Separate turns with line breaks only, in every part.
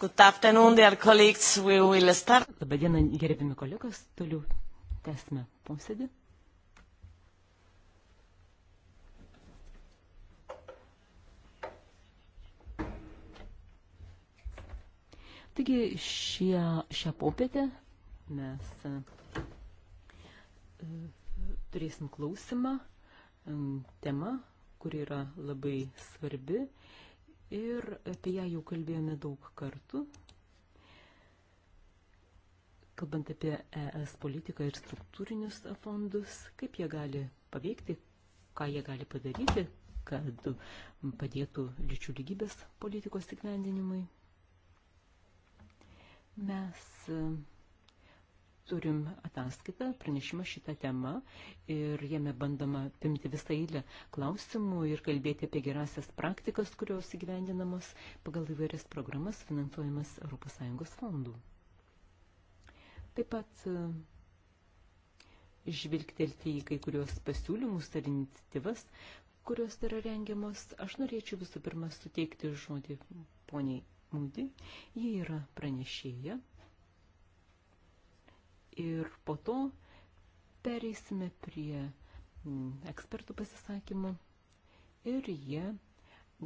Good afternoon, dear colleagues. We will start. Labadiena, gerbiami kolegos. Toliau tęsime posėdį. Taigi šie, šią popietę mes e, turėsim klausimą, e, tema, kuri yra labai svarbi ir apie ją jau kalbėjome daug kartų, kalbant apie ES politiką ir struktūrinius fondus, kaip jie gali paveikti, ką jie gali padaryti, kad padėtų lyčių lygybės politikos įgyvendinimui. Mes turim ataskaitą, pranešimą šitą temą ir jame bandoma pimti visą eilę klausimų ir kalbėti apie gerasias praktikas, kurios įgyvendinamos pagal įvairias programas finansuojamas ES fondų. Taip pat e, žvilgtelti į kai kurios pasiūlymus ar iniciatyvas, kurios yra rengiamos. Aš norėčiau visų pirma suteikti žodį poniai Mūdi. Jie yra pranešėja ir po to pereisime prie mm, ekspertų pasisakymų ir jie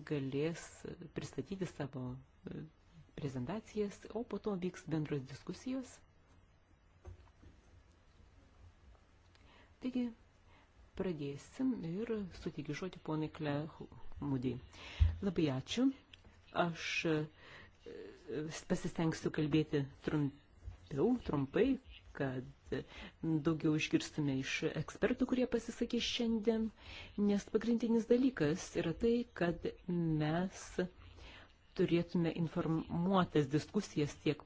galės pristatyti savo e, prezentacijas, o po to vyks bendros diskusijos. Taigi, pradėsim ir sutikiu žodį ponai Klehmudį. Labai ačiū. Aš e, pasistengsiu kalbėti trumpiau, trumpai, kad daugiau išgirstume iš ekspertų, kurie pasisakė šiandien, nes pagrindinis dalykas yra tai, kad mes turėtume informuotas diskusijas tiek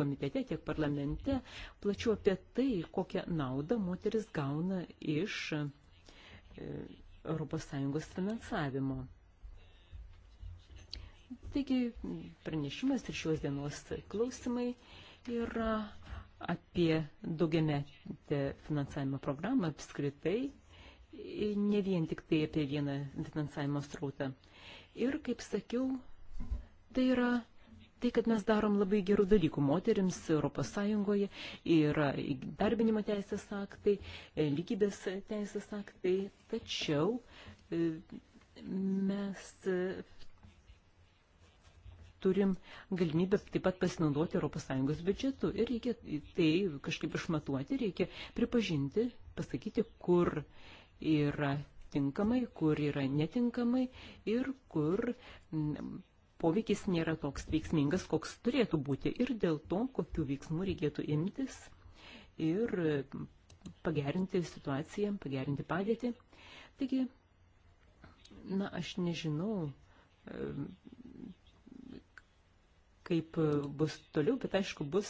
komitete, tiek parlamente, plačiau apie tai, kokią naudą moteris gauna iš ES finansavimo. Taigi pranešimas ir šios dienos klausimai yra apie daugiametę finansavimo programą apskritai, ne vien tik tai apie vieną finansavimo strautą. Ir, kaip sakiau, tai yra tai, kad mes darom labai gerų dalykų moteriams Europos Sąjungoje, yra darbinimo teisės aktai, e, lygybės teisės aktai, tačiau e, mes turim galimybę taip pat pasinaudoti ES biudžetu ir reikia tai kažkaip išmatuoti, reikia pripažinti, pasakyti, kur yra tinkamai, kur yra netinkamai ir kur mm, poveikis nėra toks veiksmingas, koks turėtų būti ir dėl to, kokiu veiksmu reikėtų imtis ir pagerinti situaciją, pagerinti padėtį. Taigi, na, aš nežinau, kaip e, bus toliau, bet aišku bus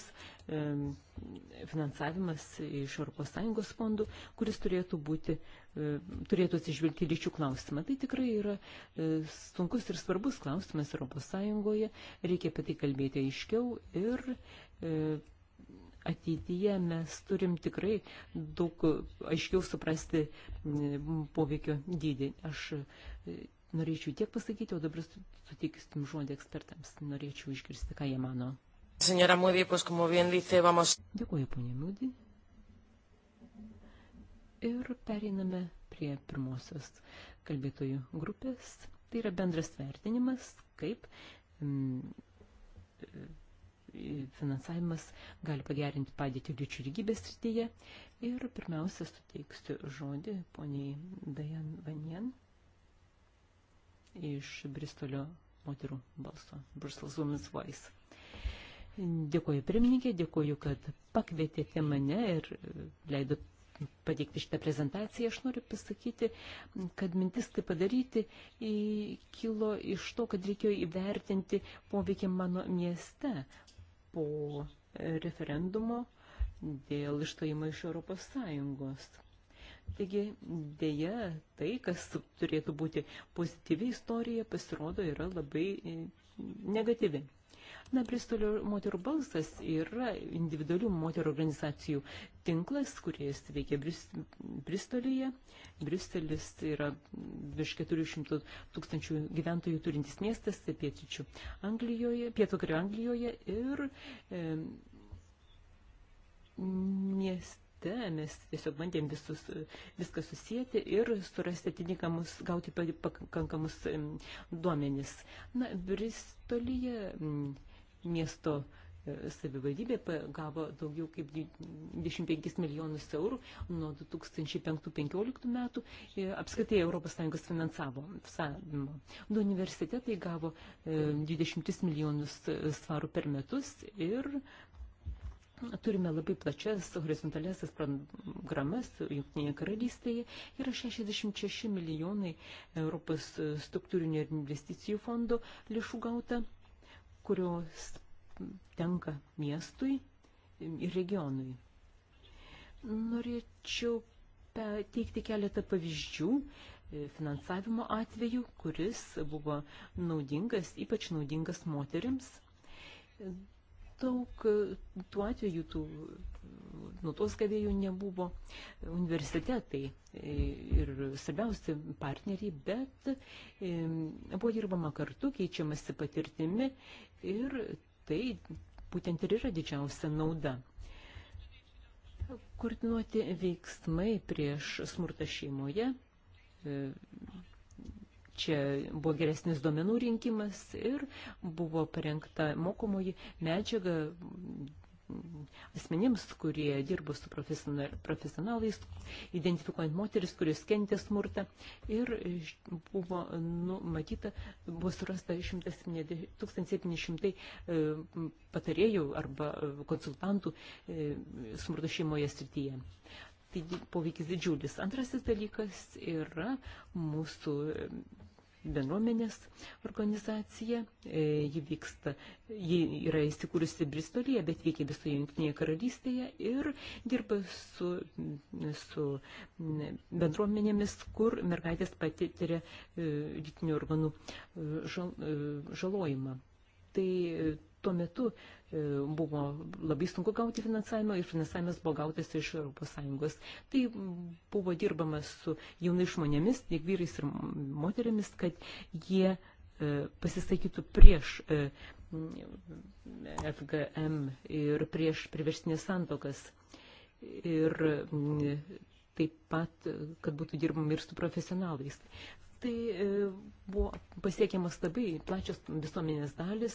finansavimas iš ES fondų, kuris turėtų būti, e, turėtų atsižvelgti lyčių klausimą. Tai tikrai yra e, sunkus ir svarbus klausimas ES, reikia apie tai kalbėti aiškiau ir ateityje mes turim tikrai daug aiškiau suprasti poveikio dydį. Aš Norėčiau tiek pasakyti, o dabar sutiksim žodį ekspertams. Norėčiau išgirsti, ką jie mano. Senora Moody, pues como bien dice, vamos. Dėkuoju, ponė Moody. Ir pereiname prie pirmosios kalbėtojų grupės. Tai yra bendras vertinimas, kaip mm, e, finansavimas gali pagerinti padėtį lyčių lygybės srityje. Ir pirmiausia, suteiksiu žodį poniai Dajan Vanien iš Bristolio moterų balso, Brussels Women's Voice. Dėkuoju pirmininkė, dėkuoju, kad pakvietėte mane ir e, leidot pateikti šitą prezentaciją, aš noriu pasakyti, kad mintis tai padaryti kilo iš to, kad reikėjo įvertinti poveikį mano mieste po referendumo dėl išstojimo iš Europos Sąjungos. Taigi, dėja, tai, kas turėtų būti pozityvi istorija, pasirodo, yra labai e, negatyvi. Na, Bristolio moterų balsas yra individualių moterų organizacijų tinklas, kuris veikia Bristolyje. Bristolis yra virš 400 tūkstančių gyventojų turintis miestas, tai pietičių Anglijoje, pietokarių Anglijoje ir e, mies, rate, mes tiesiog bandėm visus, viską susijęti ir surasti atitinkamus, gauti pakankamus duomenis. Na, Bristolyje miesto e, savivaldybė gavo daugiau kaip 25 milijonus eurų nuo 2005-2015 metų e, apskritai ES finansavo. Du universitetai gavo 20 e, milijonus svarų per metus ir Turime labai plačias horizontalesias programas Junktinėje karalystėje. Yra 66 milijonai Europos struktūrinių ir investicijų fondo lėšų gauta, kurios tenka miestui ir regionui. Norėčiau teikti keletą pavyzdžių e, finansavimo atveju, kuris buvo naudingas, ypač naudingas moteriams daug e, tų atvejų, tų nuotos gavėjų nebuvo universitetai e, ir svarbiausi partneriai, bet e, buvo dirbama kartu, keičiamasi patirtimi ir tai būtent ir yra didžiausia nauda. Koordinuoti veiksmai prieš smurtą šeimoje Čia buvo geresnis duomenų rinkimas ir buvo parengta mokomoji medžiaga asmenims, kurie dirbo su profesionalais, identifikuojant moteris, kurios kentė smurtą. Ir buvo numatyta, buvo surasta 1700 e, patarėjų arba e, konsultantų e, smurto šeimoje srityje. Tai poveikis didžiulis. Antrasis dalykas yra mūsų bendruomenės organizacija. E, ji vyksta, ji yra įsikūrusi Bristolyje, bet veikia visoje Junktinėje karalystėje ir dirba su, su bendruomenėmis, kur mergaitės patiria e, lytinių organų e, žal, žalojimą. Tai tuo metu e, buvo labai sunku gauti finansavimą ir finansavimas buvo gautas iš ES. Tai buvo dirbama su jaunais žmonėmis, tiek vyrais ir moterimis, kad jie e, pasisakytų prieš e, FGM ir prieš priverstinės santokas. Ir taip pat, kad būtų dirbama ir su profesionalais. Tai buvo pasiekiamas labai plačios visuomenės dalis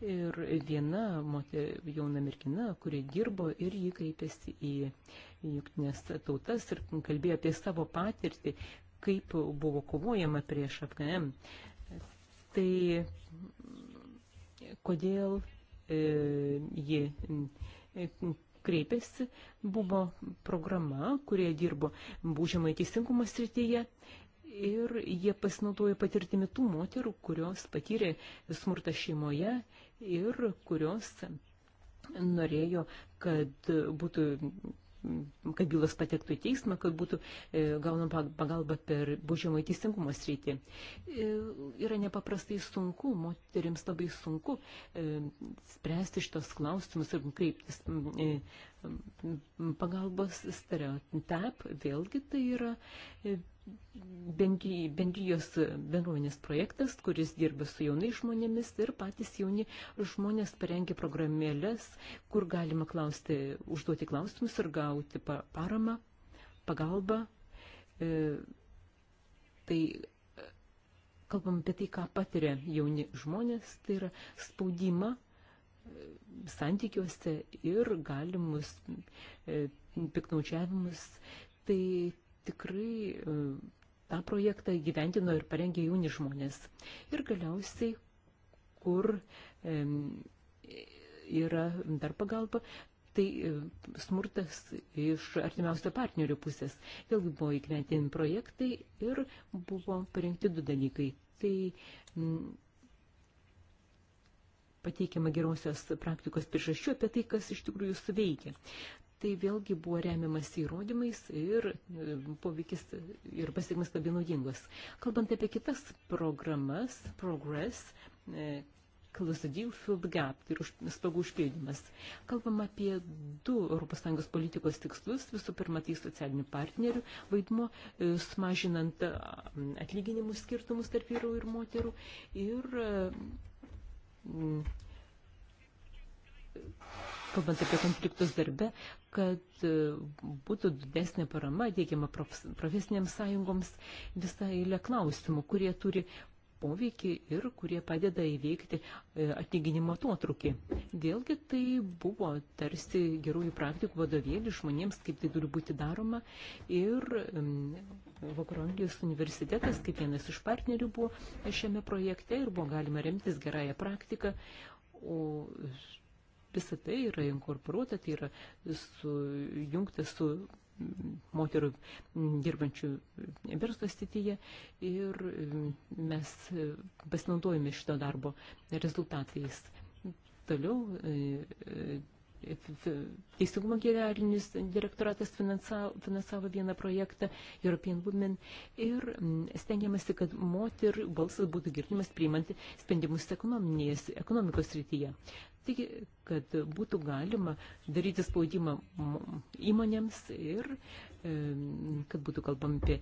Ir viena moter, jauna mergina, kuri dirbo ir jį kreipėsi į jungtinės tautas ir kalbėjo apie savo patirtį, kaip buvo kovojama prieš FGM. Tai kodėl e, ji e, kreipėsi, buvo programa, kurie dirbo būžiamai teisingumo srityje ir jie pasinaudoja patirtimi tų moterų, kurios patyrė smurtą šeimoje ir kurios norėjo, kad būtų kad bylas patektų į teismą, kad būtų e, gaunama pagalba per baudžiamą teisingumo sritį. E, yra nepaprastai sunku, moterims labai sunku e, spręsti šitos klausimus ir kreiptis e, pagalbos stereotip. Vėlgi tai yra e, bendrijos bendruomenės projektas, kuris dirba su jaunais žmonėmis ir patys jauni žmonės parengė programėlės, kur galima klausti, užduoti klausimus ir gauti paramą, pagalbą. E, tai e, kalbam apie tai, ką patiria jauni žmonės, tai yra spaudimą e, santykiuose ir galimus e, piknaučiavimus. Tai tikrai e, tą projektą gyventino ir parengė jauni žmonės. Ir galiausiai, kur yra dar pagalba, tai e, smurtas iš artimiausio partnerio pusės. Vėlgi buvo įkventinti projektai ir buvo parengti du dalykai. Tai pateikiama geriausios praktikos priežasčių apie tai, kas iš tikrųjų suveikia tai vėlgi buvo remiamas įrodymais ir e, poveikis ir pasiekmes labai naudingos. Kalbant apie kitas programas, Progress, Close the Deal, Fill the Gap, tai yra spragų užpildymas. Kalbam apie du ES politikos tikslus, visų pirma, tai socialinių partnerių vaidmo, e, sumažinant atlyginimų skirtumus tarp vyrų ir moterų ir e, kalbant apie konfliktus darbe, kad e, būtų didesnė parama teikiama profesinėms sąjungoms visą eilę klausimų, kurie turi poveikį ir kurie padeda įveikti e, atlyginimo atotrukį. Vėlgi tai buvo tarsi gerųjų praktikų vadovėlį žmonėms, kaip tai turi būti daroma. Ir Vakarų Anglijos universitetas, kaip vienas iš partnerių, buvo šiame projekte ir buvo galima remtis gerąją praktiką. O Visa tai yra inkorporuota, tai yra sujungta su moterų dirbančių verslo stityje ir mes pasinaudojame šito darbo rezultatais. Toliau e, e, Teisingumo generalinis direktoratas finansavo, finansavo vieną projektą European Women ir stengiamasi, kad moterų balsas būtų girdimas priimant sprendimus ekonominės, ekonomikos srityje. Taigi, kad būtų galima daryti spaudimą įmonėms ir kad būtų kalbam apie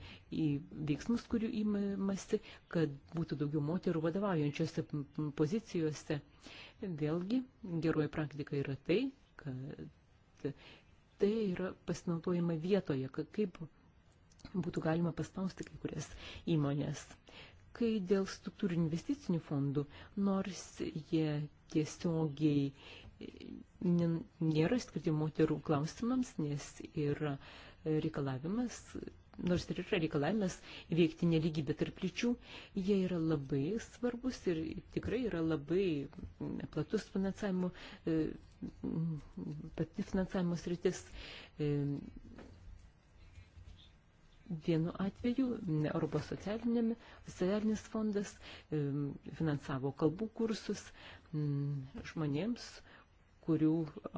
veiksmus, kurių įmasi, kad būtų daugiau moterų vadovaujančiose pozicijose. Vėlgi, geroji praktika yra tai, kad tai yra pasinaudojama vietoje, kaip būtų galima paspausti kai kurias įmonės kai dėl struktūrinių investicinių fondų, nors jie tiesiogiai e, nėra skirti moterų klausimams, nes yra reikalavimas, nors ir yra reikalavimas veikti neligybę tarp lyčių, jie yra labai svarbus ir tikrai yra labai platus finansavimo, e, pati finansavimo sritis e, Vienu atveju Europos socialinis fondas finansavo kalbų kursus žmonėms, kurių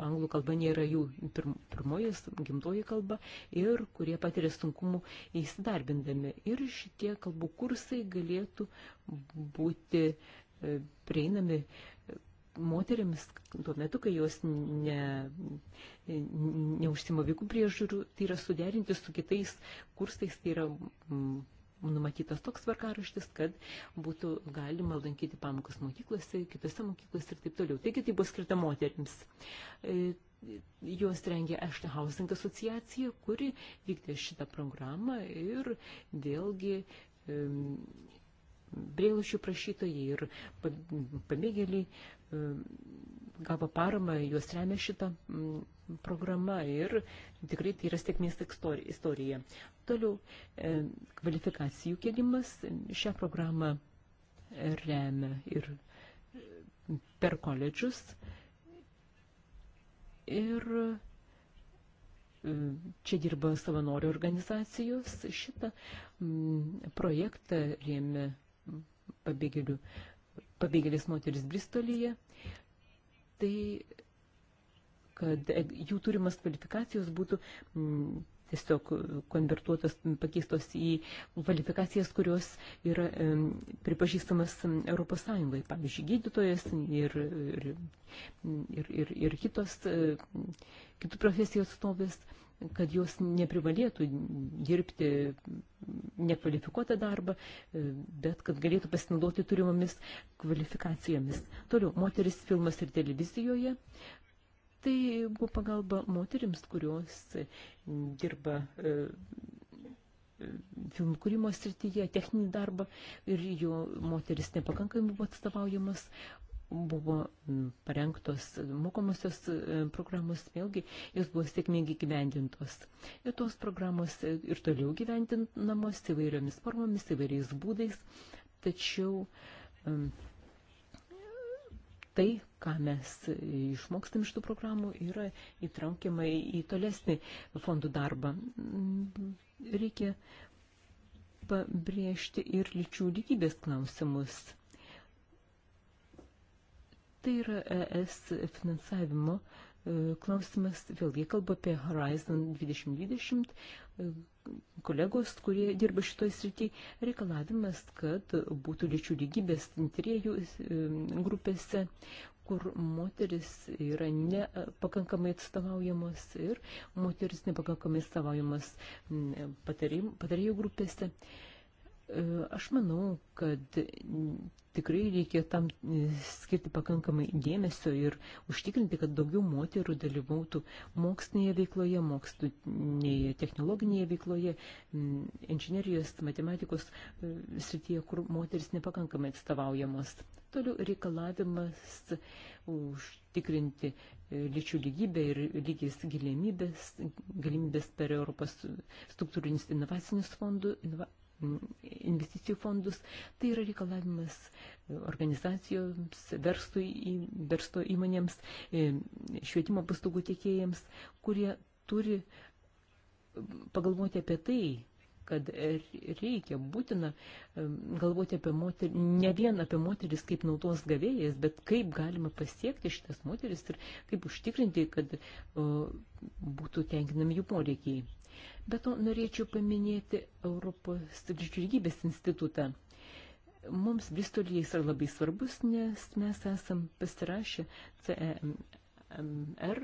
anglų kalba nėra jų pirmoji gimtoji kalba ir kurie patiria sunkumų įsidarbindami. Ir šitie kalbų kursai galėtų būti e, prieinami moteriams tuo metu, kai jos ne, neužsima vaikų priežiūrų, tai yra suderinti su kitais kursais, tai yra m, mm, numatytas toks varkaraštis, kad būtų galima lankyti pamokas mokyklose, kitose mokyklose ir taip toliau. Taigi tai buvo skirta moteriams. E, Juos rengė Ashton Housing asociacija, kuri vykdė šitą programą ir vėlgi brėlušių prašytojai ir pabėgėliai E, gavo paramą, juos remia šitą programą ir tikrai tai yra sėkmės istorija. Toliau e, kvalifikacijų kėlimas šią programą remia ir e, per koledžius ir čia dirba savanorių organizacijos. Šitą projektą rėmė pabėgėlių pabėgėlis moteris Bristolyje, tai kad jų turimas kvalifikacijos būtų m, tiesiog konvertuotas, pakeistos į kvalifikacijas, kurios yra m, pripažįstamas Europos Sąjungai, pavyzdžiui, gydytojas ir, ir, ir, ir, ir kitos, e, kitų profesijų atstovės kad jos neprivalėtų dirbti nekvalifikuotą darbą, e, bet kad galėtų pasinaudoti turimomis kvalifikacijomis. Toliau, moteris filmas ir televizijoje. Tai buvo pagalba moterims, kurios dirba e, filmų kūrimo srityje, techninį darbą ir jo moteris nepakankamai buvo atstovaujamas, buvo parengtos mokomosios e, programos, vėlgi jos buvo sėkmingai gyvendintos. Ir tos programos e, ir toliau gyvendinamos įvairiomis formomis, įvairiais būdais, tačiau tai, ką mes e, išmokstam iš tų programų, yra įtraukiama į tolesnį fondų darbą. Reikia pabrėžti ir lyčių lygybės klausimus Tai yra ES finansavimo e, klausimas, vėlgi kalba apie Horizon 2020, e, kolegos, kurie dirba šitoje srityje, reikalavimas, kad būtų lyčių lygybės antriejų e, grupėse, kur moteris yra nepakankamai atstovaujamos ir moteris nepakankamai atstovaujamos patarėjų grupėse. E, E, aš manau, kad tikrai reikia tam skirti pakankamai dėmesio ir užtikrinti, kad daugiau moterų dalyvautų mokslinėje veikloje, mokslinėje technologinėje veikloje, inžinerijos, matematikos e, srityje, kur moteris nepakankamai atstovaujamos. Toliau reikalavimas užtikrinti e, lyčių lygybę ir lygis galimybės, galimybės per Europos struktūrinis inovacinius fondus, investicijų fondus. Tai yra reikalavimas organizacijoms, verslui, verslo įmonėms, e, švietimo paslaugų tiekėjams, kurie turi pagalvoti apie tai, kad reikia būtina e, galvoti apie moterį, ne vien apie moteris kaip naudos gavėjas, bet kaip galima pasiekti šitas moteris ir kaip užtikrinti, kad o, būtų tenkinami jų poreikiai. Bet to norėčiau paminėti Europos lygybės institutą. Mums Bristolėje jis yra labai svarbus, nes mes esam pasirašę CEMR,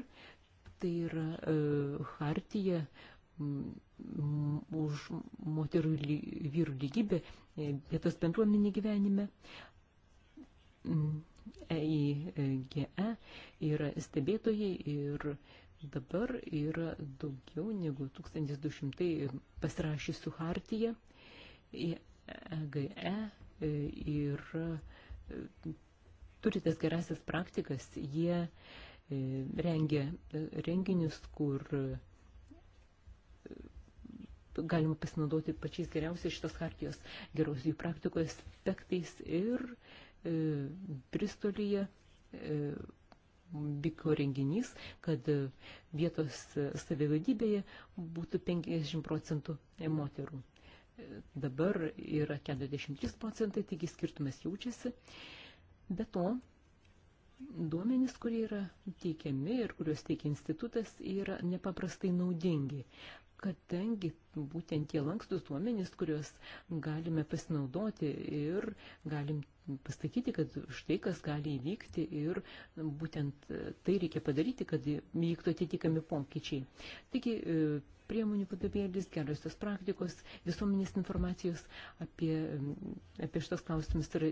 tai yra uh, hartija mm, už moterų ir vyrų lygybę e, vietos bendruomenį gyvenime. EIGE mm, e yra stebėtojai ir uh, Dabar yra daugiau negu 1200 pasirašysių hartiją. EGE ir e, e, e, turi tas gerasias praktikas. Jie rengia renginius, kur galima pasinaudoti pačiais geriausiais šitos hartijos gerosių praktikos aspektais ir e, Bristolyje e, vyko renginys, kad vietos savivaldybėje būtų 50 procentų moterų. Dabar yra 43 procentai, taigi skirtumas jaučiasi. Be to, duomenys, kurie yra teikiami ir kuriuos teikia institutas, yra nepaprastai naudingi, kadangi būtent tie lankstus duomenys, kuriuos galime pasinaudoti ir galim pasakyti, kad štai kas gali įvykti ir būtent tai reikia padaryti, kad vyktų atitikami pokyčiai. Taigi, e, priemonių vadovėlis, geros tos praktikos, visuomenės informacijos apie, apie šitos klausimus yra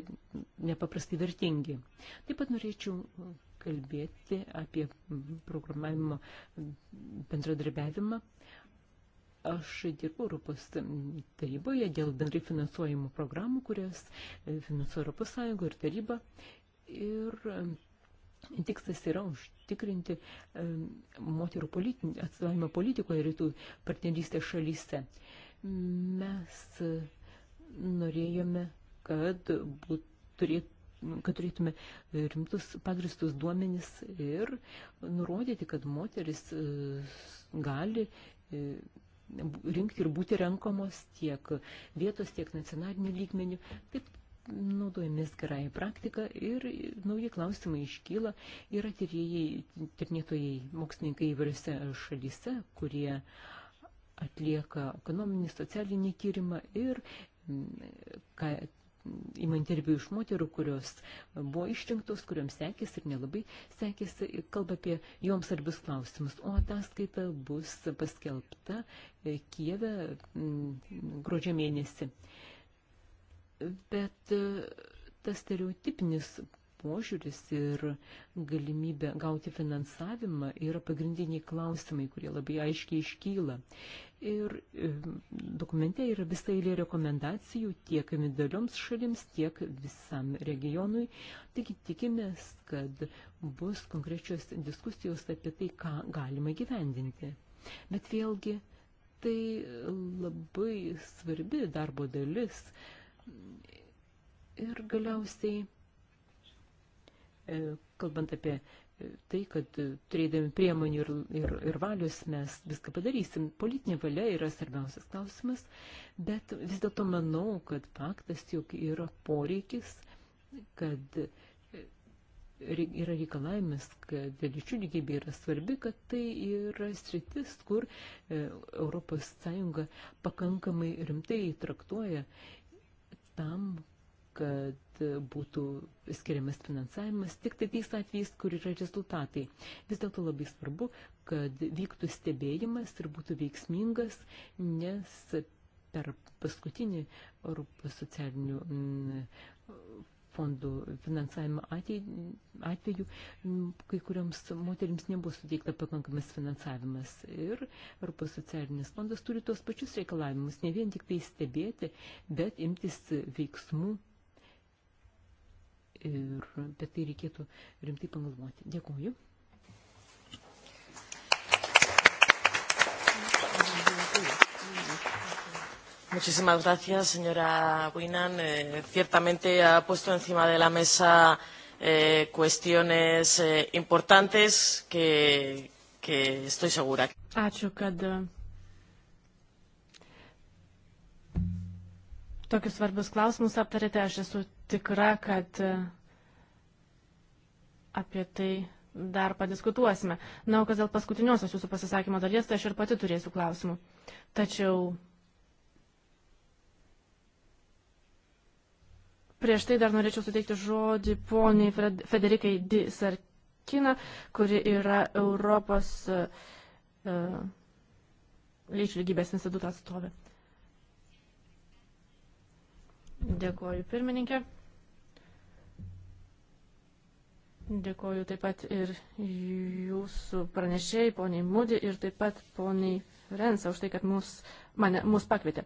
nepaprastai vertingi. Taip pat norėčiau kalbėti apie programavimo bendradarbiavimą. Aš dirbu Europos taryboje dėl bendrai finansuojamų programų, kurias e, finansuoja Europos Sąjunga ir taryba. Ir e, Tikslas yra užtikrinti e, moterų politinį, atstovavimą politikoje rytų partnerystės šalyse. Mes norėjome, kad, būt, turėt, kad turėtume rimtus pagristus duomenis ir nurodyti, kad moteris gali rinkti ir būti renkamos tiek vietos, tiek nacionalinių lygmenių. Taip naudojamės gerąją praktiką ir nauji klausimai iškyla. Yra tyrėjai, tirnėtojai, mokslininkai įvairiose šalyse, kurie atlieka ekonominį, socialinį tyrimą ir mm, įmant interviu iš moterų, kurios buvo išrinktos, kuriuoms sekėsi ir nelabai sekėsi, kalba apie joms svarbius klausimus. O ataskaita bus paskelbta e, Kijeve gruodžio mėnesį. Bet e, tas stereotipinis požiūris ir galimybė gauti finansavimą yra pagrindiniai klausimai, kurie labai aiškiai iškyla. Ir e, dokumente yra visa eilė rekomendacijų tiek individualioms šalims, tiek visam regionui. Taigi tikimės, kad bus konkrečios diskusijos apie tai, ką galima gyvendinti. Bet vėlgi, tai labai svarbi darbo dalis. Ir galiausiai E, kalbant apie e, tai, kad e, turėdami priemonių ir, ir, ir valius mes viską padarysim. Politinė valia yra svarbiausias klausimas, bet vis dėlto manau, kad faktas, jog yra poreikis, kad yra reikalavimas, kad lyčių lygybė yra svarbi, kad tai yra sritis, kur ES pakankamai rimtai traktuoja tam, kad būtų skiriamas finansavimas tik tai tais atvejais, kur yra rezultatai. Vis dėlto labai svarbu, kad vyktų stebėjimas ir būtų veiksmingas, nes per paskutinį Europos socialinių mm, fondų finansavimo atveju mm, kai kuriams moteriams nebuvo suteikta pakankamas finansavimas. Ir Europos socialinis fondas turi tuos pačius reikalavimus, ne vien tik tai stebėti, bet imtis veiksmų ir apie tai reikėtų rimtai pagalvoti. Dėkuoju.
Muchísimas gracias, señora Winan. Eh, ciertamente ha puesto encima de la mesa eh, cuestiones eh, importantes que, que estoy segura. Ačiū, kad eh, tokius svarbius klausimus aptarėte. Aš esu tikra, kad e, apie tai dar padiskutuosime. Na, o kas dėl paskutiniosios jūsų pasisakymo dalies, tai aš ir pati turėsiu klausimų. Tačiau prieš tai dar norėčiau suteikti žodį poniai Federikai Di Sarkina, kuri yra Europos uh, lyčių lygybės instituto atstovė. Dėkoju pirmininkė. Dėkoju taip pat ir jūsų pranešėjai, poniai Mudi ir taip pat poniai Ferenca už tai, kad mus, mane, mus pakvietė.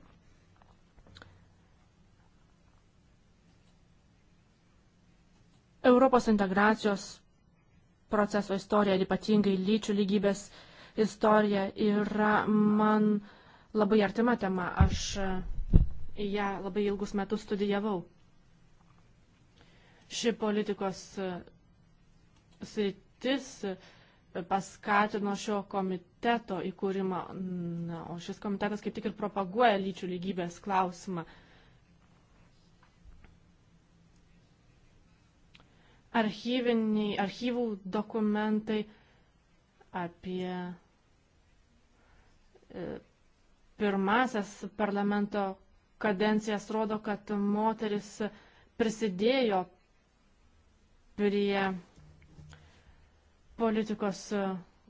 Europos integracijos proceso istorija ir ypatingai lyčių lygybės istorija yra man labai artima tema. Aš ją ja, labai ilgus metus studijavau. Ši politikos e, sritis e, paskatino šio komiteto įkūrimą, na, o šis komitetas kaip tik ir propaguoja lyčių lygybės klausimą. Archyviniai, archyvų dokumentai apie e, pirmasis parlamento kadencijas rodo, kad moteris prisidėjo prie politikos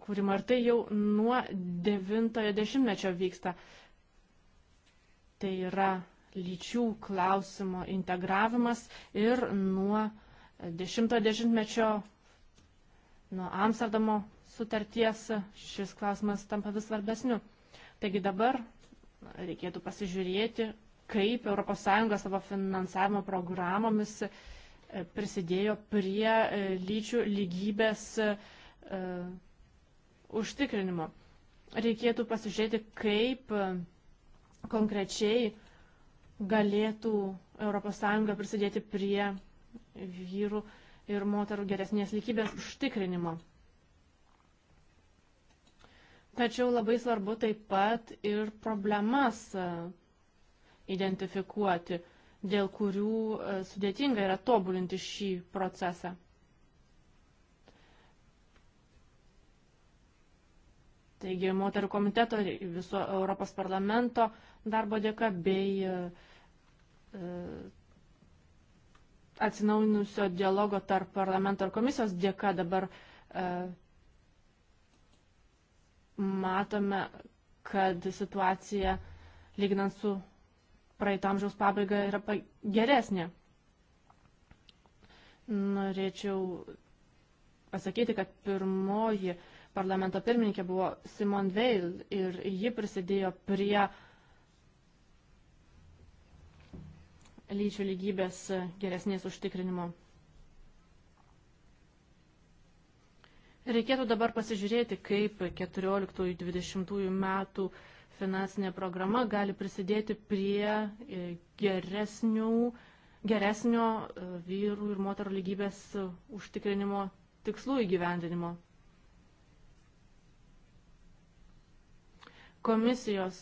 kūrimo ir tai jau nuo 90-ojo dešimtmečio vyksta. Tai yra lyčių klausimo integravimas ir nuo 10-ojo dešimtmečio, nuo Amsterdamo sutarties šis klausimas tampa vis svarbesniu. Taigi dabar reikėtų pasižiūrėti, kaip ES savo finansavimo programomis e, prisidėjo prie e, lyčių lygybės e, užtikrinimo. Reikėtų pasižiūrėti, kaip konkrečiai galėtų ES prisidėti prie vyrų ir moterų geresnės lygybės užtikrinimo. Tačiau labai svarbu taip pat ir problemas identifikuoti, dėl kurių e, sudėtinga yra tobulinti šį procesą. Taigi moterų komiteto viso Europos parlamento darbo dėka bei e, e, atsinaujinusio dialogo tarp parlamento ir komisijos dėka dabar matome, kad situacija lyginant su praeitą amžiaus pabaigą yra geresnė. Norėčiau pasakyti, kad pirmoji parlamento pirmininkė buvo Simon Veil ir ji prisidėjo prie lyčių lygybės geresnės užtikrinimo. Reikėtų dabar pasižiūrėti, kaip 14-20 metų uh, finansinė programa gali prisidėti prie e, geresnių, geresnio e, vyrų ir moterų lygybės e, užtikrinimo tikslų įgyvendinimo. Komisijos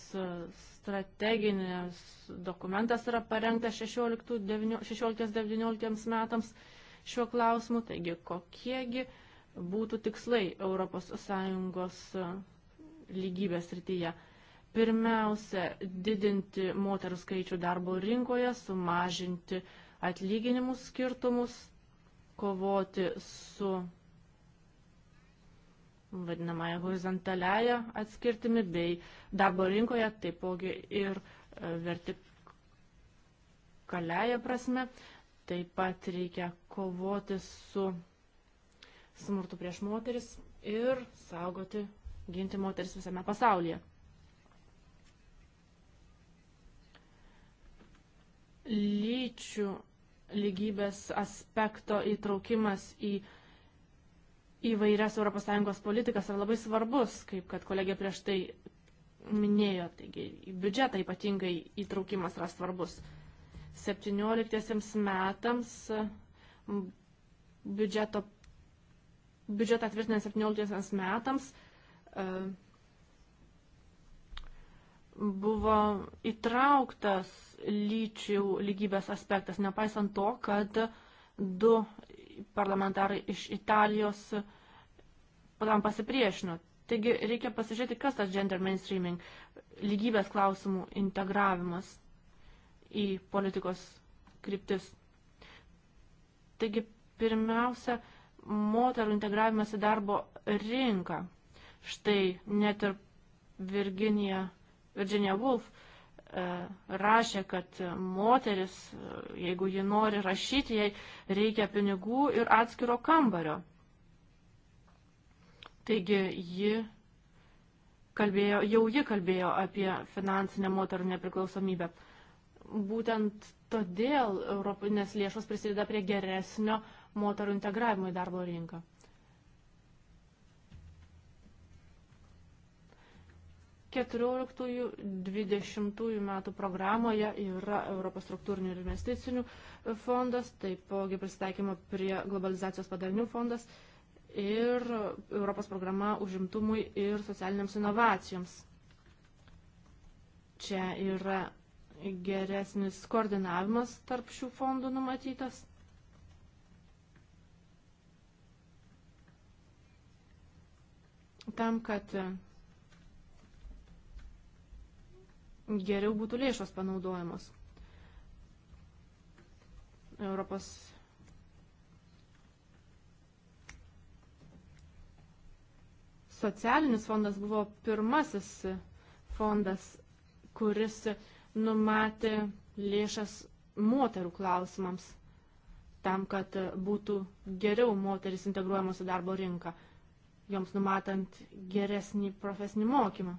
strateginės dokumentas yra parengtas 16-19 metams šiuo klausimu, taigi kokiegi būtų tikslai ES lygybės rytyje. Pirmiausia, didinti moterų skaičių darbo rinkoje, sumažinti atlyginimus skirtumus, kovoti su vadinamąją horizontaliąją atskirtimi bei darbo rinkoje, taipogi ir e, vertikaliąją prasme. Taip pat reikia kovoti su smurtu prieš moteris ir saugoti, ginti moteris visame pasaulyje. lyčių lygybės aspekto įtraukimas į įvairias ES politikas yra labai svarbus, kaip kad kolegė prieš tai minėjo, taigi į biudžetą ypatingai įtraukimas yra svarbus. 17 metams biudžeto, biudžetą tvirtinant 17 metams e, buvo įtrauktas lyčių lygybės aspektas, nepaisant to, kad du parlamentarai iš Italijos tam pasipriešino. Taigi reikia pasižiūrėti, kas tas gender mainstreaming, lygybės klausimų integravimas į politikos kryptis. Taigi pirmiausia, moterų integravimas į darbo rinką. Štai net ir Virginija Virginia Woolf e, rašė, kad moteris, e, jeigu ji nori rašyti, jai reikia pinigų ir atskiro kambario. Taigi ji kalbėjo, jau ji kalbėjo apie finansinę moterų nepriklausomybę. Būtent todėl europinės lėšos prisideda prie geresnio moterų integravimo į darbo rinką. 14-20 metų programoje yra Europos struktūrinių ir investicinių fondas, taipogi pristaikymo prie globalizacijos padarinių fondas ir Europos programa užimtumui ir socialiniams inovacijoms. Čia yra geresnis koordinavimas tarp šių fondų numatytas. Tam, kad geriau būtų lėšos panaudojamos. Europos socialinis fondas buvo pirmasis fondas, kuris numatė lėšas moterų klausimams, tam, kad būtų geriau moteris integruojamos į darbo rinką, joms numatant geresnį profesinį mokymą.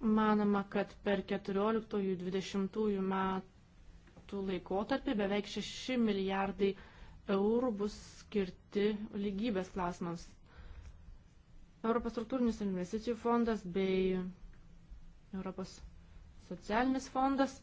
Manoma, kad per 14-20 metų laikotarpį beveik 6 milijardai eurų bus skirti lygybės klausimams. Europos struktūrinis investicijų fondas bei Europos socialinis fondas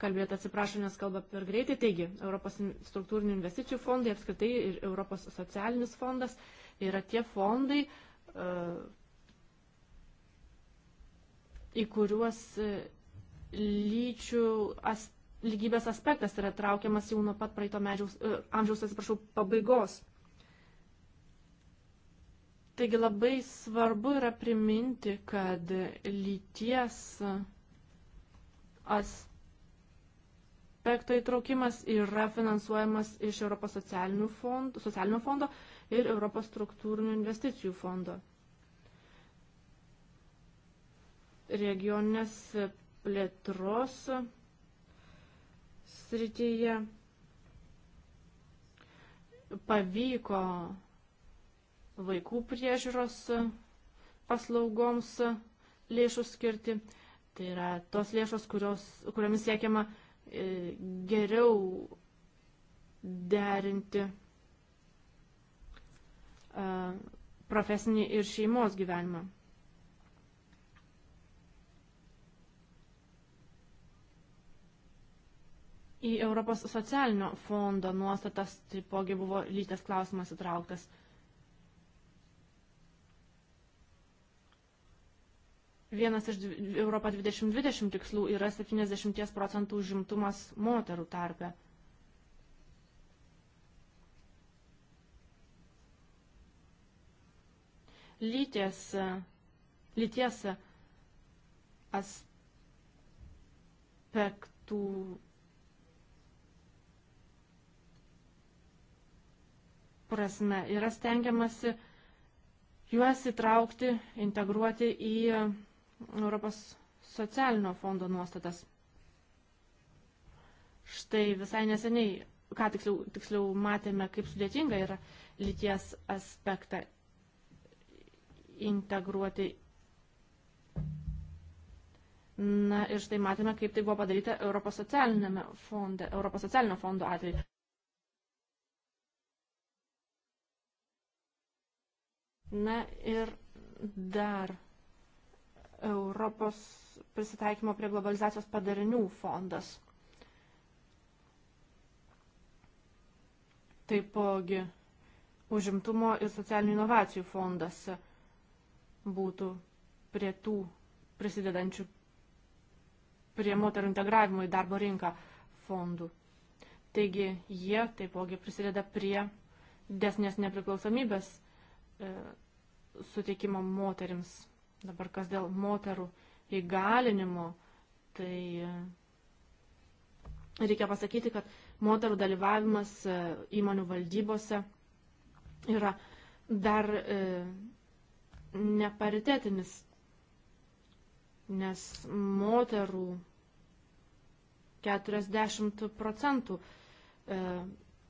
kalbėti, atsiprašau, nes kalba per greitai. Taigi, Europos struktūrinių investicijų fondai apskritai ir Europos socialinis fondas yra tie fondai, e, į kuriuos e, lyčių as, lygybės aspektas yra traukiamas jau nuo pat praeito medžiaus, e, amžiaus, atsiprašau, pabaigos. Taigi labai svarbu yra priminti, kad lyties aspektas aspekto įtraukimas yra finansuojamas iš Europos fondo, socialinio fondo ir Europos struktūrinių investicijų fondo. Regioninės plėtros srityje pavyko vaikų priežiūros paslaugoms lėšų skirti. Tai yra tos lėšos, kurios, kuriomis siekiama E, geriau derinti e, profesinį ir šeimos gyvenimą. Į Europos socialinio fondo nuostatas taipogi buvo lytės klausimas įtrauktas – Vienas iš Europą 2020 tikslų yra 70 procentų užimtumas moterų tarpe. Lyties, lyties aspektų prasme yra stengiamasi juos įtraukti, integruoti į Europos socialinio fondo nuostatas. Štai visai neseniai, ką tiksliau, tiksliau matėme, kaip sudėtinga yra lyties aspektą integruoti. Na ir štai matėme, kaip tai buvo padaryta Europos, fonde, Europos socialinio fondo atveju. Na ir dar Europos prisitaikymo prie globalizacijos padarinių fondas. Taipogi užimtumo ir socialinių inovacijų fondas būtų prie tų prisidedančių prie moterų integravimo į darbo rinką fondų. Taigi jie taipogi prisideda prie desnės nepriklausomybės e, suteikimo moterims Dabar kas dėl moterų įgalinimo, tai e, reikia pasakyti, kad moterų dalyvavimas e, įmonių valdybose yra dar e, neparitetinis, nes moterų 40 procentų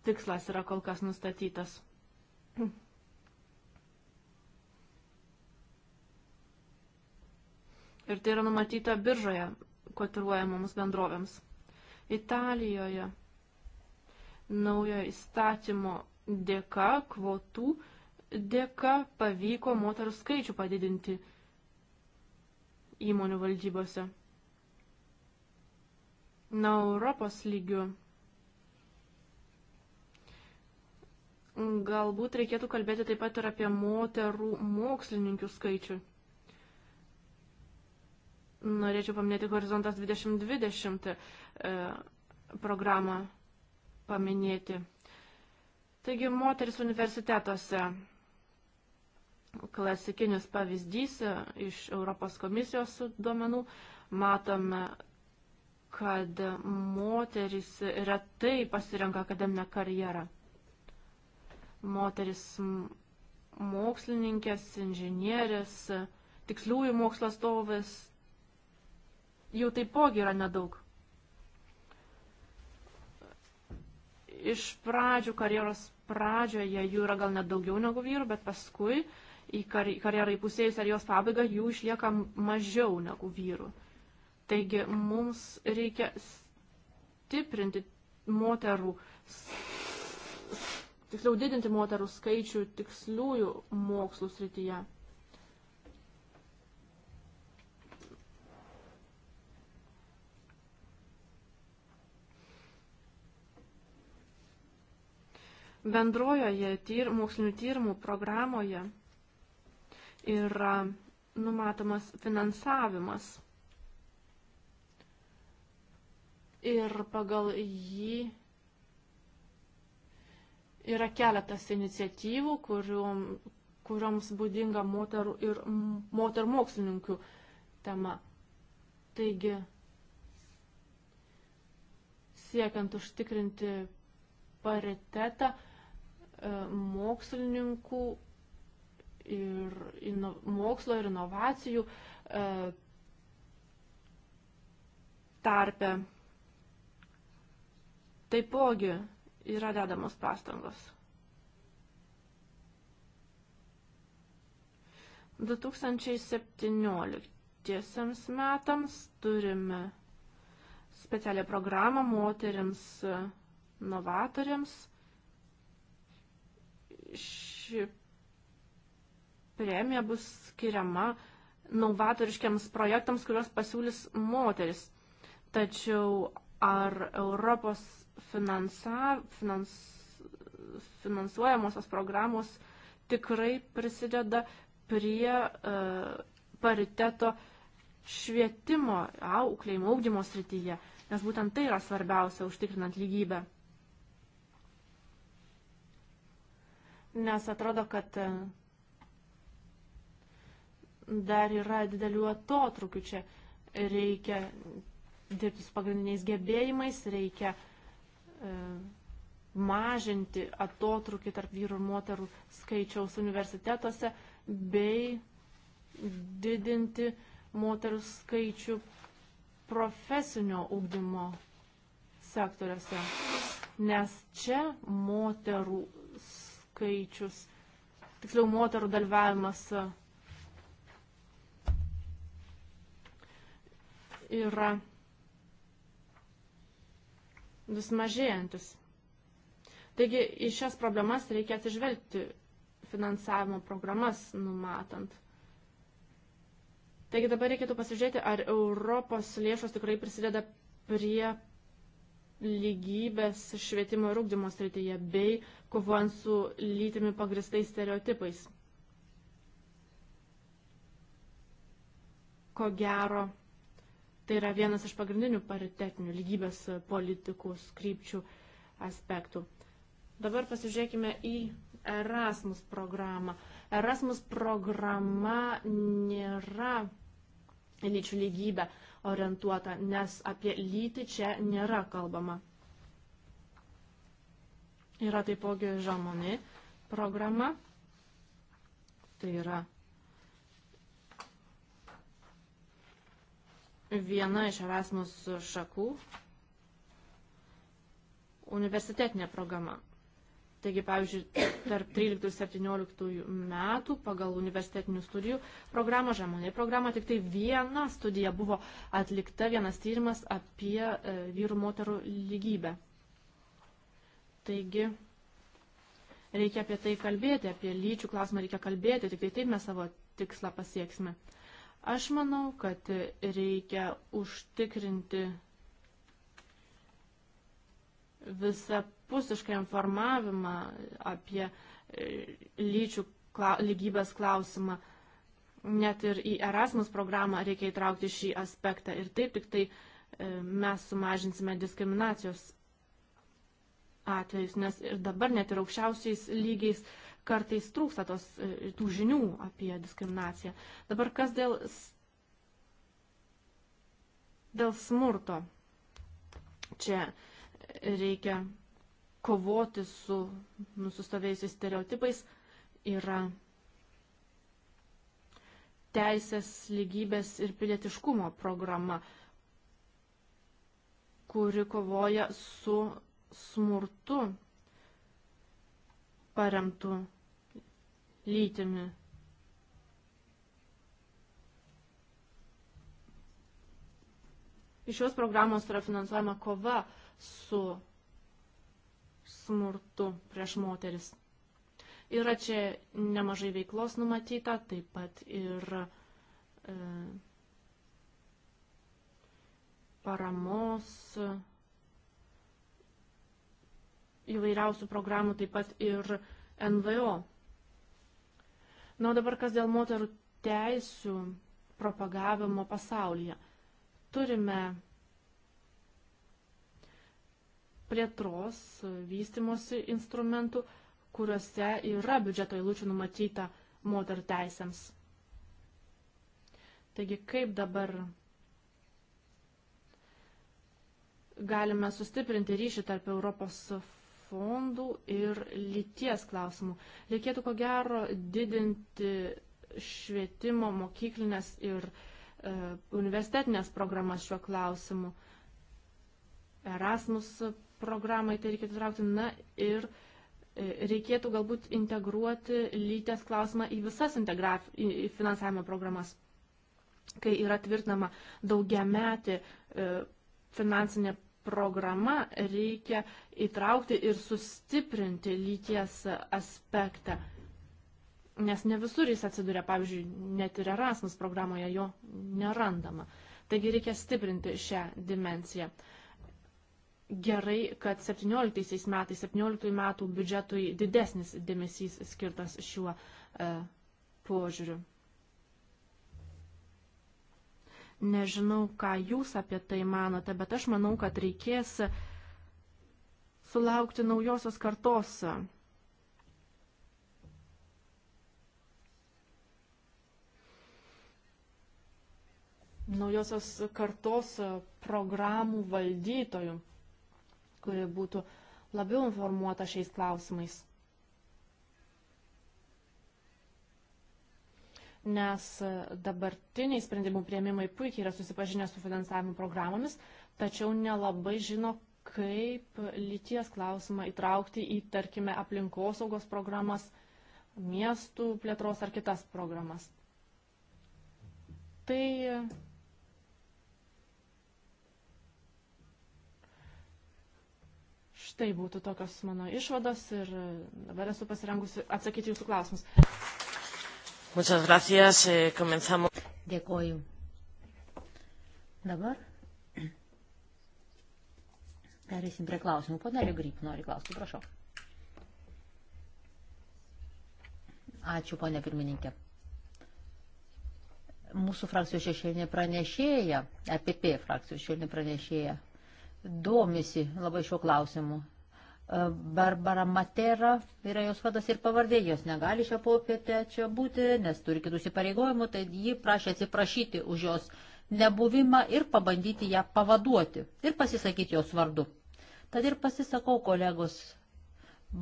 tikslas yra kol kas nustatytas. Ir tai yra numatyta biržoje kotiruojamoms bendrovėms. Italijoje naujo įstatymo dėka, kvotų dėka pavyko moterų skaičių padidinti įmonių valdybose. Na, Europos lygių galbūt reikėtų kalbėti taip pat ir apie moterų mokslininkių skaičių. Norėčiau paminėti Horizontas 2020 e, programą paminėti. Taigi, moteris universitetuose klasikinis pavyzdys e, iš Europos komisijos duomenų. Matome, kad moteris retai pasirenka akademinę karjerą. Moteris mokslininkės, inžinierės, tiksliųjų mokslo stovės, jų taipogi yra nedaug. Iš pradžių karjeros pradžioje jų yra gal net daugiau negu vyrų, bet paskui į karjerą įpusėjus ar jos pabaigą jų išlieka mažiau negu vyrų. Taigi mums reikia stiprinti moterų, tiksliau didinti moterų skaičių tiksliųjų mokslų srityje. Bendrojoje tyr, mokslinių tyrimų programoje yra numatomas finansavimas. Ir pagal jį yra keletas iniciatyvų, kuriuom, kurioms būdinga moterų ir moterų mokslininkių tema. Taigi, siekiant užtikrinti paritetą, E, mokslininkų ir ino, mokslo ir inovacijų e, tarpe. Taipogi yra dedamos pastangos. 2017 metams turime specialią programą moteriams e, novatoriams ši premija bus skiriama novatoriškiams projektams, kuriuos pasiūlys moteris. Tačiau ar Europos finansa, finans, finansuojamosios programos tikrai prisideda prie uh, pariteto švietimo, auklėjimo, augdymo srityje, nes būtent tai yra svarbiausia užtikrinant lygybę. nes atrodo, kad e, dar yra didelių atotrukių čia. Reikia dirbti su pagrindiniais gebėjimais, reikia e, mažinti atotrukį tarp vyrų ir moterų skaičiaus universitetuose bei didinti moterų skaičių profesinio ugdymo sektoriuose. Nes čia moterų skaičius, tiksliau moterų dalyvavimas e, yra vis mažėjantis. Taigi į šias problemas reikia atsižvelgti finansavimo programas numatant. Taigi dabar reikėtų pasižiūrėti, ar Europos lėšos tikrai prisideda prie lygybės švietimo ir ūkdymo srityje bei kovojant su lytimi pagristais stereotipais. Ko gero, tai yra vienas iš pagrindinių paritetinių lygybės politikų skrypčių aspektų. Dabar pasižiūrėkime į Erasmus programą. Erasmus programa nėra lyčių lygybę orientuota, nes apie lytį čia nėra kalbama. Yra taipogi žamoni programa. Tai yra viena iš Erasmus šakų universitetinė programa. Taigi, pavyzdžiui, tarp 13-17 metų pagal universitetinių studijų programą Žemonė programą tik tai viena studija buvo atlikta, vienas tyrimas apie e, vyrų moterų lygybę. Taigi reikia apie tai kalbėti, apie lyčių klausimą reikia kalbėti, tik tai taip mes savo tikslą pasieksime. Aš manau, kad reikia užtikrinti visapusišką informavimą apie e, lyčių kla, lygybės klausimą. Net ir į Erasmus programą reikia įtraukti šį aspektą ir taip tik tai e, mes sumažinsime diskriminacijos atvejus, nes ir dabar net ir aukščiausiais lygiais kartais trūksta tos, e, tų žinių apie diskriminaciją. Dabar kas dėl, dėl smurto? Čia reikia kovoti su nusistovėjusiais stereotipais. Yra teisės lygybės ir pilietiškumo programa, kuri kovoja su smurtu paremtų lytimi. Iš šios programos yra finansuojama kova su smurtu prieš moteris. Yra čia nemažai veiklos numatyta, taip pat ir e, paramos. E, įvairiausių programų, taip pat ir NVO. Na, o dabar kas dėl moterų teisų propagavimo pasaulyje. Turime plėtros, vystimosi instrumentų, kuriuose yra biudžeto eilučių numatyta moterų teisėms. Taigi, kaip dabar galime sustiprinti ryšį tarp Europos fondų ir lyties klausimų. Reikėtų ko gero didinti švietimo mokyklinės ir e, universitetinės programas šiuo klausimu. Erasmus programai tai reikėtų traukti. Na ir e, reikėtų galbūt integruoti lytės klausimą į visas integraf, į finansavimo programas, kai yra tvirtinama daugiametė e, finansinė programa reikia įtraukti ir sustiprinti lyties aspektą. Nes ne visur jis atsiduria, pavyzdžiui, net ir Erasmus programoje jo nerandama. Taigi reikia stiprinti šią dimenciją. Gerai, kad 17 metais, 17 metų biudžetui didesnis dėmesys skirtas šiuo e, požiūriu. Nežinau, ką jūs apie tai manote, bet aš manau, kad reikės sulaukti naujosios kartos. Naujosios kartos programų valdytojų, kuri būtų labiau informuota šiais klausimais. nes dabartiniai sprendimų prieimimai puikiai yra susipažinę su finansavimo programomis, tačiau nelabai žino, kaip lyties klausimą įtraukti į, tarkime, aplinkosaugos programas, miestų plėtros ar kitas programas. Tai štai būtų tokios mano išvados ir dabar esu pasirengusi atsakyti jūsų klausimus. Muchas gracias. Eh, comenzamos. Dėkoju. Dabar
pereisim prie klausimų. Pone Liugryp nori klausti, prašau. Ačiū, ponė pirmininkė. Mūsų frakcijos šešėlinė pranešėja, EPP frakcijos šešėlinė pranešėja, domisi labai šiuo klausimu Barbara Matera yra jos vadas ir pavardė, jos negali šią popietę čia būti, nes turi kitus įpareigojimų, tai ji prašė atsiprašyti už jos nebuvimą ir pabandyti ją pavaduoti ir pasisakyti jos vardu. Tad ir pasisakau kolegos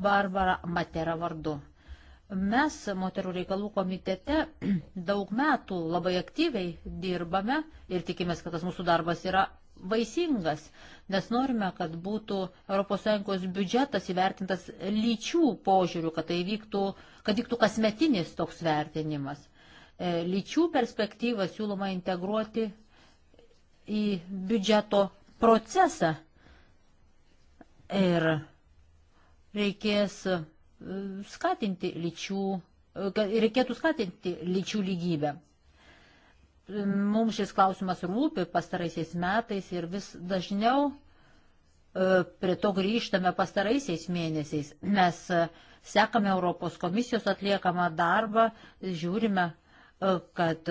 Barbara Matera vardu. Mes moterų reikalų komitete daug metų labai aktyviai dirbame ir tikimės, kad tas mūsų darbas yra vaisingas, nes norime, kad būtų ES biudžetas įvertintas lyčių požiūrių, kad tai vyktų, kad vyktų kasmetinis toks vertinimas. E, lyčių perspektyvą siūloma integruoti į biudžeto procesą ir reikės e, skatinti lyčių, e, reikėtų skatinti lyčių lygybę mums šis klausimas rūpi pastaraisiais metais ir vis dažniau e, prie to grįžtame pastaraisiais mėnesiais. Mes e, sekame Europos komisijos atliekamą darbą, žiūrime, e, kad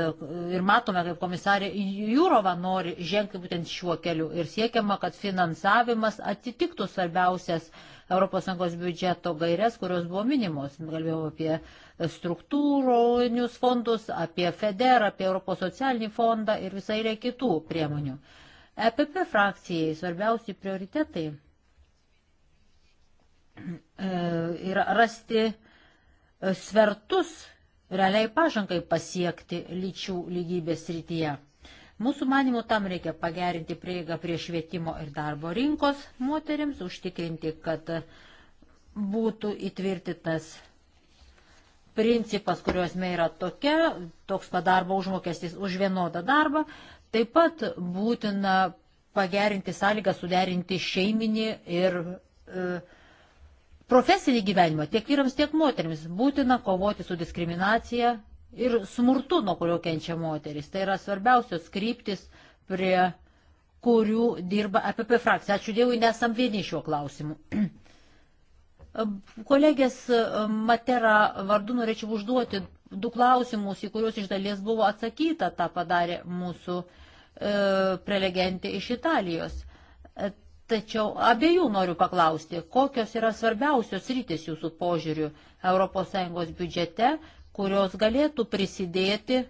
ir matome, kaip komisarė Jūrova nori žengti būtent šiuo keliu ir siekiama, kad finansavimas atitiktų svarbiausias uh, ES biudžeto gairias, kurios buvo minimos. Galvėjau apie struktūrinius fondus, apie FEDER, apie Europos socialinį fondą ir visai yra kitų priemonių. EPP frakcijai svarbiausi prioritetai e, yra rasti e, svertus realiai pažangai pasiekti lyčių lygybės rytyje. Mūsų manimo tam reikia pagerinti prieigą prie švietimo ir darbo rinkos moteriams, užtikrinti, kad būtų įtvirtintas principas, kurios mė yra tokia, toks padarbo užmokestis už vienodą darbą, taip pat būtina pagerinti sąlygą suderinti šeiminį ir e, profesinį gyvenimą tiek vyrams, tiek moteriams. Būtina kovoti su diskriminacija ir smurtu, nuo kurio kenčia moteris. Tai yra svarbiausios kryptis, prie kurių dirba APP frakcija. Ačiū Dievui, nesam vieni šiuo klausimu. Kolegės Matera vardu norėčiau užduoti du klausimus, į kuriuos iš dalies buvo atsakyta, tą padarė mūsų e, prelegentė iš Italijos. E, tačiau abiejų noriu paklausti, kokios yra svarbiausios rytis jūsų požiūrių ES biudžete, kurios galėtų prisidėti e,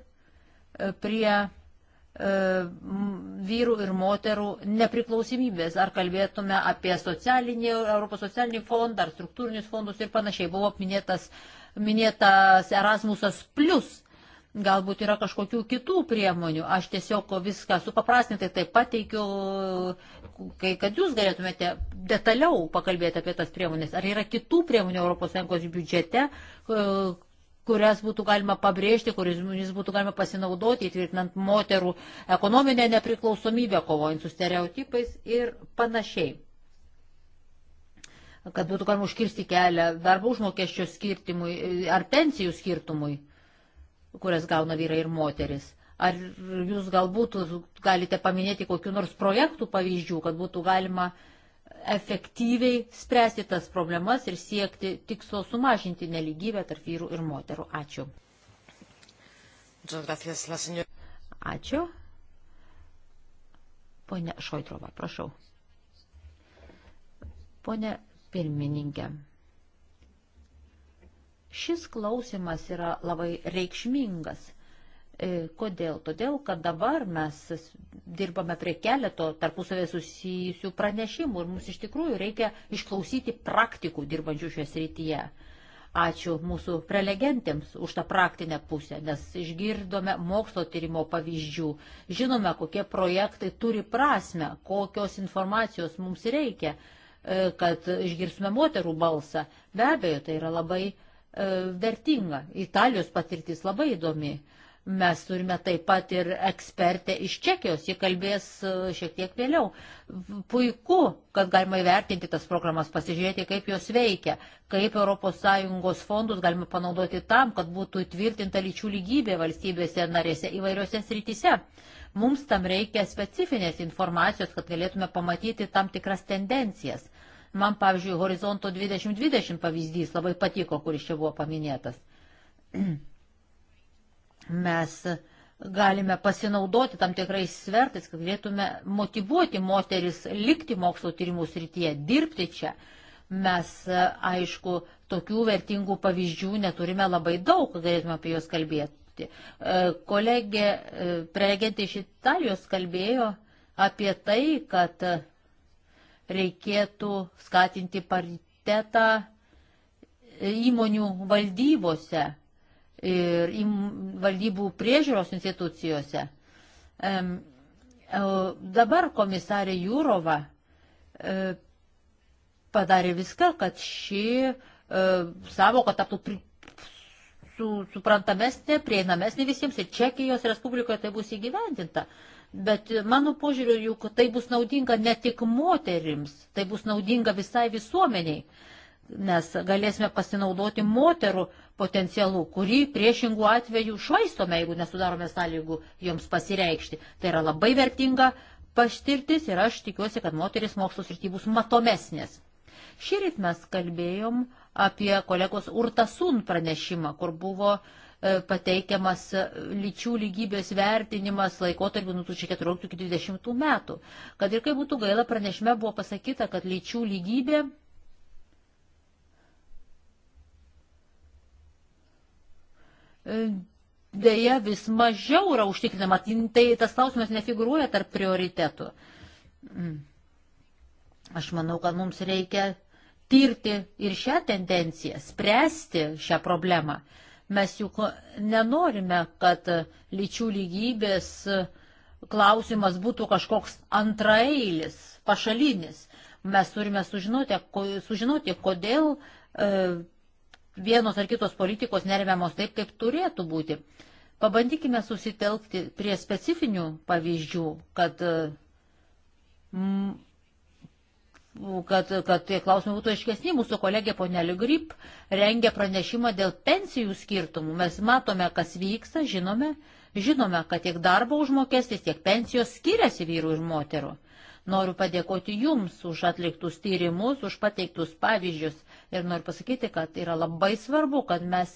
prie e, vyrų ir moterų nepriklausomybės. Ar kalbėtume apie socialinį, Europos socialinį fondą, ar struktūrinius fondus ir panašiai. Buvo minėtas, minėtas Erasmusas plus. Galbūt yra kažkokių kitų priemonių. Aš tiesiog viską supaprastintai taip pateikiu, kai, kad jūs galėtumėte detaliau pakalbėti apie tas priemonės. Ar yra kitų priemonių ES biudžete, kurias būtų galima pabrėžti, kuris būtų galima pasinaudoti, įtvirtinant moterų ekonominę nepriklausomybę, kovojant su stereotipais ir panašiai. Kad būtų galima užkirsti kelią darbo užmokesčio skirtimui e, ar pensijų skirtumui, kurias gauna vyrai ir moteris. Ar jūs galbūt galite paminėti kokiu nors projektų pavyzdžių, kad būtų galima uh, efektyviai spręsti tas problemas ir siekti tikslo sumažinti neligybę tarp vyrų ir moterų. Ačiū. Ačiū. Pone Šoitrova, prašau. Pone pirmininkė, šis klausimas yra labai reikšmingas E, kodėl? Todėl, kad dabar mes dirbame prie keleto tarpusavė susijusių pranešimų ir mums iš tikrųjų reikia išklausyti praktikų dirbančių šioje srityje. Ačiū mūsų prelegentėms už tą praktinę pusę, nes išgirdome mokslo tyrimo pavyzdžių, žinome, kokie projektai turi prasme, kokios informacijos mums reikia, e, kad išgirsime moterų balsą. Be abejo, tai yra labai e, vertinga. Italijos patirtis labai įdomi. Mes turime taip pat ir ekspertę iš Čekijos, ji kalbės e, šiek tiek vėliau. Puiku, kad galima įvertinti tas programas, pasižiūrėti, kaip jos veikia, kaip ES fondus galima panaudoti tam, kad būtų įtvirtinta lyčių lygybė valstybėse narėse įvairiose srityse. Mums tam reikia specifinės informacijos, kad galėtume pamatyti tam tikras tendencijas. Man, pavyzdžiui, Horizonto 2020 pavyzdys labai patiko, kuris čia buvo paminėtas mes galime pasinaudoti tam tikrais svertais, kad galėtume motivuoti moteris likti mokslo tyrimų srityje, dirbti čia. Mes, aišku, tokių vertingų pavyzdžių neturime labai daug, kad galėtume apie juos kalbėti. E, kolegė, e, prelegentė iš Italijos kalbėjo apie tai, kad reikėtų skatinti paritetą įmonių valdybose ir valdybų priežiūros institucijose. Dabar komisarė Jūrova e, padarė viską, kad ši e, savoka taptų pri, su, suprantamesnė, prieinamesnė visiems ir Čekijos Respublikoje tai bus įgyvendinta. Bet mano požiūriu, juk tai bus naudinga ne tik moterims, tai bus naudinga visai visuomeniai, nes galėsime pasinaudoti moterų uh, potencialu, kurį priešingų atveju švaistome, jeigu nesudarome sąlygų joms pasireikšti. Tai yra labai vertinga paštirtis ir aš tikiuosi, kad moteris mokslo srity bus matomesnės. Šįryt mes kalbėjom apie kolegos Urtasun pranešimą, kur buvo e, pateikiamas e, lyčių lygybės vertinimas laikotarpiu 2014-2020 metų. Kad ir kaip būtų gaila, pranešime buvo pasakyta, kad lyčių lygybė E, dėja vis mažiau yra užtikrinama. Tai tas klausimas nefigūruoja tarp prioritetų. Mm. Aš manau, kad mums reikia tirti ir šią tendenciją, spręsti šią problemą. Mes juk nenorime, kad lyčių lygybės klausimas būtų kažkoks antraeilis, pašalinis. Mes turime sužinoti, ko, sužinoti kodėl e, vienos ar kitos politikos neremiamos taip, kaip turėtų būti. Pabandykime susitelkti prie specifinių pavyzdžių, kad, mm, kad, kad tie klausimai būtų aiškesni. Mūsų kolegė ponelė Grip rengia pranešimą dėl pensijų skirtumų. Mes matome, kas vyksta, žinome, žinome, kad tiek darbo užmokestis, tiek pensijos skiriasi vyrų ir moterų. Noriu padėkoti Jums už atliktus tyrimus, už pateiktus pavyzdžius. Ir noriu pasakyti, kad yra labai svarbu, kad mes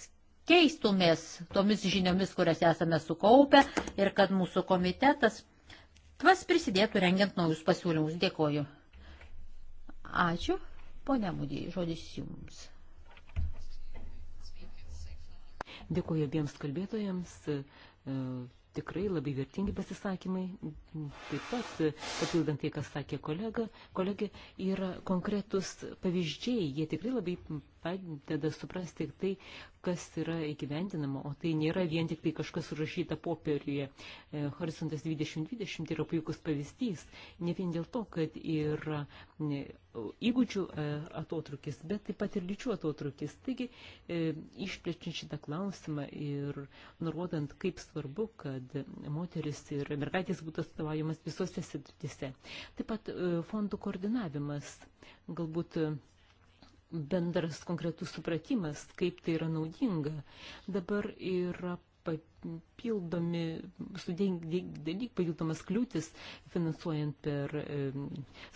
keistumės tomis žiniomis, kurias esame sukaupę ir kad mūsų komitetas tvas prisidėtų rengiant naujus pasiūlymus.
Dėkoju. Ačiū. Pone Mūdėjai, žodis jums. Dėkoju abiems kalbėtojams. Uh tikrai labai vertingi pasisakymai. Taip pat, papildant tai, kas sakė kolega, kolegė, yra konkretus pavyzdžiai, jie tikrai labai padeda suprasti tik tai, kas yra įgyvendinama, o tai nėra vien tik tai kažkas surašyta popieriuje. E, Horizontas 2020 yra puikus pavyzdys, ne vien dėl to, kad yra įgūdžių e, atotrukis, bet taip pat ir lyčių atotrukis. Taigi, e, išplečiant šitą klausimą ir nurodant, kaip svarbu, kad moteris ir mergaitės būtų atstovaujamas visose sritise. Taip pat fondų koordinavimas. Galbūt bendras konkretus supratimas, kaip tai yra naudinga. Dabar yra papildomi sudėtingi dalykai, papildomas kliūtis finansuojant per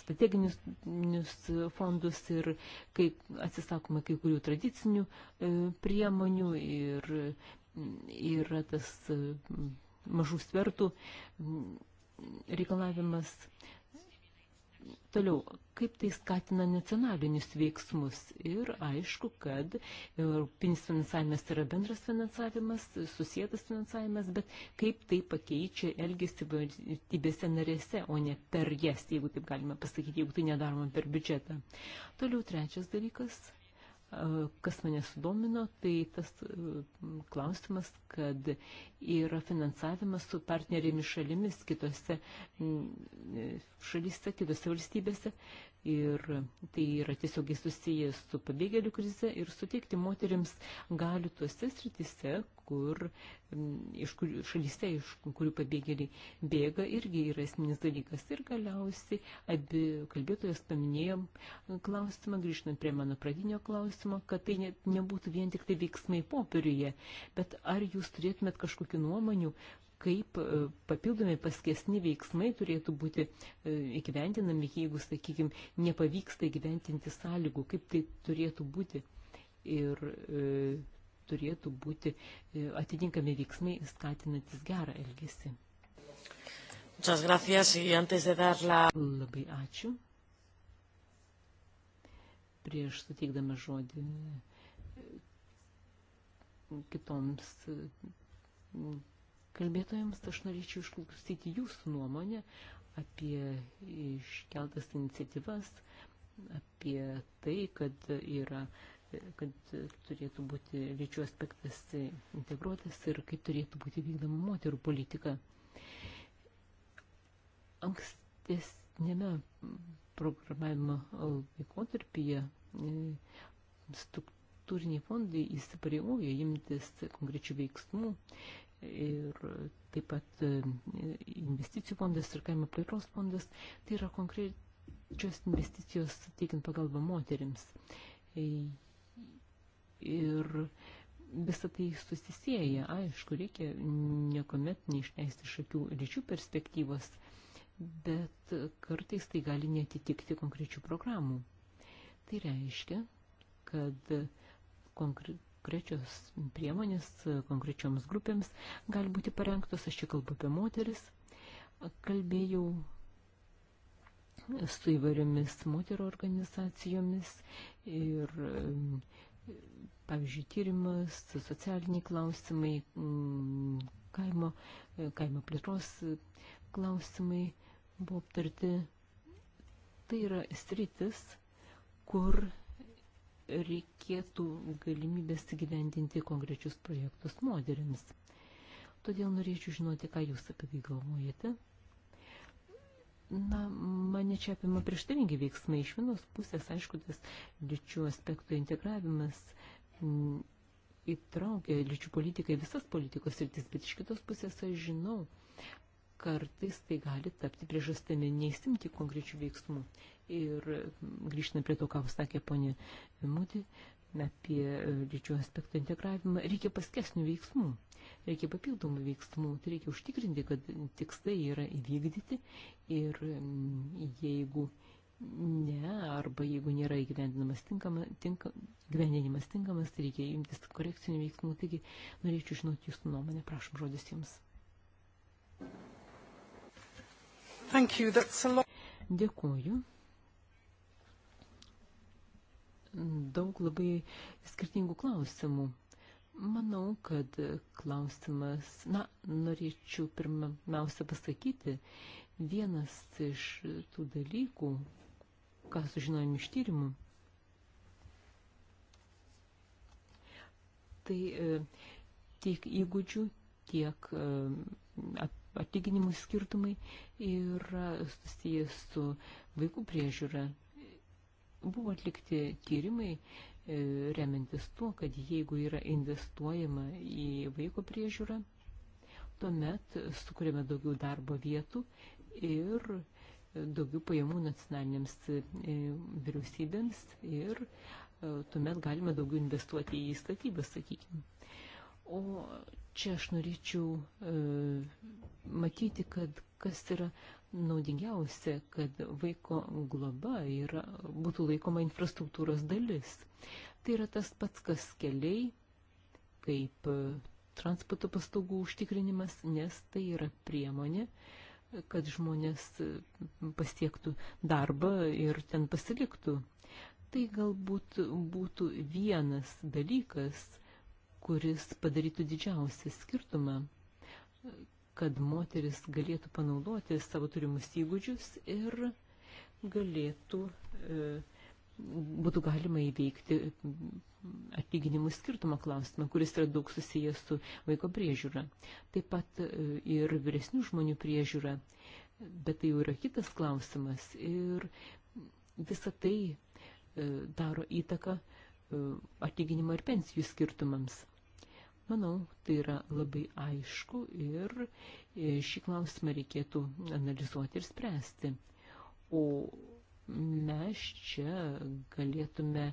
strateginius fondus ir kaip atsisakoma kai kurių tradicinių e, priemonių ir yra tas mažų svertų reikalavimas. Toliau, kaip tai skatina nacionalinius veiksmus ir aišku, kad europinis finansavimas yra bendras finansavimas, susijęs finansavimas, bet kaip tai pakeičia elgesį valstybėse narėse, o ne per jas, jeigu taip galima pasakyti, jeigu tai nedaroma per biudžetą. Toliau trečias dalykas – Kas mane sudomino, tai tas e, klausimas, kad yra finansavimas su partnerėmis šalimis kitose mm, e, šalyse, kitose valstybėse. Ir tai yra tiesiogiai susijęs su pabėgėlių krize ir suteikti moteriams galių tuose srityse, kur, iš kur šalyse, iš kurių pabėgėliai bėga, irgi yra esminis dalykas. Ir galiausiai abi kalbėtojas paminėjom klausimą, grįžtant prie mano pradinio klausimo, kad tai ne, nebūtų vien tik tai veiksmai popieriuje, bet ar jūs turėtumėt kažkokiu nuomonių, kaip e, papildomi paskesni veiksmai turėtų būti e, įgyventinami, jeigu, sakykime, nepavyksta įgyventinti sąlygų, kaip tai turėtų būti. Ir e, turėtų būti e, atitinkami veiksmai skatinantis gerą elgesį. La... Labai ačiū. Prieš suteikdama žodį e, kitoms e, kalbėtojams, aš norėčiau išklausyti jūsų nuomonę apie iškeltas iniciatyvas, apie tai, kad yra uh, kad e, turėtų būti lyčių aspektas e, integruotas ir kaip turėtų būti vykdoma moterų politika. Ankstesnėme programavimo laikotarpyje e, struktūriniai fondai įsipareigojo imtis konkrečių veiksmų ir taip pat investicijų fondas ir kaimo plėtros fondas, tai yra konkrečios investicijos teikiant pagalbą moterims ir visą tai susisieja. Aišku, reikia niekuomet neišleisti iš akių ryčių perspektyvos, bet kartais tai gali netitikti konkrečių programų. Tai reiškia, kad konkrečios priemonės konkrečioms grupėms gali būti parengtos, aš čia kalbu apie moteris, kalbėjau su įvairiomis moterų organizacijomis ir pavyzdžiui, tyrimas, socialiniai klausimai, mm, kaimo, kaimo plėtros klausimai buvo aptarti. Tai yra sritis, kur reikėtų galimybės įgyvendinti konkrečius projektus moteriams. Todėl norėčiau žinoti, ką jūs apie tai galvojate. Na, mane čia apima prieštaringi veiksmai. Iš vienos pusės, aišku, tas lyčių aspektų integravimas mm, įtraukia lyčių politiką į visas politikos rytis, bet iš kitos pusės aš žinau, kartais tai gali tapti priežastimi neįsimti konkrečių veiksmų. Ir grįžtant prie to, ką sakė ponė Mutė apie lyčių aspektų integravimą, reikia paskesnių veiksmų reikia papildomų veiksmų, tai reikia užtikrinti, kad tikslai yra įvykdyti ir mm, jeigu ne, arba jeigu nėra įgyvendinamas tinkama, tinka, gyvendinimas tinkamas, tai reikia imtis korekcinių veiksmų, taigi norėčiau žinoti jūsų nuomonę, prašom žodis jums. Thank you, that's a lot. Dėkuoju daug labai skirtingų klausimų. Manau, kad klausimas, na, norėčiau pirmiausia pasakyti, vienas iš tų dalykų, ką sužinojom iš tyrimų, tai e, tiek įgūdžių, tiek e, atlyginimų skirtumai yra susijęs su vaikų priežiūra. Buvo atlikti tyrimai E, remintis tuo, kad jeigu yra investuojama į vaiko priežiūrą, tuomet sukūrėme daugiau darbo vietų ir daugiau pajamų nacionalinėms e, vyriausybėms ir e, tuomet galime daugiau investuoti į statybas, sakykime. O čia aš norėčiau matyti, kad kas yra naudingiausia, kad vaiko globa yra, būtų laikoma infrastruktūros dalis. Tai yra tas pats, kas keliai, kaip transporto paslaugų užtikrinimas, nes tai yra priemonė, kad žmonės pasiektų darbą ir ten pasiliktų. Tai galbūt būtų vienas dalykas, kuris padarytų didžiausią skirtumą kad moteris galėtų panaudoti savo turimus įgūdžius ir galėtų, e, būtų galima įveikti mm, atlyginimų skirtumo klausimą, kuris yra daug susijęs su vaiko priežiūra. Taip pat e, ir vyresnių žmonių priežiūra, bet tai jau yra kitas klausimas ir visa tai e, daro įtaką atlyginimo ir pensijų skirtumams. Manau, tai yra labai aišku ir e, šį klausimą reikėtų analizuoti ir spręsti. O mes čia galėtume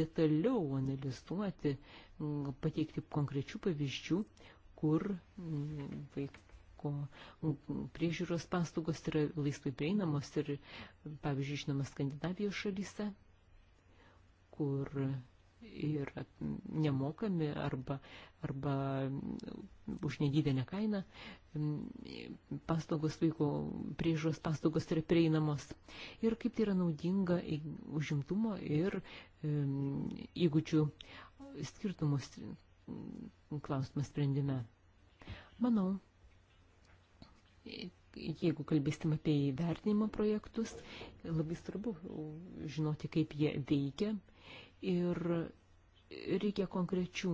detaliau analizuoti, pateikti konkrečių pavyzdžių, kur vaikai vaiko priežiūros paslaugos yra laisvai prieinamos ir, pavyzdžiui, žinoma, Skandinavijos šalyse, kur ir nemokami arba, arba už nedidelę kainą. Paslaugos vaiko priežos paslaugos yra prieinamos. Ir kaip tai yra naudinga užimtumo ir įgūdžių skirtumus klausimą sprendime. Manau, jeigu kalbėsim apie įvertinimo projektus, labai svarbu žinoti, kaip jie veikia ir reikia konkrečių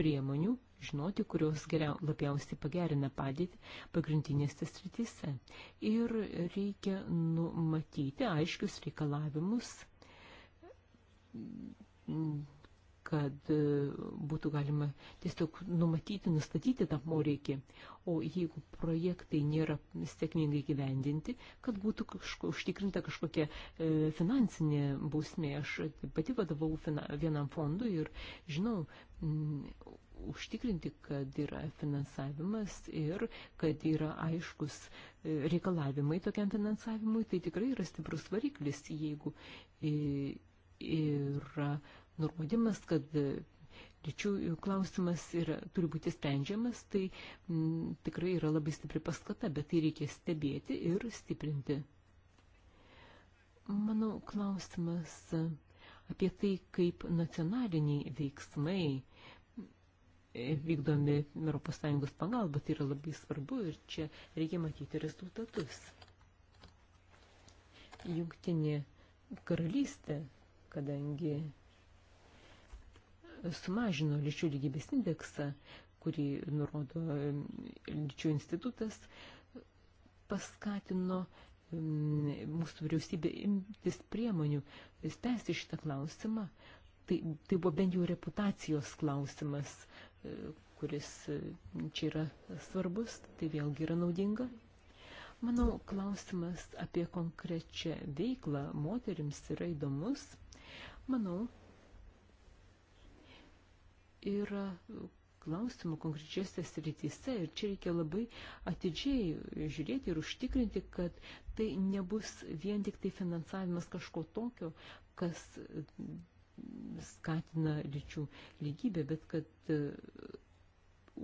priemonių, žinoti, kurios geriau, labiausiai pagerina padėtį pagrindinėse srityse. Ir reikia numatyti aiškius reikalavimus kad e, būtų galima tiesiog numatyti, nustatyti tą poreikį. O jeigu projektai nėra sėkmingai gyvendinti, kad būtų kažko, užtikrinta kažkokia e, finansinė bausmė. Aš pati vadovau fina, vienam fondui ir žinau, m, mm, užtikrinti, kad yra finansavimas ir kad yra aiškus e, reikalavimai tokiam finansavimui, tai tikrai yra stiprus variklis, jeigu e, yra nurodymas, kad e, lyčių e, klausimas yra, turi būti sprendžiamas, tai m, tikrai yra labai stipri paskata, bet tai reikia stebėti ir stiprinti. Manau, klausimas e, apie tai, kaip nacionaliniai veiksmai vykdomi ES pagalba, tai yra labai svarbu ir čia reikia matyti rezultatus. Jungtinė karalystė, kadangi sumažino lyčių lygybės indeksą, kurį nurodo lyčių institutas, paskatino mūsų vyriausybė imtis priemonių, spręsti šitą klausimą. Tai, tai buvo bent jau reputacijos klausimas, e, kuris e, čia yra svarbus, tai vėlgi yra naudinga. Manau, klausimas apie konkrečią veiklą moterims yra įdomus. Manau, yra klausimų konkrečiose srityse ir čia reikia labai atidžiai žiūrėti ir užtikrinti, kad tai nebus vien tik tai finansavimas kažko tokio, kas skatina lyčių lygybę, bet kad e,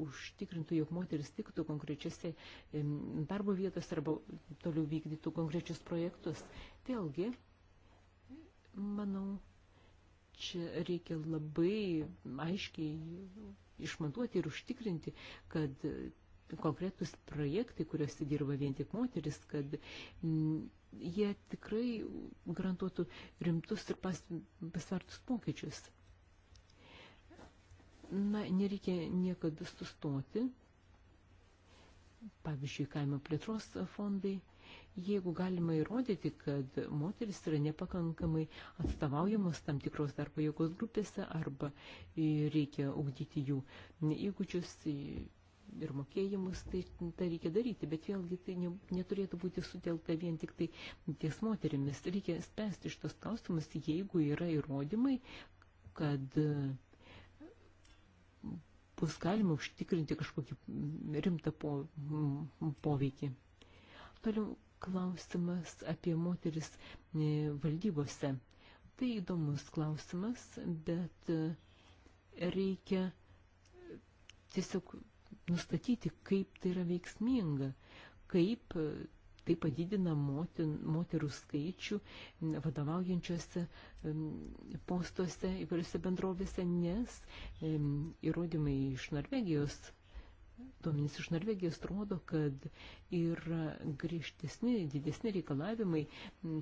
užtikrintų, jog moteris tiktų konkrečiose darbo vietos arba toliau vykdytų konkrečius projektus. Vėlgi, manau, čia reikia labai aiškiai išmatuoti ir užtikrinti, kad konkretus projektai, kuriuose dirba vien tik moteris, kad jie tikrai garantuotų rimtus ir pas, pasvertus pokyčius. Na, nereikia niekada sustoti. Pavyzdžiui, kaimo plėtros fondai – jeigu galima įrodyti, kad moteris yra nepakankamai atstovaujamos tam tikros darbo jėgos grupėse arba reikia ugdyti jų įgūdžius ir mokėjimus, tai tą tai reikia daryti, bet vėlgi tai ne, neturėtų būti sutelta vien tik tai ties moterimis. Reikia spręsti šitos klausimus, jeigu yra įrodymai, kad bus galima užtikrinti kažkokį rimtą po, poveikį. Toliau klausimas apie moteris e, valdybose. Tai įdomus klausimas, bet e, reikia tiesiog nustatyti, kaip tai yra veiksminga, kaip e, tai padidina motin, moterų skaičių vadovaujančiose postuose įvairiose bendrovėse, nes įrodymai iš Norvegijos duomenys iš Norvegijos rodo, kad yra griežtesni, didesni reikalavimai,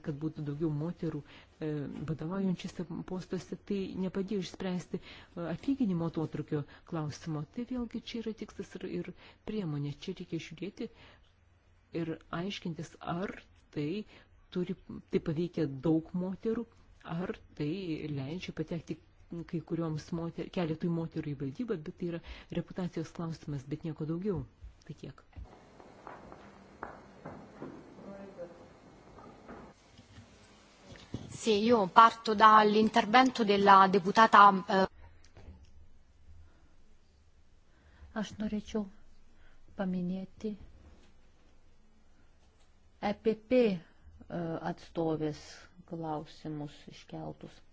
kad būtų daugiau moterų e, vadovaujančiose postuose, tai nepadėjo išspręsti e, atlyginimo atotrukio klausimo. Tai vėlgi čia yra tikslas ir, ir priemonė. Čia reikia žiūrėti ir aiškintis, ar tai, turi, tai paveikia daug moterų, ar tai leidžia patekti kai kurioms moter, keletui moterų į valdybą, bet tai yra reputacijos klausimas, bet nieko daugiau. Tai tiek.
Sì, io parto dall'intervento della deputata. Eh. Aš norėčiau paminėti EPP eh, atstovės klausimus iškeltus.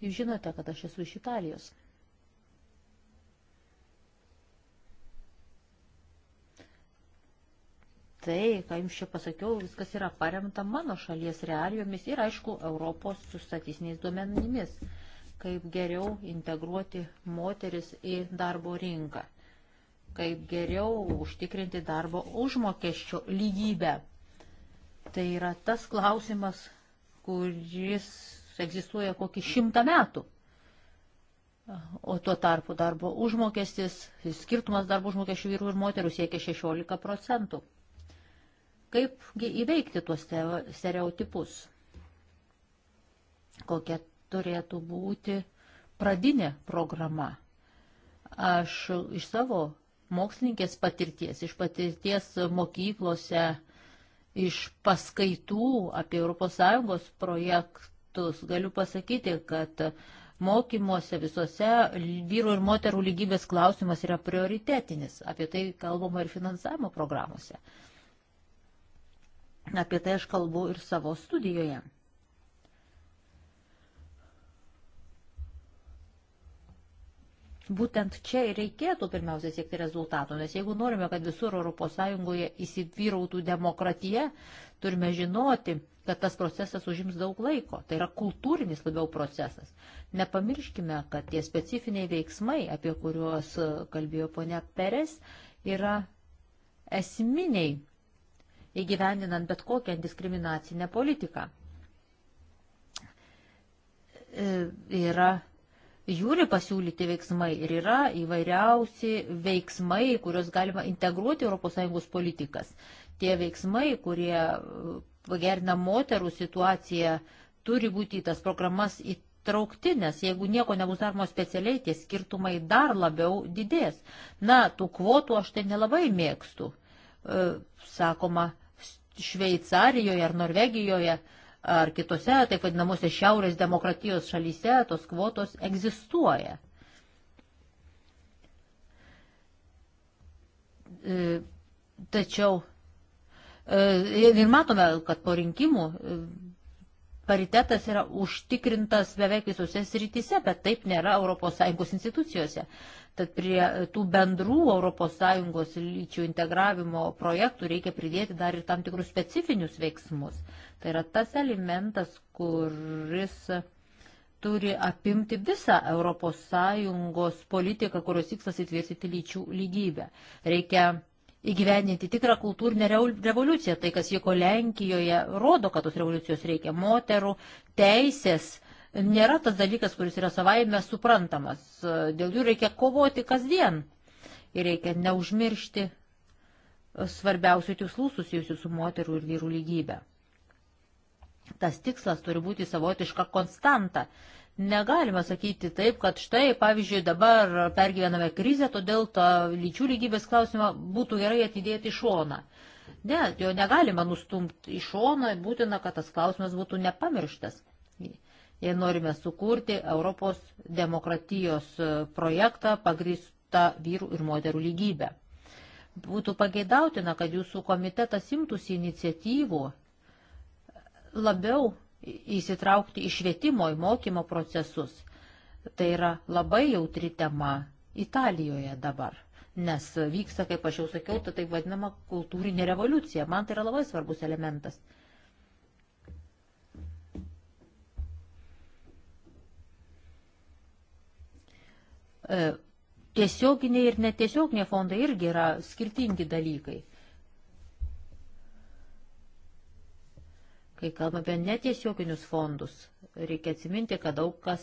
Jūs žinote, kad aš esu iš Italijos. tai, ką jums čia pasakiau, viskas yra paremta mano šalies realijomis ir, aišku, Europos su statistiniais duomenimis, kaip geriau integruoti moteris į darbo rinką, kaip geriau užtikrinti darbo užmokesčio lygybę. Tai yra tas klausimas, kuris egzistuoja kokį šimtą metų. O tuo tarpu darbo užmokestis, skirtumas darbo užmokesčių vyrų ir moterų siekia 16 procentų. Kaipgi įveikti tuos stereotipus? Kokia turėtų būti pradinė programa? Aš iš savo mokslininkės patirties, iš patirties mokyklose, iš paskaitų apie ES projekt, metus galiu pasakyti, kad mokymuose visose vyru ir moterų lygybės klausimas yra prioritetinis. Apie tai kalbama ir finansavimo programuose. Apie tai aš kalbu ir savo studijoje. Būtent čia ir reikėtų pirmiausia siekti rezultatų, nes jeigu norime, kad visur ES įsivyrautų demokratija, turime žinoti, kad tas procesas užims daug laiko. Tai yra kultūrinis labiau procesas. Nepamirškime, kad tie specifiniai veiksmai, apie kuriuos kalbėjo ponia Peres, yra esminiai įgyvendinant bet kokią diskriminacinę politiką. E, yra jūri pasiūlyti veiksmai ir yra įvairiausi veiksmai, kuriuos galima integruoti ES politikas. Tie veiksmai, kurie pagerina moterų situaciją, turi būti į tas programas įtraukti, nes jeigu nieko nebus daroma specialiai, tie skirtumai dar labiau didės. Na, tų kvotų aš tai nelabai mėgstu. E, sakoma, Šveicarijoje ar Norvegijoje ar kitose, taip vadinamuose šiaurės demokratijos šalyse, tos kvotos egzistuoja. E, tačiau E, ir matome, kad po rinkimų e, paritetas yra užtikrintas beveik visose srityse, bet taip nėra ES institucijose. Tad prie tų bendrų ES lyčių integravimo projektų reikia pridėti dar ir tam tikrus specifinius veiksmus. Tai yra tas elementas, kuris turi apimti visą ES politiką, kurios tikslas įtvirtinti lyčių lygybę. Reikia įgyvendinti tikrą kultūrinę revoliuciją. Tai, kas vyko Lenkijoje, rodo, kad tos revoliucijos reikia. Moterų teisės nėra tas dalykas, kuris yra savaime suprantamas. Dėl jų reikia kovoti kasdien. Ir reikia neužmiršti svarbiausių tikslų susijusių su moterų ir vyrų lygybė. Tas tikslas turi būti savotiška konstanta Negalima sakyti taip, kad štai, pavyzdžiui, dabar pergyvename krizę, todėl tą lyčių lygybės klausimą būtų gerai atidėti į šoną. Ne, jo negalima nustumti į šoną, būtina, kad tas klausimas būtų nepamirštas. Jei norime sukurti Europos demokratijos projektą pagrįstą vyrų ir moterų lygybę. Būtų pageidautina, kad jūsų komitetas imtųsi iniciatyvų labiau įsitraukti į švietimo, į mokymo procesus. Tai yra labai jautri tema Italijoje dabar, nes vyksta, kaip aš jau sakiau, ta taip vadinama kultūrinė revoliucija. Man tai yra labai svarbus elementas. E, tiesioginiai ir netiesioginiai fondai irgi yra skirtingi dalykai. Kai kalbame apie netiesioginius fondus, reikia atsiminti, kad daug kas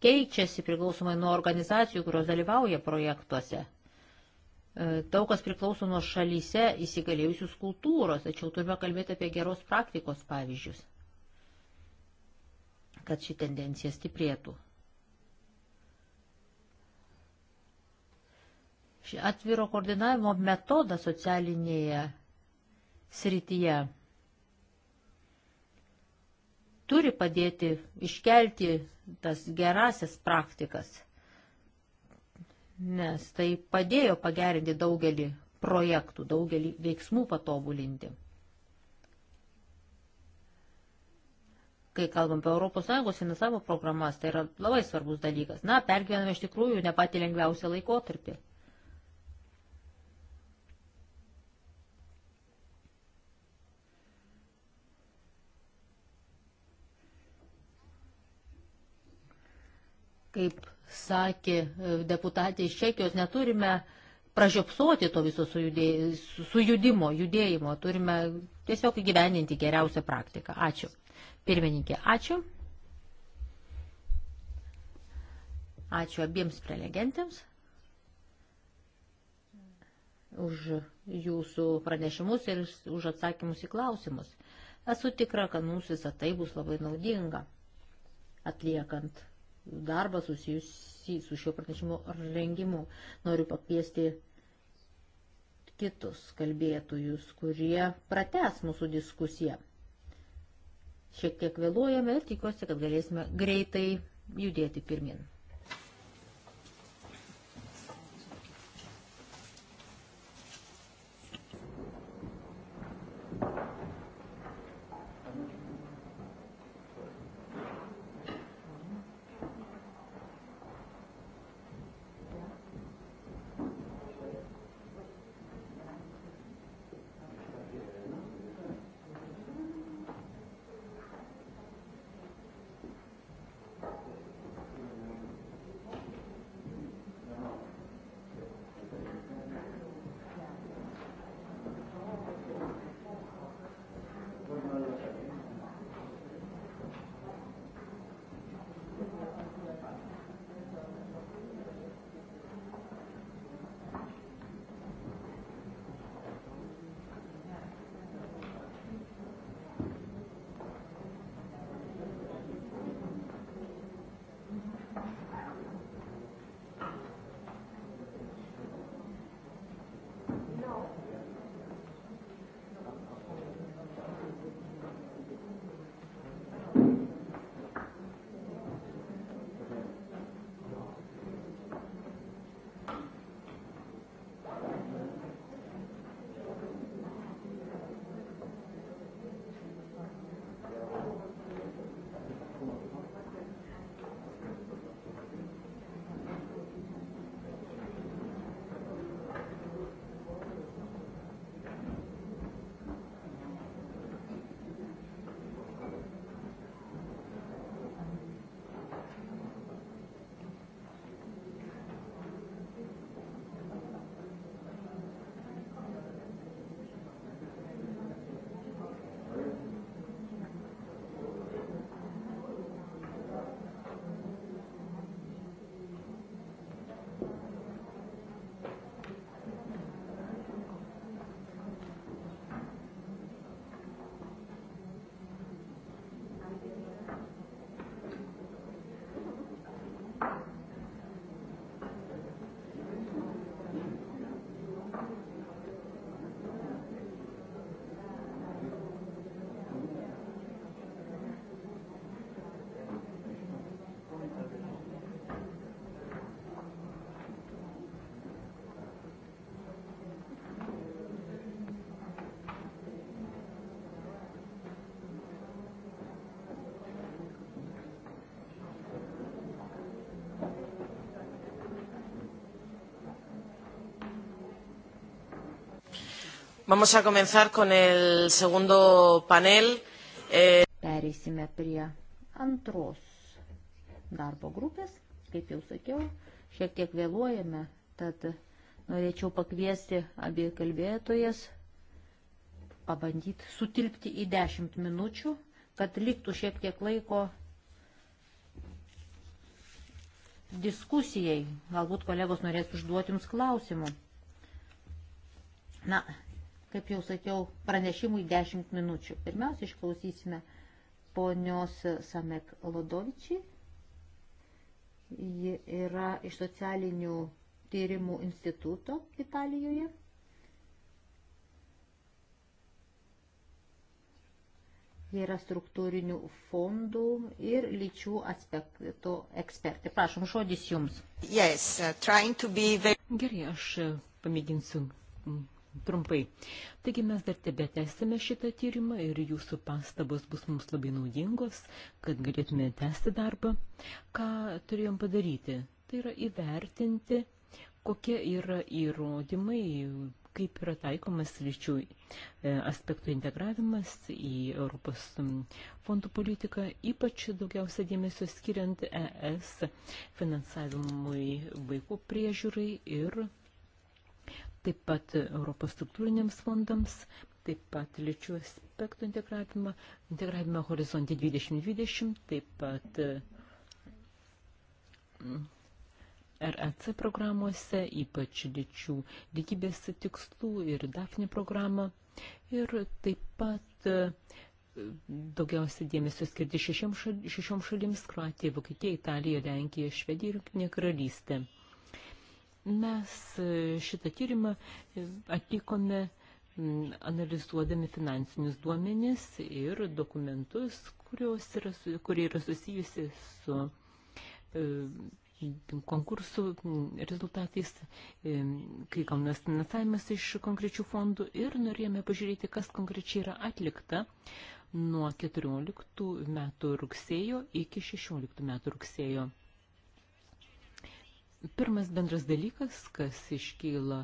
keičiasi priklausomai nuo organizacijų, kurios dalyvauja projektuose. E, daug kas priklauso nuo šalyse įsigalėjusius kultūros, tačiau turime kalbėti apie geros praktikos pavyzdžius, kad ši tendencija stiprėtų. Ši atviro koordinavimo metoda socialinėje srityje turi padėti iškelti tas gerasias praktikas, nes tai padėjo pagerinti daugelį projektų, daugelį veiksmų patobulinti. Kai kalbam apie ES finansavimo programas, tai yra labai svarbus dalykas. Na, pergyvename iš tikrųjų ne pati lengviausią laikotarpį. Kaip sakė e, deputatė iš Čekijos, neturime pražiopsoti to viso sujudė, sujudimo, judėjimo. Turime tiesiog įgyveninti geriausią praktiką. Ačiū. Pirmininkė, ačiū. Ačiū abiems prelegentėms už jūsų pranešimus ir už atsakymus į klausimus. Esu tikra, kad mums visą tai bus labai naudinga atliekant darbą susijusį su šio pranešimo rengimu. Noriu pakviesti kitus kalbėtojus, kurie prates mūsų diskusiją. Šiek tiek vėluojame ir tikiuosi, kad galėsime greitai judėti pirmin. Vamos a comenzar con el segundo panel. Eh... Pereisime prie antros darbo grupės, kaip jau sakiau, šiek tiek vėluojame, tad norėčiau pakviesti abie kalbėtojas, pabandyti sutilpti į 10 minučių, kad liktų šiek tiek laiko diskusijai. Galbūt kolegos norės užduoti jums klausimų. Na, kaip jau sakiau, pranešimui 10 minučių. Pirmiausia, išklausysime ponios Samek Lodovičiai. Ji yra iš socialinių tyrimų instituto Italijoje. Jie yra struktūrinių fondų ir lyčių aspektų ekspertai. Prašom, žodis jums.
Yes, uh, very... Gerai, aš pamėginsiu trumpai. Taigi mes dar tebetęsime šitą tyrimą ir jūsų pastabos bus mums labai naudingos, kad galėtume tęsti darbą. Ką turėjom padaryti? Tai yra įvertinti, kokie yra įrodymai, kaip yra taikomas lyčių e, aspektų integravimas į Europos fondų politiką, ypač daugiausia dėmesio skiriant ES finansavimui vaikų priežiūrai ir taip pat Europos struktūriniams fondams, taip pat lyčių aspektų integravimą, integravimą horizontį 2020, taip pat mm, RAC programuose, ypač lyčių lygybės tikslų ir DAFNI programą. Ir taip pat daugiausia dėmesio skirti šešioms šalims - Kroatija, Vokietija, Italija, Lenkija, Švedija ir Junktinė karalystė. Mes šitą tyrimą atlikome analizuodami finansinius duomenis ir dokumentus, yra, kurie yra susijusi su e, konkursų rezultatais, e, kai gaunas finansavimas iš konkrečių fondų ir norėjome pažiūrėti, kas konkrečiai yra atlikta nuo 14 metų rugsėjo iki 16 metų rugsėjo. Pirmas bendras dalykas, kas iškyla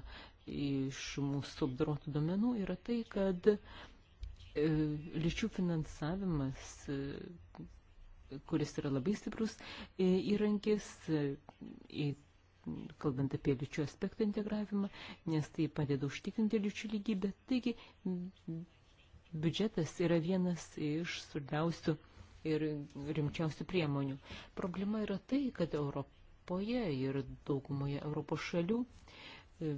iš mūsų apdarotų domenų, yra tai, kad e, lyčių finansavimas, e, kuris yra labai stiprus e, įrankis, kalbant apie lyčių aspektų integravimą, nes tai padeda užtikrinti lyčių lygybę. Taigi, biudžetas yra vienas iš svarbiausių ir rimčiausių priemonių. Problema yra tai, kad Europa Europoje ir daugumoje Europos šalių e,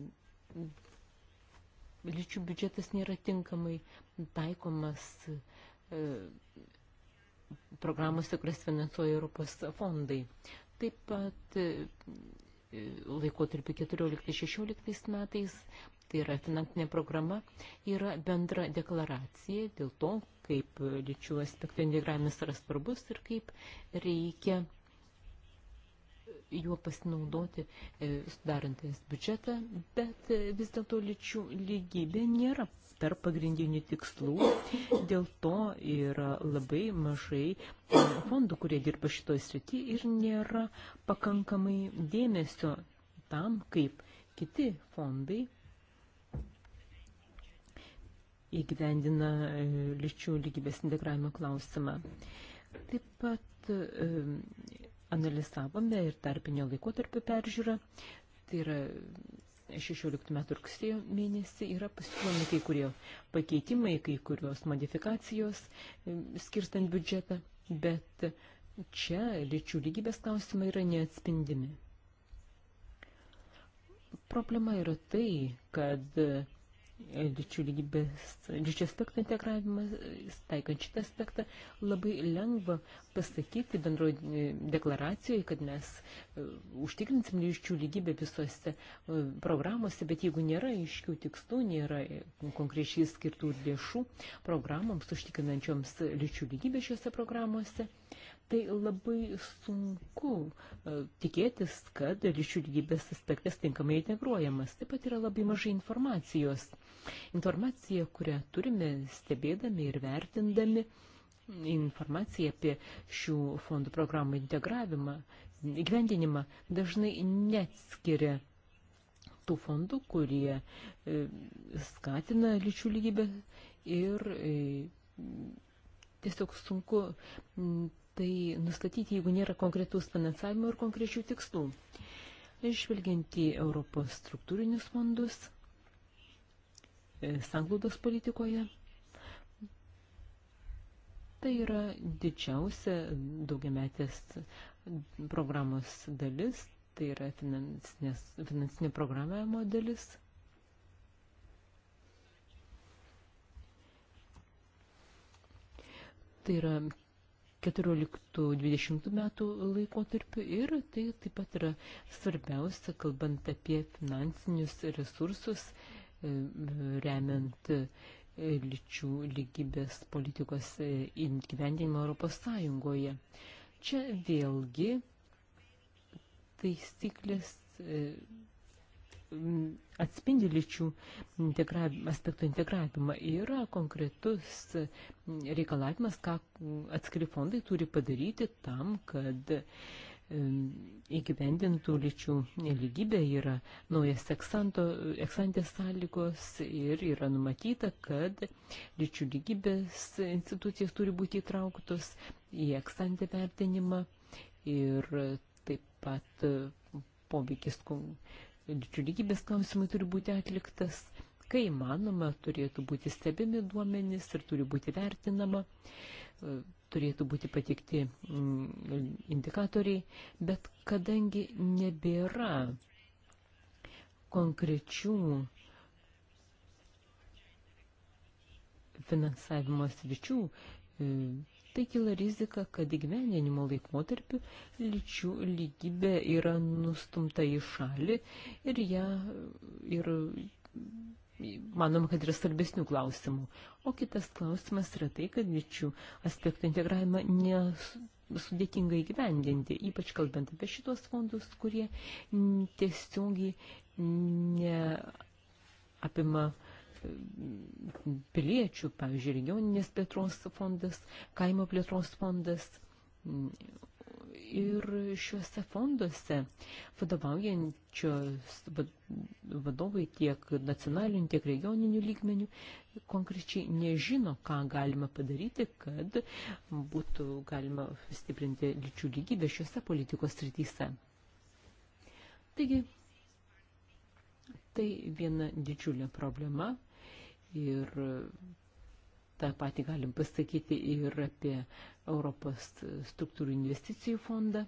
lyčių biudžetas nėra tinkamai taikomas e, programuose, kurias finansuoja Europos fondai. Taip pat e, laikotarpį 14-16 metais, tai yra finansinė programa, yra bendra deklaracija dėl to, kaip lyčių aspektų integravimas yra svarbus ir kaip reikia juo pasinaudoti e, sudarantis biudžetą, bet e, vis dėlto lyčių lygybė nėra tarp pagrindinių tikslų, dėl to yra labai mažai e, fondų, kurie dirba šitoj srity ir nėra pakankamai dėmesio tam, kaip kiti fondai įgyvendina lyčių lygybės integravimo klausimą. Taip pat analizavome ir tarpinio laikotarpio peržiūrą, tai yra 16 metų rugsėjo mėnesį yra pasiūlomi kai kurie pakeitimai, kai kurios modifikacijos skirstant biudžetą, bet čia lyčių lygybės klausimai yra neatspindimi. Problema yra tai, kad lyčių lygybės, lyčių aspektų integravimas, taikant šitą aspektą, labai lengva pasakyti bendroje deklaracijoje, kad mes e, užtikrinsim lyčių lygybę visose e, programuose, bet jeigu nėra iškių tikslų, nėra e, konkrečiai skirtų lėšų programoms užtikrinančioms lyčių lygybę šiuose programuose, tai labai sunku e, tikėtis, kad ryšių lygybės aspektas tinkamai integruojamas. Taip pat yra labai mažai informacijos. Informacija, kurią turime stebėdami ir vertindami, informacija apie šių fondų programų integravimą, gyvendinimą dažnai neatskiria tų fondų, kurie e, skatina lyčių lygybę ir e, tiesiog sunku tai nustatyti, jeigu nėra konkretaus finansavimo ir konkrečių tikslų. Išvelgiant į Europos struktūrinius fondus, e, sanglaudos politikoje, tai yra didžiausia daugiametės programos dalis, tai yra finansinė programavimo dalis. Tai yra 14-20 metų laikotarpiu ir tai taip pat yra svarbiausia, kalbant apie finansinius resursus, e, remiant e, lyčių lygybės politikos e, įgyvendinimą Europos Sąjungoje. Čia vėlgi taisyklės Mm, atspindi lyčių integra, aspektų integravimą. Yra konkretus mm, reikalavimas, ką atskiri fondai turi padaryti tam, kad mm, įgyvendintų lyčių lygybė yra naujas eksanto, eksantės sąlygos ir yra numatyta, kad lyčių lygybės institucijas turi būti įtrauktos į eksantę vertinimą ir taip pat poveikis lyčių lygybės klausimai turi būti atliktas, kai manoma, turėtų būti stebimi duomenys ir turi būti vertinama, e, turėtų būti patikti mm, indikatoriai, bet kadangi nebėra konkrečių finansavimo sričių, e, tai kila rizika, kad įgyvendinimo laikotarpiu lyčių lygybė yra nustumta į šalį ir ją ir manom, kad yra svarbesnių klausimų. O kitas klausimas yra tai, kad lyčių aspektų integravimą nesudėtinga įgyvendinti, ypač kalbant apie šitos fondus, kurie tiesiogiai neapima apima piliečių, pavyzdžiui, regioninės plėtros fondas, kaimo plėtros fondas. Ir šiuose fonduose vadovaujančios vadovai tiek nacionaliniu, tiek regioniniu lygmeniu konkrečiai nežino, ką galima padaryti, kad būtų galima stiprinti lyčių lygybę šiuose politikos srityse. Taigi, tai viena didžiulė problema Ir tą patį galim pasakyti ir apie Europos struktūrų investicijų fondą.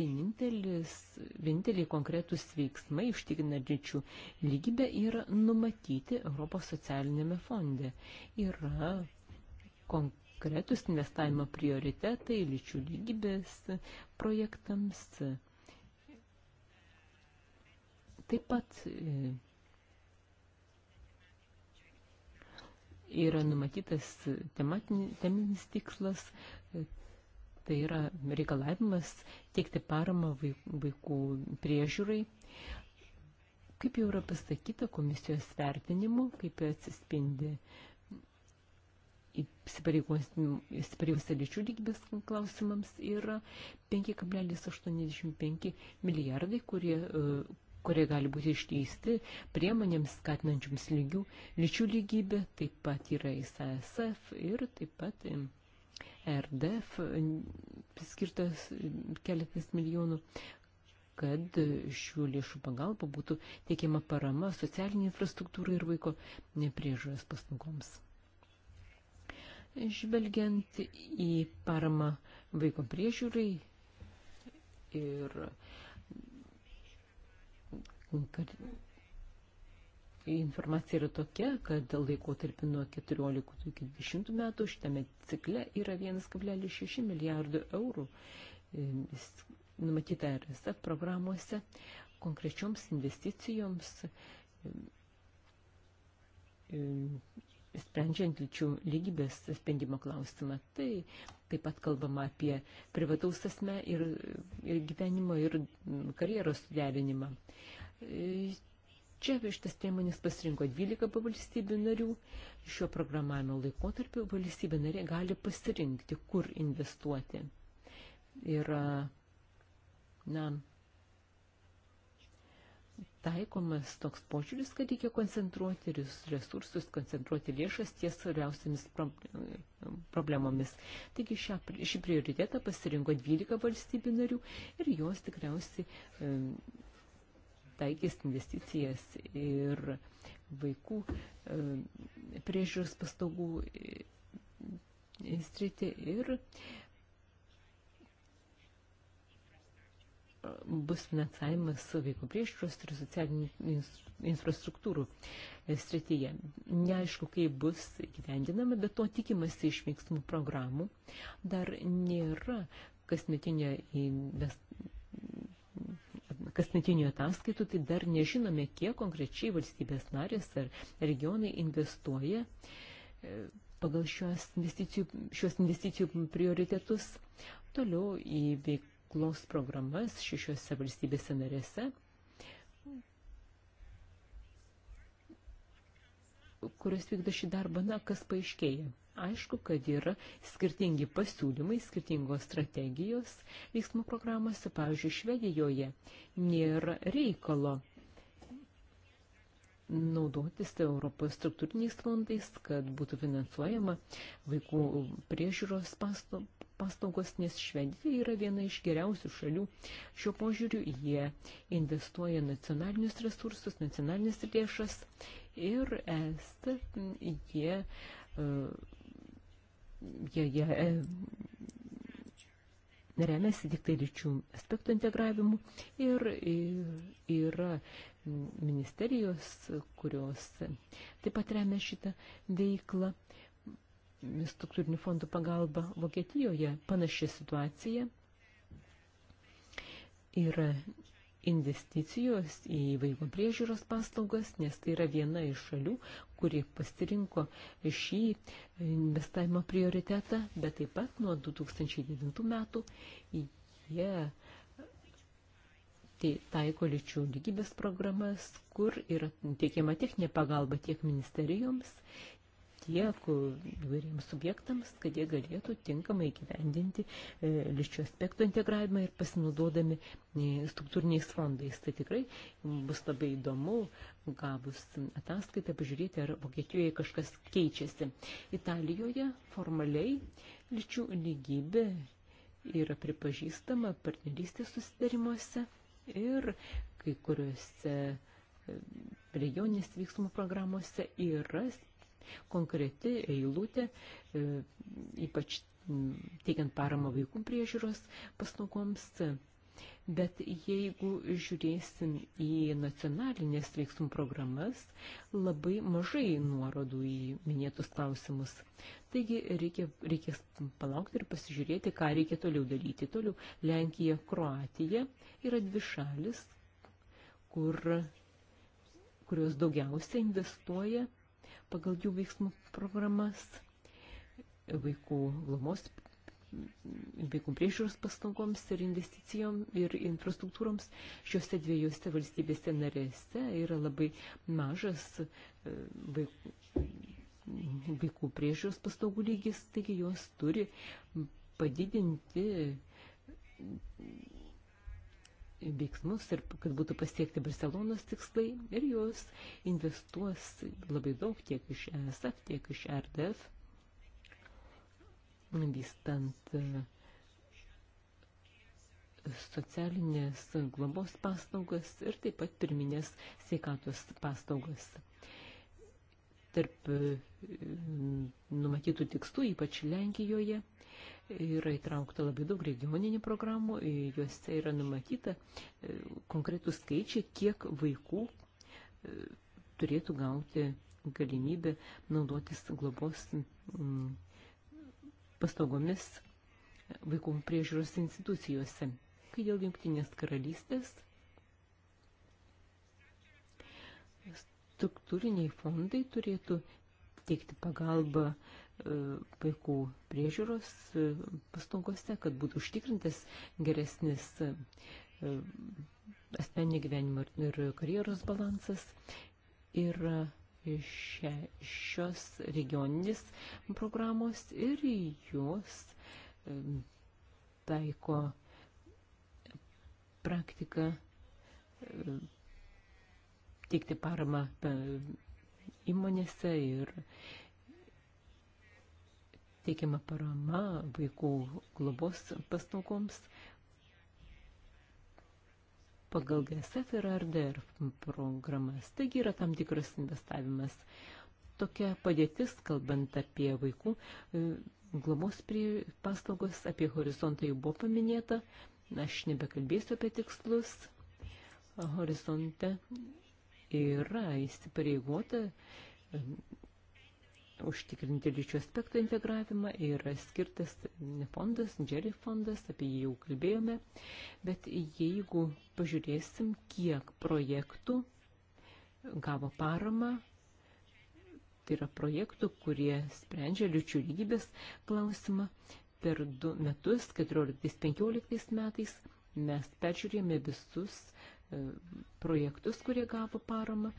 Vienintelis, vieninteliai konkretus veiksmai ištikinančių lygybę yra numatyti Europos socialinėme fonde. Yra konkretus investavimo prioritetai lyčių lygybės projektams. Taip pat e, yra numatytas teminis tikslas, tai yra reikalavimas teikti paramą vaikų priežiūrai. Kaip jau yra pasakyta komisijos vertinimu, kaip atsispindi įsipareigose lyčių lygybės klausimams yra 5,85 milijardai, kurie, kurie gali būti išteisti priemonėms skatinančioms lygių, lyčių lygybę, taip pat yra ISASF ir taip pat RDF skirtas keletas milijonų kad šių lėšų pagalba būtų teikiama parama socialinė infrastruktūra ir vaiko nepriežiūros paslaugoms. Žvelgiant į paramą vaiko priežiūrai ir uh, kad informacija yra tokia, kad laikotarpį nuo 14 iki 20 metų šitame cikle yra 1,6 milijardų eurų e, numatyta RSF programuose konkrečioms investicijoms e, e, sprendžiant lyčių lygybės sprendimo klausimą. Tai taip pat kalbama apie privataus asme ir, ir gyvenimo ir karjeros suderinimą. E, Čia šitas priemonės pasirinko 12 valstybių narių. Šiuo programavimo laikotarpiu valstybė narė gali pasirinkti, kur investuoti. Ir, na, taikomas toks požiūris, kad reikia koncentruoti resursus, koncentruoti lėšas ties svarbiausiamis problemomis. Taigi šią, šį prioritetą pasirinko 12 valstybių narių ir jos tikriausiai taikys investicijas ir vaikų e, priežiūros paslaugų e, sritį ir e, bus finansavimas vaiko priežiūros ir socialinių infrastruktūrų srityje. Neaišku, kaip bus gyvendinama, bet to tikimasi iš veiksmų programų. Dar nėra kasmetinio invest kasmetinių ataskaitų, tai dar nežinome, kiek konkrečiai valstybės narės ar regionai investuoja e, pagal šios investicijų, šios investicijų prioritetus toliau į veiklos programas šešiuose valstybėse narėse, kurios vykdo šį darbą, na, kas paaiškėja aišku, kad yra skirtingi pasiūlymai, skirtingos strategijos veiksmų programuose. Pavyzdžiui, Švedijoje nėra reikalo naudotis tai Europos struktūriniais fondais, kad būtų finansuojama vaikų priežiūros paslaugos, nes Švedija yra viena iš geriausių šalių. Šiuo požiūriu jie investuoja nacionalinius resursus, nacionalinis lėšas ir est jie uh, jie, jie e, remiasi tik tai ryčių aspektų integravimu ir yra ministerijos, kurios taip pat remia šitą veiklą struktūrinių fondų pagalba Vokietijoje panaši situacija. Yra investicijos į vaiko priežiūros paslaugas, nes tai yra viena iš šalių, kuri pasirinko šį investavimo prioritetą, bet taip pat nuo 2009 metų jie tai taiko lyčių lygybės programas, kur yra teikiama techninė pagalba tiek ministerijoms, tiek įvairiems subjektams, kad jie galėtų tinkamai gyvendinti e, liščių aspektų integravimą ir pasinaudodami e, struktūriniais fondais. Tai tikrai bus labai įdomu, gavus ataskaitą, pažiūrėti, ar Vokietijoje kažkas keičiasi. Italijoje formaliai liščių lygybė yra pripažįstama partnerystės susidarimuose ir kai kuriuose e, regioninės veiksmų programuose yra konkreti eilutė, e, ypač teikiant paramą vaikų priežiūros paslaugoms. Bet jeigu žiūrėsim į nacionalinės veiksmų programas, labai mažai nuorodų į minėtus klausimus. Taigi reikia, reikės palaukti ir pasižiūrėti, ką reikia toliau daryti. Toliau Lenkija, Kroatija yra dvi šalis, kur, kurios daugiausia investuoja pagal jų veiksmų programas, vaikų glomos, vaikų priežiūros pastangoms ir investicijom ir infrastruktūroms šiuose dviejose valstybėse narėse yra labai mažas e, vaikų, vaikų priežiūros pastangų lygis, taigi jos turi padidinti veiksmus ir kad būtų pasiekti Barcelonos tikslai ir jos investuos labai daug tiek iš ESF, tiek iš RDF, vystant e, socialinės globos paslaugas ir taip pat pirminės sveikatos paslaugas. Tarp e, numatytų tikslų, ypač Lenkijoje, yra įtraukta labai daug regioninių programų, e, juose yra numatyta e, konkretų skaičiai, kiek vaikų e, turėtų gauti galimybę naudotis globos paslaugomis vaikų priežiūros institucijose. Kai dėl jungtinės karalystės struktūriniai fondai turėtų teikti pagalbą uh, E, vaikų priežiūros e, pastangose, kad būtų užtikrintas geresnis e, asmeninio gyvenimo ir karjeros balansas. Ir šia, šios regioninės programos ir jos taiko praktiką teikti paramą įmonėse ir, ir teikiama parama vaikų globos paslaugoms pagal GSF ir RDR programas. Taigi yra tam tikras investavimas. Tokia padėtis, kalbant apie vaikų e, globos paslaugos, apie horizontą jau buvo paminėta. Aš nebekalbėsiu apie tikslus. Horizonte yra įsipareigota užtikrinti lyčių aspektų integravimą yra skirtas fondas, Jerry fondas, apie jį jau kalbėjome, bet jeigu pažiūrėsim, kiek projektų gavo paramą, tai yra projektų, kurie sprendžia lyčių lygybės klausimą, per du metus, 14-15 metais, mes peržiūrėjome visus e, projektus, kurie gavo paramą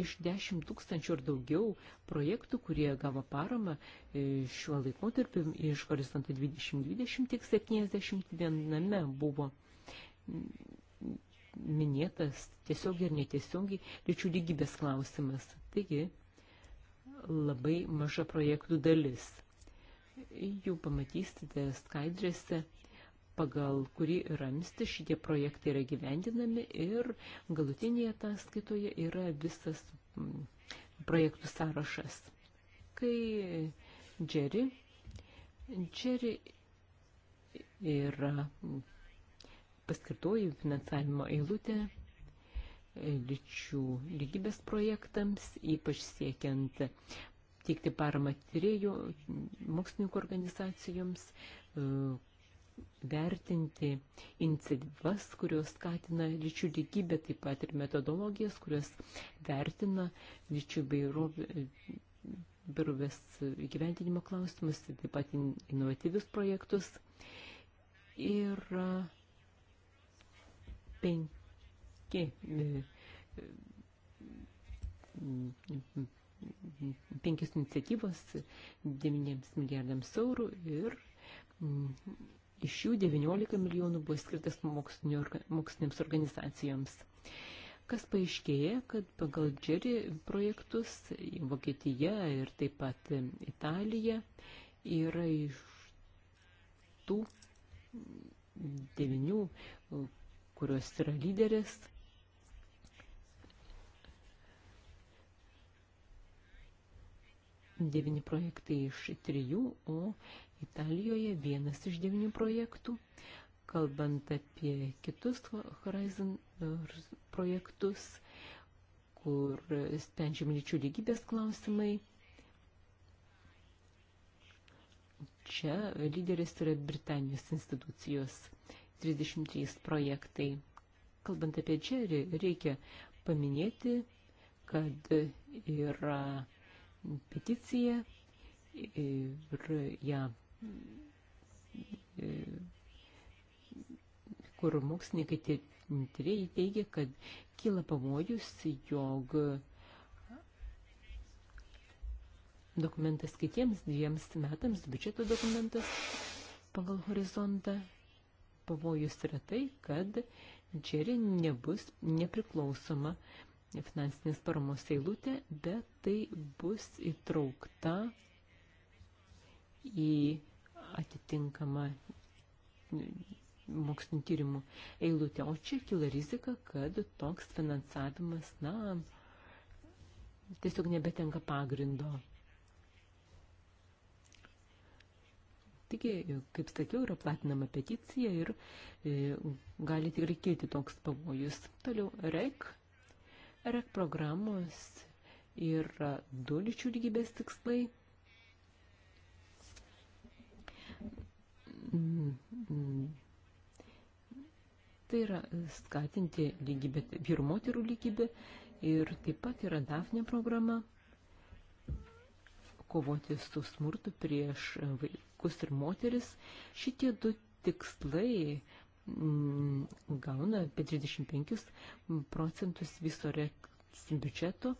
iš 10 tūkstančių ir daugiau projektų, kurie gavo paramą e, šiuo laikotarpiu iš horizonto 2020, tik 71 buvo minėtas tiesiog ir netiesiogiai lyčių lygybės klausimas. Taigi, labai maža projektų dalis. Jau pamatysite skaidrėse pagal kurį ramsti šitie projektai yra gyvendinami ir galutinėje ataskaitoje yra visas projektų sąrašas. Kai Jerry, Jerry yra paskirtoji finansavimo eilutė e, lyčių lygybės projektams, ypač siekiant teikti paramą tyriejų mokslininkų organizacijoms, e, vertinti iniciatyvas, kurios skatina lyčių lygybę, taip pat ir metodologijas, kurios vertina lyčių bairovės įgyventinimo klausimus, taip pat in, inovatyvius projektus. Ir penki e, e, penkias iniciatyvas 9 milijardams eurų ir Iš jų 19 milijonų buvo skirtas mokslinėms organizacijoms. Kas paaiškėja, kad pagal Džeri projektus Vokietija ir taip pat Italija yra iš tų devinių, kurios yra lyderės. Devini projektai iš trijų, o Italijoje vienas iš devinių projektų. Kalbant apie kitus Horizon e, projektus, kur sprendžiami lyčių lygybės klausimai, čia lyderis yra Britanijos institucijos 33 projektai. Kalbant apie Džerį, reikia paminėti, kad yra peticija ir ją ja, kur mokslininkai tyrėjai teigia, kad kyla pavojus, jog dokumentas kitiems dviems metams, biudžeto dokumentas pagal horizontą, pavojus yra tai, kad Džeri nebus nepriklausoma finansinės paramos eilutė, bet tai bus įtraukta į atitinkamą mokslinio tyrimų eilutę. O čia kila rizika, kad toks finansavimas, na, tiesiog nebetenka pagrindo. Taigi, kaip sakiau, yra platinama peticija ir e, gali tikrai kilti toks pavojus. Toliau, REC. REC programos yra du lyčių lygybės tikslai Mm, mm. Tai yra e, skatinti lygybę, vyrų moterų lygybę ir taip pat yra DAFNE programa kovoti su smurtu prieš e, vaikus ir moteris. Šitie du tikslai mm, gauna apie 35 procentus viso rek biudžeto,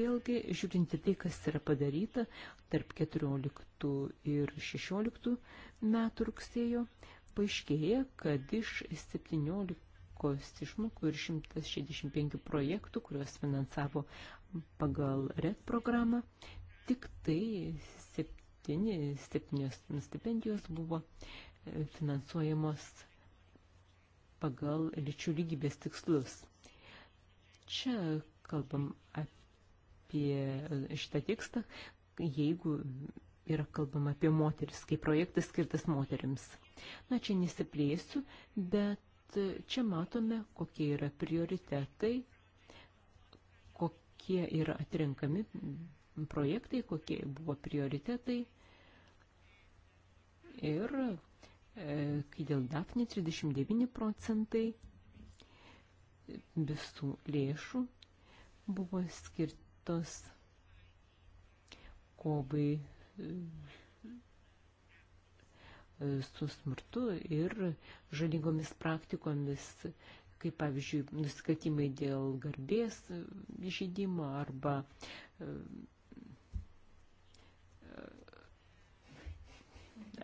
vėlgi žiūrinti tai, kas yra padaryta tarp 14 ir 16 metų rugsėjo, paaiškėja, kad iš 17 išmokų ir 165 projektų, kuriuos finansavo pagal RED programą, tik tai 7, 7 stipendijos buvo e, finansuojamos pagal lyčių lygybės tikslus. Čia kalbam apie šitą tekstą, jeigu yra kalbama apie moteris, kaip projektas skirtas moteriams. Na, čia nesiplėsiu, bet čia matome, kokie yra prioritetai, kokie yra atrenkami projektai, kokie buvo prioritetai. Ir e, kai dėl Dafne 39 procentai visų lėšų buvo skirtos kovai e, su smurtu ir žalingomis praktikomis, kaip pavyzdžiui, nusikaltimai dėl garbės žydimo arba e, e,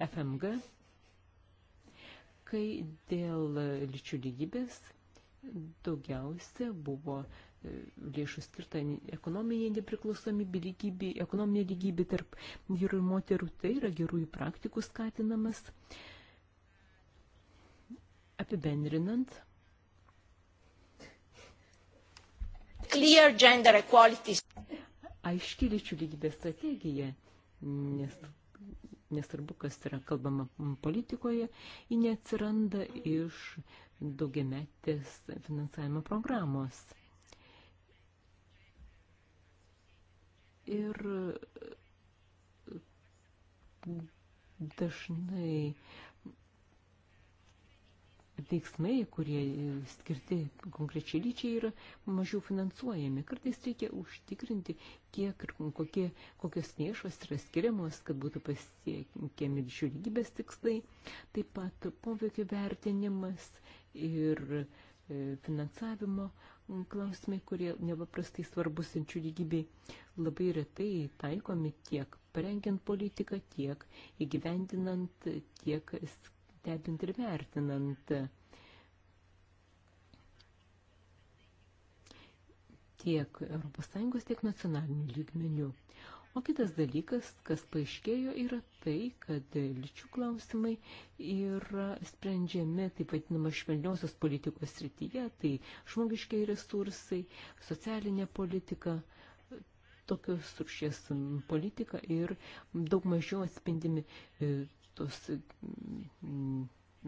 FMG, kai dėl lyčių lygybės daugiausia buvo lėšų skirta ekonominiai nepriklausomybė, lygybė, ekonominė lygybė tarp vyrų ir moterų, tai yra gerųjų praktikų skatinamas. Apibendrinant.
Clear gender equality.
Aiški lyčių lygybės strategija, nes nesvarbu, kas yra kalbama politikoje, ji neatsiranda iš daugiametės finansavimo programos. Ir e, dažnai veiksmai, kurie skirti konkrečiai lyčiai, yra mažiau finansuojami. Kartais reikia užtikrinti, kiek ir kokie, kokios lėšos yra skiriamos, kad būtų pasiekiami lyčių lygybės tikslai. Taip pat poveikio vertinimas ir e, finansavimo klausimai, kurie nepaprastai svarbus senčių lygybei, labai retai taikomi tiek parengiant politiką, tiek įgyvendinant, tiek stebint ir vertinant. tiek ES, tiek nacionalinių lygmenių. O kitas dalykas, kas paaiškėjo, yra tai, kad lyčių klausimai yra sprendžiami taip vadinama švelniosios politikos srityje, tai žmogiškiai resursai, socialinė politika, tokios rūšies politika ir daug mažiau atspindimi e, tos mm,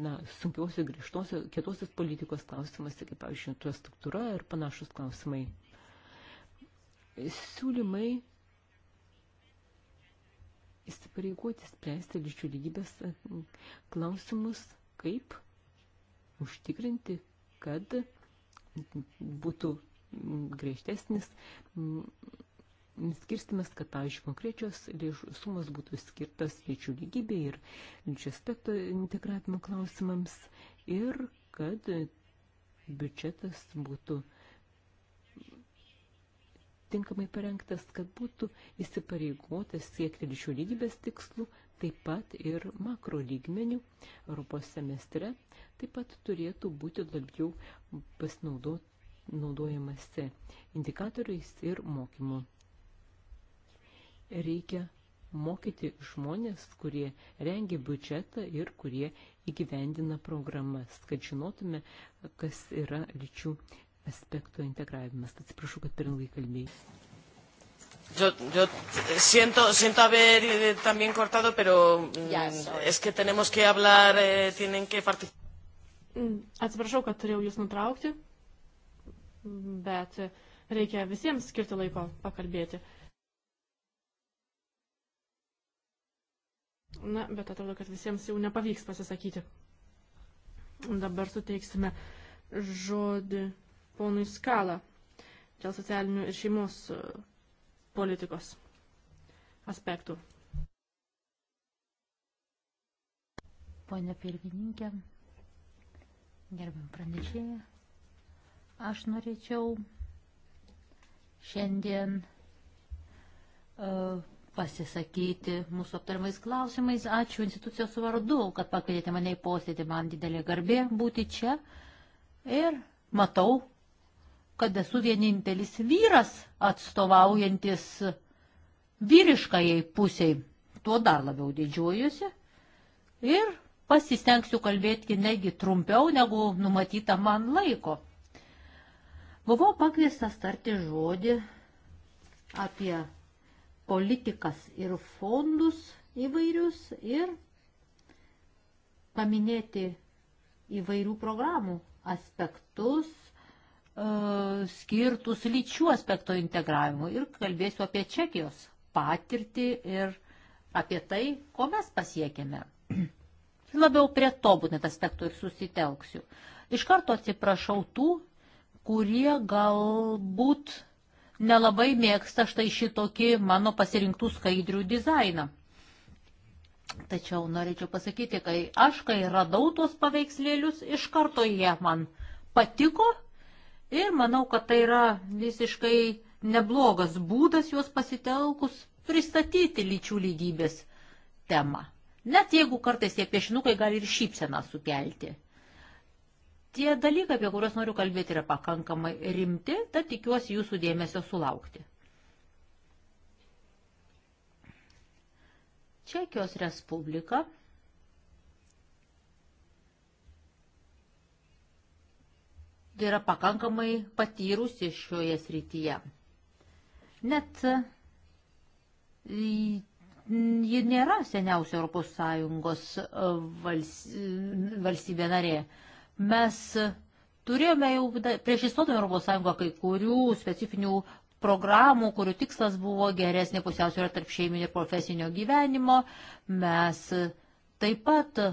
na, sunkiausios, grįžtosios, kietosios politikos klausimas, kaip, pavyzdžiui, infrastruktūra ir panašus klausimai. Siūlymai įsipareigoti spręsti lyčių lygybės e, klausimus, kaip užtikrinti, kad būtų griežtesnis skirstimas, kad, pavyzdžiui, konkrečios sumos būtų skirtas lyčių lygybė ir lyčių aspekto integravimo klausimams ir kad biudžetas būtų uh, tinkamai parengtas, kad būtų įsipareigotas siekti lyčių lygybės tikslų, taip pat ir makro lygmenių Europos semestre, taip pat turėtų būti labiau pasinaudojamasi indikatoriais ir mokymu. Reikia mokyti žmonės, kurie rengia biudžetą ir kurie įgyvendina programas, kad žinotume, kas yra lyčių aspektų integravimas. Atsiprašau, kad per ilgai kalbėjau.
Yo, yo siento, siento haber eh, también cortado, pero mm, yes. es que tenemos que hablar, eh, tienen que participar. Mm, atsiprašau, kad turėjau jūs nutraukti, bet reikia visiems skirti laiko pakalbėti. Na, bet atrodo, kad visiems jau nepavyks pasisakyti. Dabar suteiksime žodį ponui Skalą dėl socialinių ir šeimos e, politikos aspektų.
Pone pirmininkė, gerbiam pranešėją, aš norėčiau šiandien uh, pasisakyti mūsų aptarimais klausimais. Ačiū institucijos vardu, kad pakvietėte mane į posėdį. Man didelė garbė būti čia. Ir matau, kad esu vienintelis vyras atstovaujantis vyriškajai pusiai. Tuo dar labiau didžiuojusi. Ir pasistengsiu kalbėti negi trumpiau, negu numatyta man laiko. Buvau pakviestas tarti žodį apie politikas ir fondus įvairius ir paminėti įvairių programų aspektus, E, skirtus lyčių aspekto integravimui ir kalbėsiu apie Čekijos patirtį ir apie tai, ko mes pasiekėme. Labiau prie to būtent aspektų ir susitelksiu. Iš karto atsiprašau tų, kurie galbūt nelabai mėgsta štai šitokį mano pasirinktų skaidrių dizainą. Tačiau norėčiau pasakyti, kai aš, kai radau tuos paveikslėlius, iš karto jie man patiko Ir manau, kad tai yra visiškai neblogas būdas juos pasitelkus pristatyti lyčių lygybės temą. Net jeigu kartais tie piešinukai gali ir šypseną sukelti. Tie dalykai, apie kuriuos noriu kalbėti, yra pakankamai rimti, tad tikiuosi jūsų dėmesio sulaukti. Čekijos Respublika Tai yra pakankamai patyrusi šioje srityje. Net ji nėra seniausia ES e, valstybė narė. Mes turėjome jau prieš įstodami ES kai kurių specifinių programų, kurių tikslas buvo geresnė pusiausvėra tarp šeiminio ir profesinio gyvenimo. Mes taip pat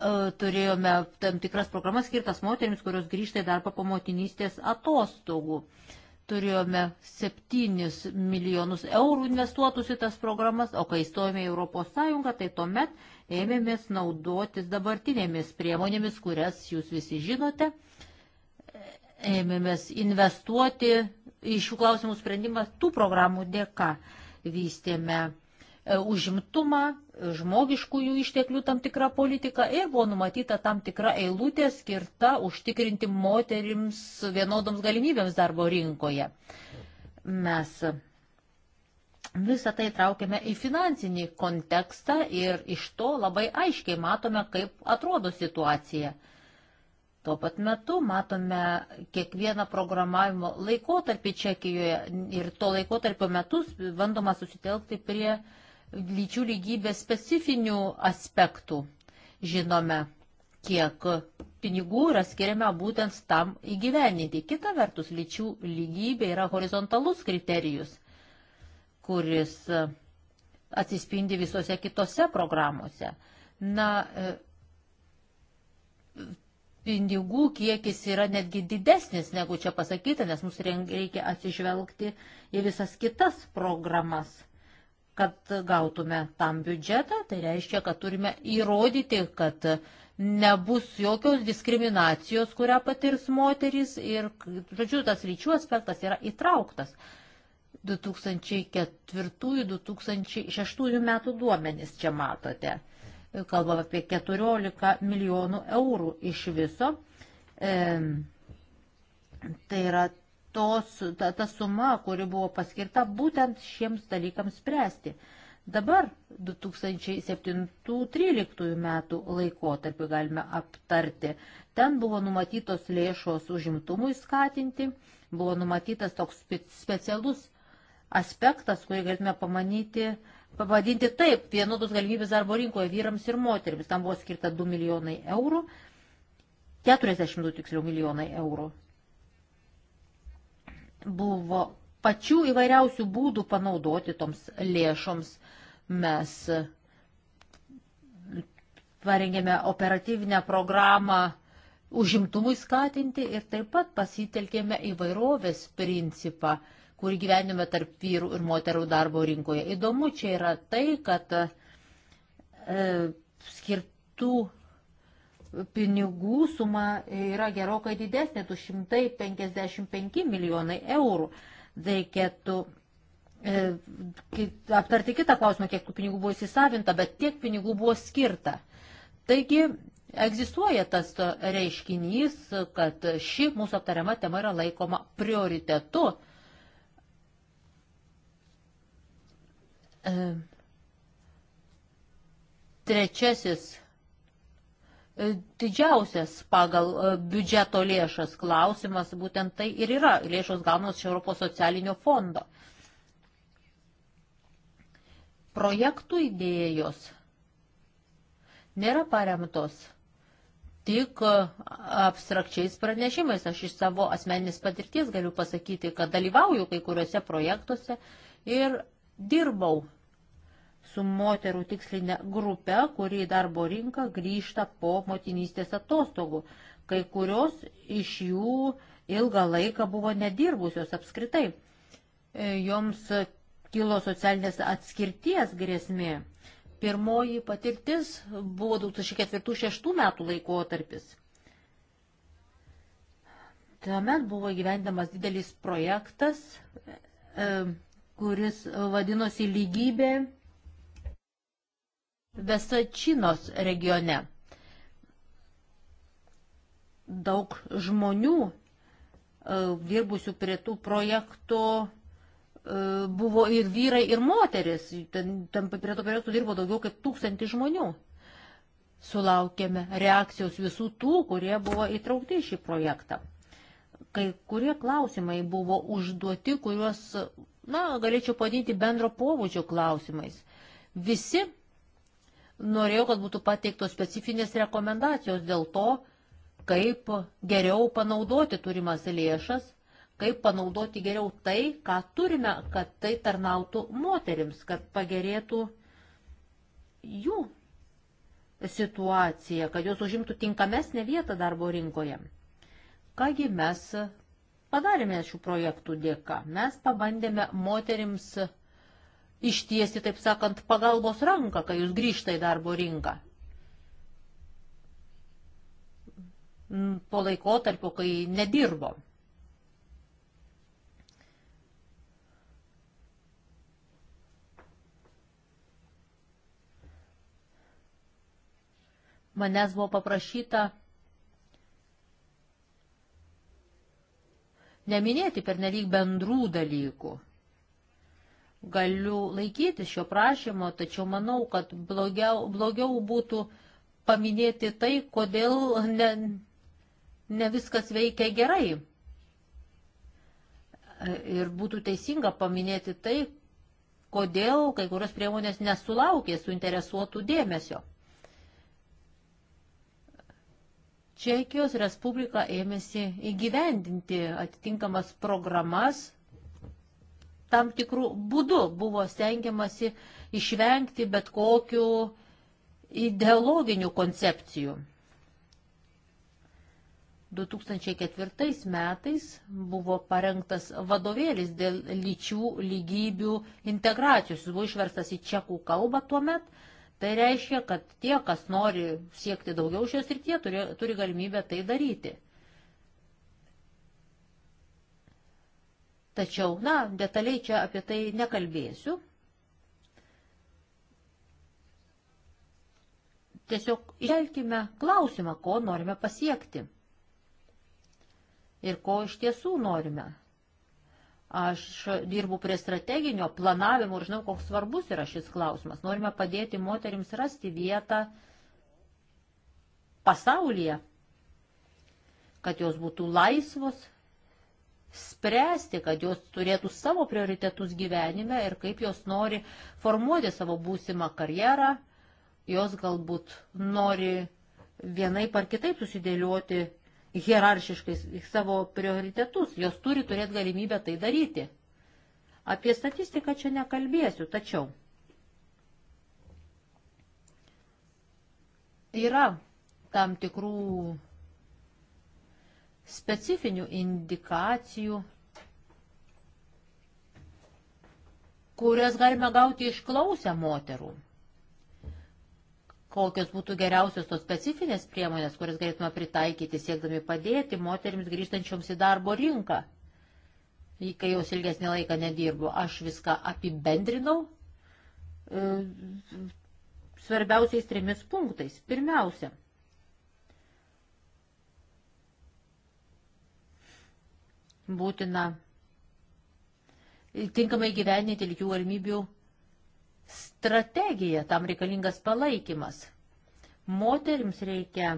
E, turėjome tam tikras programas skirtas moteriams, kurios grįžta į darbą po motinystės atostogų. Turėjome 7 milijonus eurų investuotus į tas programas, o kai įstojome į Europos Sąjungą, tai tuomet ėmėmės naudotis dabartinėmis priemonėmis, kurias jūs visi žinote. Ėmėmės investuoti į šių klausimų sprendimą tų programų dėka. Vystėme E, užimtumą, e, žmogiškųjų išteklių tam tikrą politiką ir buvo numatyta tam tikra eilutė skirta užtikrinti moterims vienodoms galimybėms darbo rinkoje. Mes visą tai traukiame į finansinį kontekstą ir iš to labai aiškiai matome, kaip atrodo situacija. Tuo pat metu matome kiekvieną programavimo laikotarpį Čekijoje ir to laikotarpio metus bandoma susitelkti prie uh, lyčių lygybės specifinių aspektų. Žinome, kiek pinigų yra skiriama būtent tam įgyveninti. Kita vertus, lyčių lygybė yra horizontalus kriterijus, kuris e, atsispindi visose kitose programuose. Na, e, pinigų kiekis yra netgi didesnis, negu čia pasakyta, nes mums reikia atsižvelgti į visas kitas programas Kad gautume tam biudžetą, tai reiškia, kad turime įrodyti, kad nebus jokios diskriminacijos, kurią patirs moteris ir, žodžiu, tas lyčių aspektas yra įtrauktas. 2004-2006 metų duomenys čia matote. Kalbam apie 14 milijonų eurų iš viso. E, tai yra tos, ta, ta suma, kuri buvo paskirta būtent šiems dalykams spręsti. Dabar 2007-2013 metų laikotarpį galime aptarti. Ten buvo numatytos lėšos užimtumui skatinti, buvo numatytas toks specialus aspektas, kurį galime pamanyti, pavadinti taip, vienodos galimybės darbo rinkoje vyrams ir moteriams. Tam buvo skirta 2 milijonai eurų, 42 tiksliau milijonai eurų buvo pačių įvairiausių būdų panaudoti toms lėšoms. Mes parengėme operatyvinę programą užimtumui skatinti ir taip pat pasitelkėme įvairovės principą, kurį gyvenime tarp vyrų ir moterų darbo rinkoje. Įdomu čia yra tai, kad e, skirtų pinigų suma yra gerokai didesnė, 255 milijonai eurų. Reikėtų e, aptarti kitą klausimą, kiek tų pinigų buvo įsisavinta, bet tiek pinigų buvo skirta. Taigi egzistuoja tas reiškinys, kad ši mūsų aptariama tema yra laikoma prioritetu. E, trečiasis E, didžiausias pagal e, biudžeto lėšas klausimas, būtent tai ir yra lėšos gaunamos iš Europos socialinio fondo. Projektų idėjos nėra paremtos tik abstrakčiais pranešimais. Aš iš savo asmeninės patirties galiu pasakyti, kad dalyvauju kai kuriuose projektuose ir dirbau su moterų tikslinė grupė, kuri į darbo rinką grįžta po motinystės atostogų. Kai kurios iš jų ilgą laiką buvo nedirbusios apskritai. E, joms kilo socialinės atskirties grėsmė. Pirmoji patirtis buvo 2004-2006 metų laikotarpis. Tuomet buvo gyvendamas didelis projektas,
e,
kuris vadinosi lygybė Vesačinos regione. Daug žmonių e, dirbusių prie tų projektų e, buvo ir vyrai, ir moteris. Ten, ten prie to projektų dirbo daugiau kaip tūkstantį žmonių. Sulaukėme reakcijos visų tų, kurie buvo įtraukti į šį projektą. Kai kurie klausimai buvo užduoti, kuriuos, na, galėčiau padėti bendro pobūdžio klausimais. Visi norėjau, kad būtų pateiktos specifinės rekomendacijos dėl to, kaip geriau panaudoti turimas lėšas, kaip panaudoti geriau tai, ką turime, kad tai tarnautų moterims, kad pagerėtų jų situacija, kad jos užimtų tinkamesnę vietą darbo rinkoje. Kągi mes padarėme šių projektų dėka? Mes pabandėme moterims ištiesti, taip sakant, pagalbos ranką, kai jūs grįžta į darbo rinką. Mm, po laikotarpio, kai nedirbo. Manęs buvo paprašyta neminėti per nelik bendrų dalykų galiu laikyti šio prašymo, tačiau manau, kad blogiau, blogiau būtų paminėti tai, kodėl ne, ne viskas veikia gerai. Ir būtų teisinga paminėti tai, kodėl kai kurios priemonės nesulaukė suinteresuotų dėmesio. Čekijos Respublika ėmėsi įgyvendinti atitinkamas programas tam tikrų būdų buvo stengiamasi išvengti bet kokių ideologinių koncepcijų. 2004 metais buvo parengtas vadovėlis dėl lyčių lygybių integracijos. Jis buvo išverstas į čekų kalbą tuo met. Tai reiškia, kad tie, kas nori siekti daugiau šios ir tie, turi, turi galimybę tai daryti. Tačiau, na, detaliai čia apie tai nekalbėsiu. Tiesiog iškelkime klausimą, ko norime pasiekti ir ko iš tiesų norime. Aš dirbu prie strateginio planavimo ir žinau, koks svarbus yra šis klausimas. Norime padėti moterims rasti vietą pasaulyje, kad jos būtų laisvos, spręsti, kad jos turėtų savo prioritetus gyvenime ir kaip jos nori formuoti savo būsimą karjerą, jos galbūt nori vienai par kitaip susidėlioti hierarchiškai savo prioritetus, jos turi turėti galimybę tai daryti. Apie statistiką čia nekalbėsiu, tačiau yra tam tikrų specifinių indikacijų, kurias galime gauti išklausę moterų. Kokios būtų geriausios tos specifinės priemonės, kurias galėtume pritaikyti, siekdami padėti moteriams grįžtančioms į darbo rinką, kai jos ilgesnį laiką nedirbo. Aš viską apibendrinau e, svarbiausiais trimis punktais. Pirmiausia, būtina tinkamai gyveninti lygių galimybių strategiją, tam reikalingas palaikymas. Moterims reikia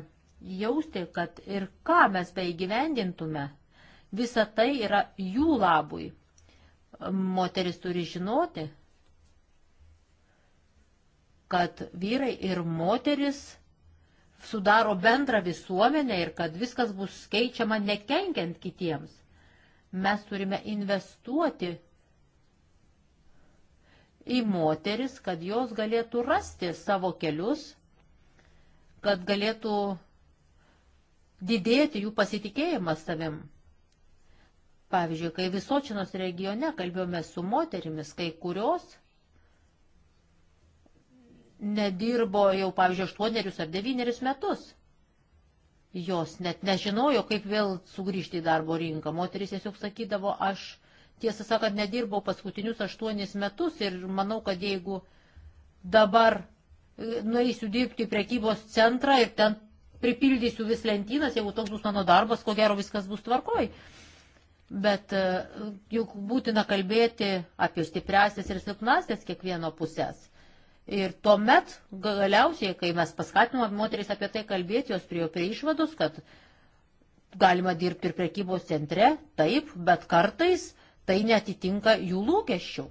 jausti, kad ir ką mes beįgyvendintume, visa tai yra jų labui. Moteris turi žinoti, kad vyrai ir moteris sudaro bendrą visuomenę ir kad viskas bus keičiama nekenkiant kitiems. Mes turime investuoti į moteris, kad jos galėtų rasti savo kelius, kad galėtų didėti jų pasitikėjimas savim. Pavyzdžiui, kai Visočinos regione kalbėjome su moterimis, kai kurios nedirbo jau, pavyzdžiui, aštuonerius ar devynerius metus jos net nežinojo, kaip vėl sugrįžti į darbo rinką. Moteris tiesiog sakydavo, aš tiesą sakant nedirbau paskutinius aštuonis metus ir manau, kad jeigu dabar e, nueisiu dirbti į prekybos centrą ir ten pripildysiu vis lentynas, jeigu toks bus mano darbas, ko gero viskas bus tvarkoj. Bet e, juk būtina kalbėti apie stipresias ir silpnasias kiekvieno pusės. Ir tuomet galiausiai, kai mes paskatinome moteris apie tai kalbėti, jos priejo prie išvados, kad galima dirbti ir prekybos centre, taip, bet kartais tai netitinka jų lūkesčių,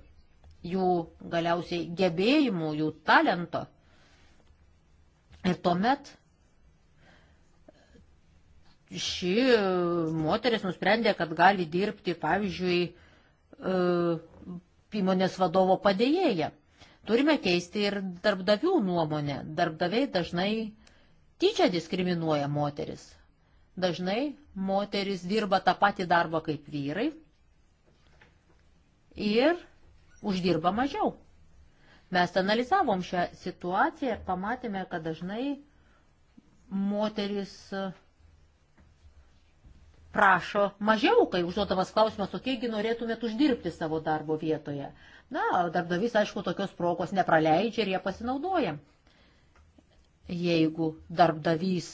jų galiausiai gebėjimų, jų talento. Ir tuomet ši moteris nusprendė, kad gali dirbti, pavyzdžiui, e, įmonės vadovo padėjėja. Turime keisti ir darbdavių nuomonę. Darbdaviai dažnai tyčia diskriminuoja moteris. Dažnai moteris dirba tą patį darbą kaip vyrai ir uždirba mažiau. Mes analizavom šią situaciją ir pamatėme, kad dažnai moteris e, prašo mažiau, kai užduodamas klausimas, kokiegi norėtumėt uždirbti savo darbo vietoje. Na, darbdavys, aišku, tokios progos nepraleidžia ir jie pasinaudoja. Jeigu darbdavys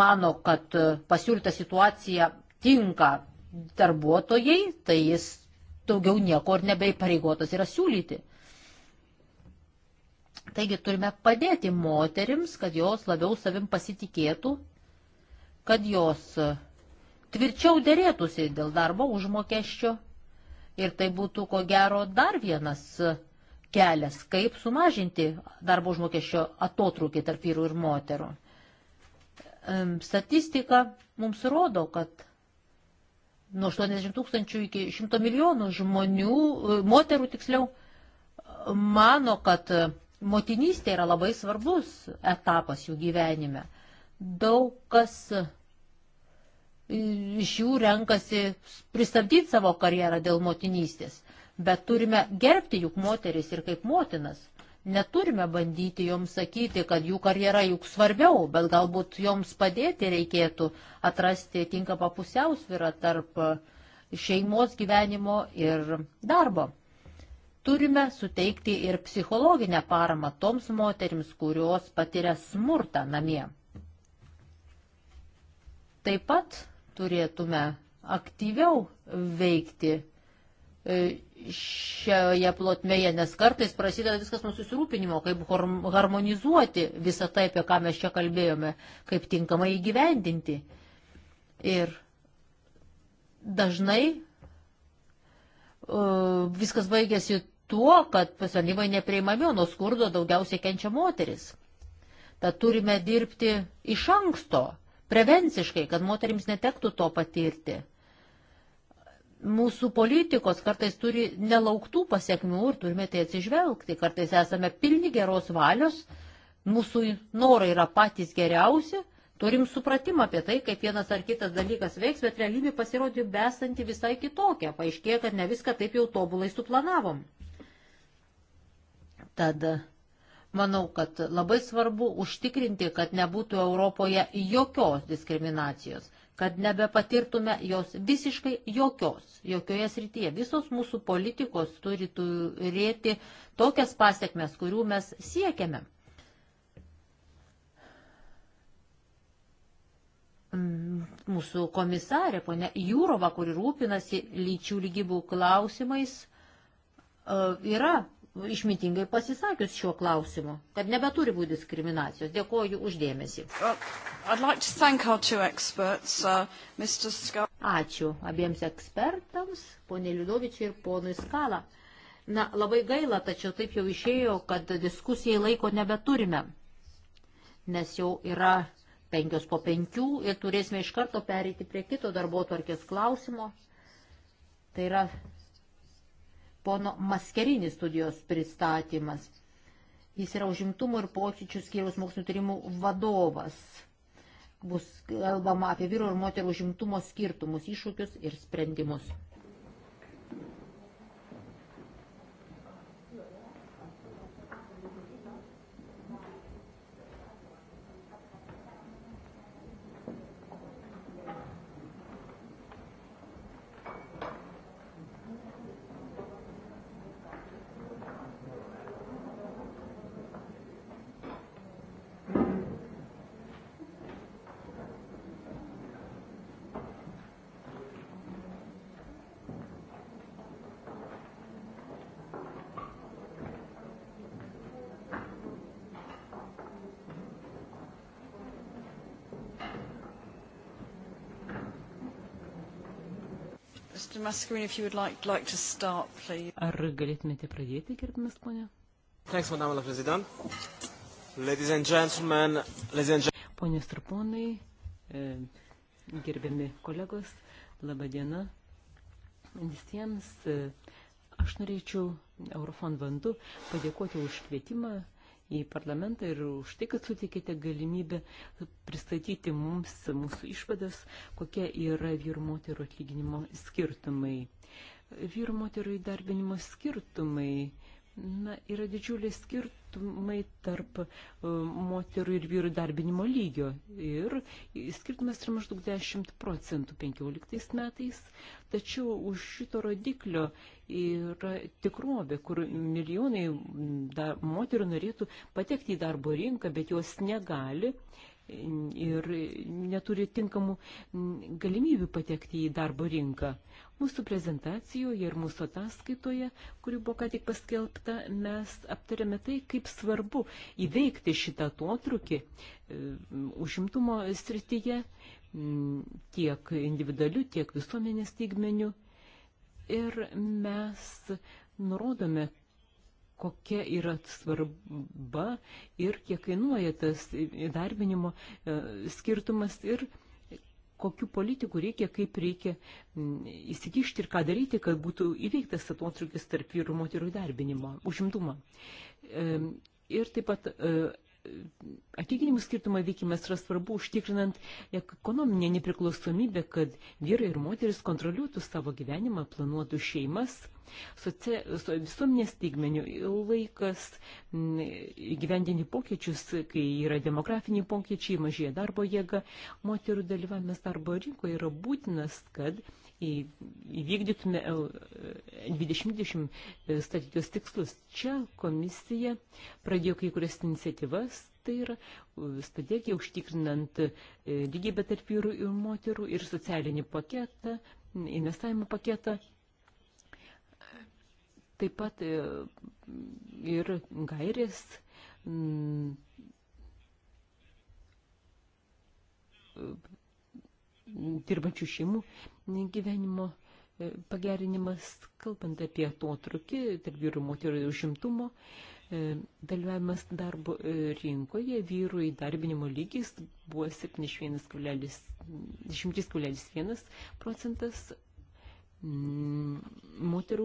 mano, kad e, pasiūlyta situacija tinka darbuotojai, tai jis daugiau nieko ir nebeipareigotas yra siūlyti. Taigi turime padėti moterims, kad jos labiau savim pasitikėtų, kad jos e, tvirčiau dėrėtųsi dėl darbo užmokesčio Ir tai būtų ko gero dar vienas kelias, kaip sumažinti darbo užmokesčio atotrukį tarp vyrų ir moterų. Statistika mums rodo, kad nuo 80 tūkstančių iki 100 milijonų žmonių, e, moterų tiksliau, mano, kad motinystė yra labai svarbus etapas jų gyvenime. Daug kas iš jų renkasi pristabdyti savo karjerą dėl motinystės. Bet turime gerbti juk moteris ir kaip motinas. Neturime bandyti joms sakyti, kad jų karjera juk svarbiau, bet galbūt joms padėti reikėtų atrasti tinkamą pusiausvyrą tarp šeimos gyvenimo ir darbo. Turime suteikti ir psichologinę paramą toms moterims, kurios patiria smurtą namie. Taip pat turėtume aktyviau veikti e, šioje plotmėje, nes kartais prasideda viskas nuo susirūpinimo, kaip harmonizuoti visą tai, apie ką mes čia kalbėjome, kaip tinkamai įgyvendinti. Ir dažnai uh, viskas baigėsi tuo, kad pasvenimai neprieimami, o nuo skurdo daugiausiai kenčia moteris. Tad turime dirbti iš anksto prevenciškai, kad moterims netektų to patirti. Mūsų politikos kartais turi nelauktų pasiekmių ir turime tai atsižvelgti. Kartais esame pilni geros valios, mūsų norai yra patys geriausi, turim supratimą apie tai, kaip vienas ar kitas dalykas veiks, bet realybė pasirodė besanti visai kitokia. Paaiškėjo, kad ne viską taip jau tobulai suplanavom. Tad Manau, kad labai svarbu užtikrinti, kad nebūtų Europoje jokios diskriminacijos, kad nebepatirtume jos visiškai jokios, jokioje srityje. Visos mūsų politikos turi turėti tokias pasiekmes, kurių mes siekiame. Mm, mūsų komisarė, ponia Jūrova, kuri rūpinasi lyčių lygybų klausimais, e, yra išmintingai pasisakius šiuo klausimu, kad nebeturi būti diskriminacijos. Dėkuoju uždėmesi. Uh, uh, Ačiū abiems ekspertams, ponė Liudovičiai ir ponui Skala. Na, labai gaila, tačiau taip jau išėjo, kad diskusijai laiko nebeturime, nes jau yra penkios po penkių ir turėsime iš karto pereiti prie kito darbo tvarkės klausimo. Tai yra pono Maskerinį studijos pristatymas. Jis yra užimtumo ir pokyčių skyriaus mokslinio tyrimų vadovas. Bus kalbama apie vyru ir moterų užimtumo skirtumus, iššūkius ir sprendimus.
Mascarin, if you would like, like to start, please. Ar galėtumėte pradėti, gerbimas ponė? Thanks, madame la president. Ladies and gentlemen, ladies and gentlemen. Ponės ir ponai, e, gerbiami kolegos, laba diena visiems. E, aš norėčiau Eurofond vandu padėkoti už kvietimą į parlamentą ir už tai, kad suteikėte galimybę pristatyti mums mūsų išvadas, kokie yra vyrų moterų atlyginimo skirtumai. Vyrų moterų įdarbinimo skirtumai. Na, yra didžiuliai skirtumai tarp e, moterų ir vyrų darbinimo lygio. Ir skirtumas yra maždaug 10 procentų 15 metais. Tačiau už šito rodiklio yra tikrovė, kur milijonai dar, moterų norėtų patekti į darbo rinką, bet jos negali ir neturi tinkamų galimybių patekti į darbo rinką. Mūsų prezentacijoje ir mūsų ataskaitoje, kuri buvo ką tik paskelbta, mes aptarėme tai, kaip svarbu įveikti šitą atotrukį e, užimtumo srityje tiek individualių, tiek visuomenės lygmenių Ir mes nurodome, kokia yra svarba ir kiek kainuoja tas įdarbinimo e, skirtumas ir kokiu politiku reikia, kaip reikia įsikišti ir ką daryti, kad būtų įveiktas atotrukis tarp vyrų ir moterų įdarbinimo, užimtumo. E, ir taip pat e, atlyginimų skirtumo veikimas yra svarbu užtikrinant ekonominę nepriklausomybę, kad vyrai ir moteris kontroliuotų savo gyvenimą, planuotų šeimas, socia, so, visuomenės lygmenių laikas, gyvendinį pokyčius, kai yra demografiniai pokyčiai, mažėja darbo jėga, moterų dalyvavimas darbo rinkoje yra būtinas, kad įvykdytume 2020 e, e, statytos tikslus. Čia komisija pradėjo kai kurias iniciatyvas, tai yra strategija užtikrinant e, lygybę tarp vyrų ir moterų ir socialinį paketą, investavimo paketą. Taip pat ir gairės dirbančių šeimų gyvenimo e, pagerinimas, kalbant apie atotrukį tarp vyrų moterų užimtumo, e, dalyvavimas darbo e, rinkoje vyrų įdarbinimo lygis buvo 71,1 procentas, moterų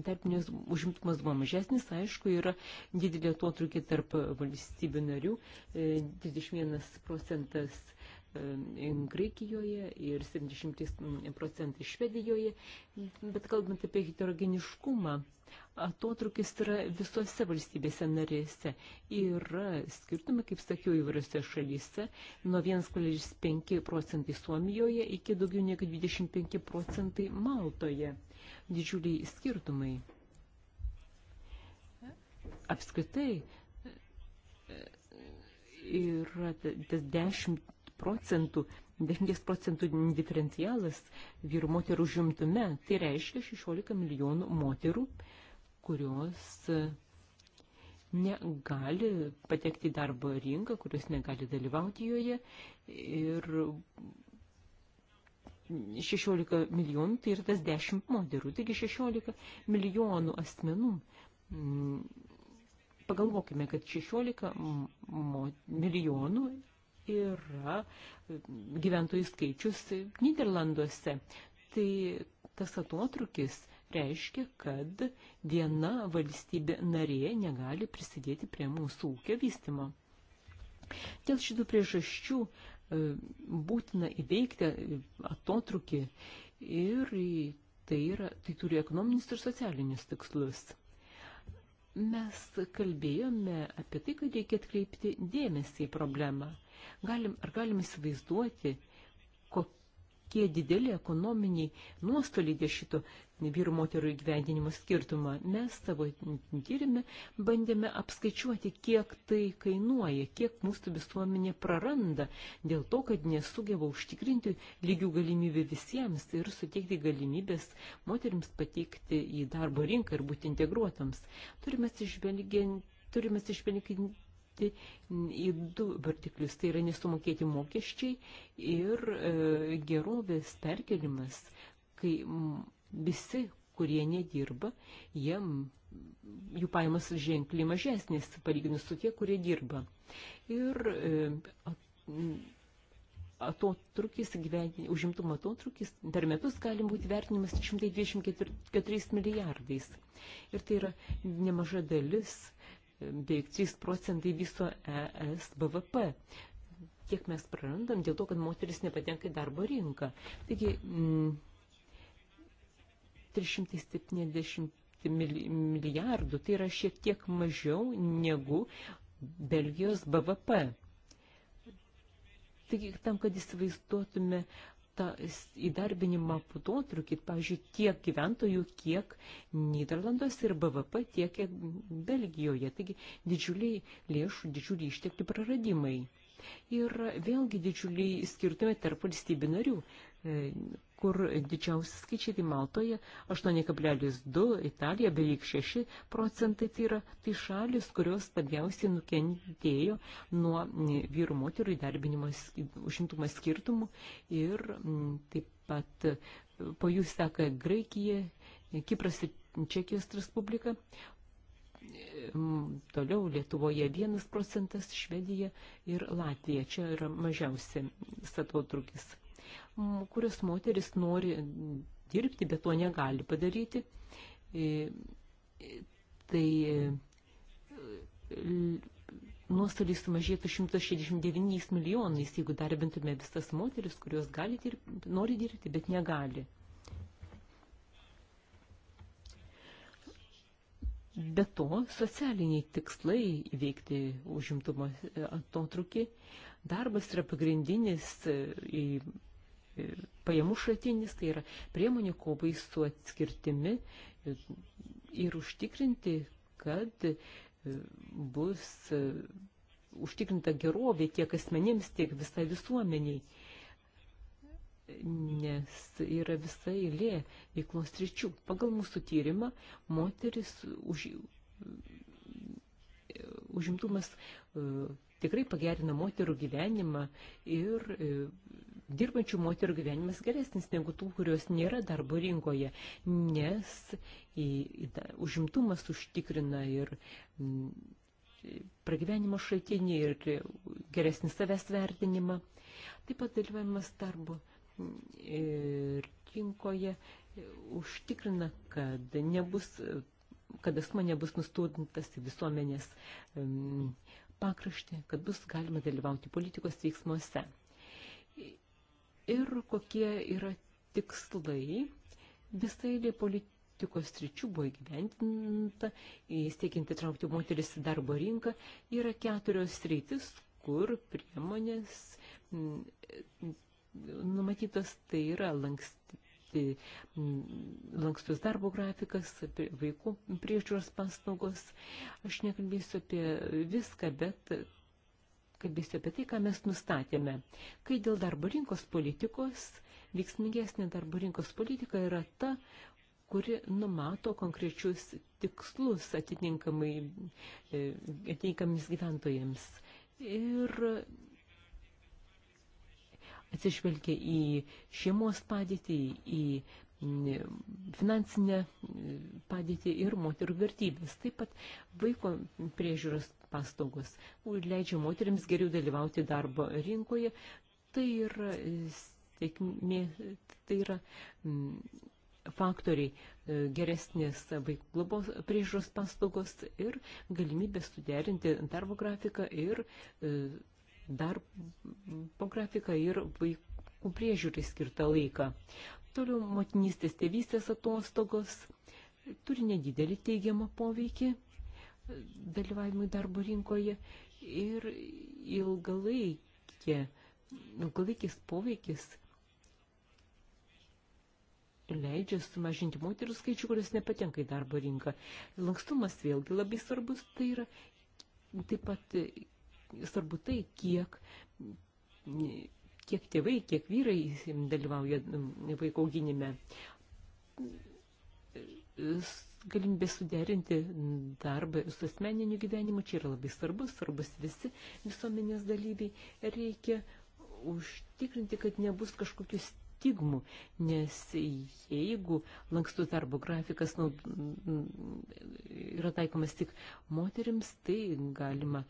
įdarbinės užimtumas buvo mažesnis, aišku, yra didelė atotrukė tarp valstybių narių, 21 procentas Graikijoje ir 70 procentai Švedijoje, bet kalbant apie heterogeniškumą, atotrukis yra visose valstybėse narėse. Yra skirtumai, kaip sakiau, įvairiose šalyse nuo 1,5 procentai Suomijoje iki daugiau negu 25 procentai Maltoje. Didžiuliai skirtumai. Apskritai yra tas 10 procentų, 10 procentų diferencialas vyrų moterų žimtume, tai reiškia 16 milijonų moterų, kurios e, negali patekti į darbo rinką, kurios negali dalyvauti joje ir 16 milijonų, tai yra tas 10 moterų, taigi 16 milijonų asmenų. Mm, pagalvokime, kad 16 milijonų yra gyventojų skaičius Niderlanduose. Tai tas atotrukis reiškia, kad viena valstybė narė negali prisidėti prie mūsų ūkio vystimo. Dėl šitų priežasčių e, būtina įveikti atotrukį ir tai, yra, tai turi ekonominius ir socialinius tikslus. Mes kalbėjome apie tai, kad reikia atkreipti dėmesį į problemą. Galim, ar galim įsivaizduoti, kokie dideli ekonominiai nuostoliai dėl šito vyrų moterų įgyvendinimo skirtumą. Mes savo tyrimę bandėme apskaičiuoti, kiek tai kainuoja, kiek mūsų visuomenė praranda dėl to, kad nesugeba užtikrinti lygių galimybių visiems ir suteikti galimybės moteriams pateikti į darbo rinką ir būti integruotams. Turime atsižvelginti turime atsižvelgti dirbti į du vartiklius, tai yra nesumokėti mokesčiai ir e, gerovės perkelimas, kai visi, kurie nedirba, jie, jų pajamos ženkliai mažesnės, palyginus su tie, kurie dirba. Ir e, atotrukis, gyventi, užimtumo atotrukis per metus gali būti vertinimas 124 milijardais. Ir tai yra nemaža dalis beveik 3 procentai viso ES BVP. Tiek mes prarandam dėl to, kad moteris nepatenka į darbo rinką. Taigi, m, mm, 370 milijardų tai yra šiek tiek mažiau negu Belgijos BVP. Taigi, tam, kad įsivaizduotume, tą įdarbinimą putotrukį, pavyzdžiui, tiek gyventojų, kiek Niderlanduose ir BVP, tiek Belgijoje. Taigi didžiuliai lėšų, didžiuliai išteklių praradimai. Ir vėlgi didžiuliai skirtumai tarp valstybių narių. E, kur didžiausi skaičiai tai Maltoje 8,2, Italija beveik 6 procentai tai yra tai šalis, kurios labiausiai nukentėjo nuo vyrų moterų įdarbinimo užimtumo skirtumų ir mm, taip pat po jų seka Graikija, Kipras ir Čekijos Respublika. Mm, toliau Lietuvoje 1 procentas, Švedija ir Latvija. Čia yra mažiausias atotrukis kurios moteris nori dirbti, bet to negali padaryti. E, tai e, nuostolis sumažėtų 169 milijonais, jeigu darbintume visas moteris, kurios gali dirbti, nori dirbti, bet negali. Be to, socialiniai tikslai įveikti užimtumo atotrukį, darbas yra pagrindinis e, pajamų šaltinis, tai yra priemonė kovai su atskirtimi ir užtikrinti, kad e, bus e, užtikrinta gerovė tiek asmenėms, tiek visai visuomeniai. Nes yra visa eilė veiklos ryčių. Pagal mūsų tyrimą moteris už, e, užimtumas tikrai pagerina moterų gyvenimą ir dirbančių moterų gyvenimas geresnis negu tų, kurios nėra darbo rinkoje, nes į, į, da, užimtumas užtikrina ir m, mm, pragyvenimo šaltinį ir geresnį savęs vertinimą. Taip pat dalyvavimas darbo mm, rinkoje užtikrina, kad nebus kad asmo nebus nustūdintas į visuomenės mm, pakraštį, kad bus galima dalyvauti politikos veiksmuose ir kokie yra tikslai. Visai politinė politikos sričių buvo įgyvendinta, įsteigiant įtraukti moteris į darbo rinką, yra keturios sritis, kur priemonės mm, numatytos, tai yra lanksti, mm, lankstus darbo grafikas, vaikų priežiūros paslaugos. Aš nekalbėsiu apie viską, bet kalbėsiu apie tai, ką mes nustatėme. Kai dėl darbo rinkos politikos, veiksmingesnė darbo rinkos politika yra ta, kuri numato konkrečius tikslus atitinkamai, e, atitinkamis gyventojams. Ir atsižvelgia į šeimos padėtį, į finansinę padėtį ir moterų vertybės. Taip pat vaiko priežiūros pastangos ir leidžia moteriams geriau dalyvauti darbo rinkoje. Tai yra, e, sėkmė, tai yra m, mm, faktoriai e, geresnės vaikų globos priežiūros paslaugos ir galimybė suderinti darbo grafiką ir e, darbo grafiką ir vaikų priežiūrai skirtą laiką. Toliau motinystės tėvystės atostogos turi nedidelį teigiamą poveikį dalyvavimui darbo rinkoje ir ilgalaikė, ilgalaikis poveikis leidžia sumažinti moterų skaičių, kurios nepatenka į darbo rinką. Lankstumas vėlgi labai svarbus, tai yra taip pat svarbu tai, kiek, kiek tėvai, kiek vyrai dalyvauja vaiko auginime galimybė suderinti darbą su asmeniniu gyvenimu, čia yra labai svarbus, svarbus visi visuomenės dalyviai, reikia užtikrinti, kad nebus kažkokių stigmų, nes jeigu lankstus darbo grafikas naud... yra taikomas tik moteriams, tai galima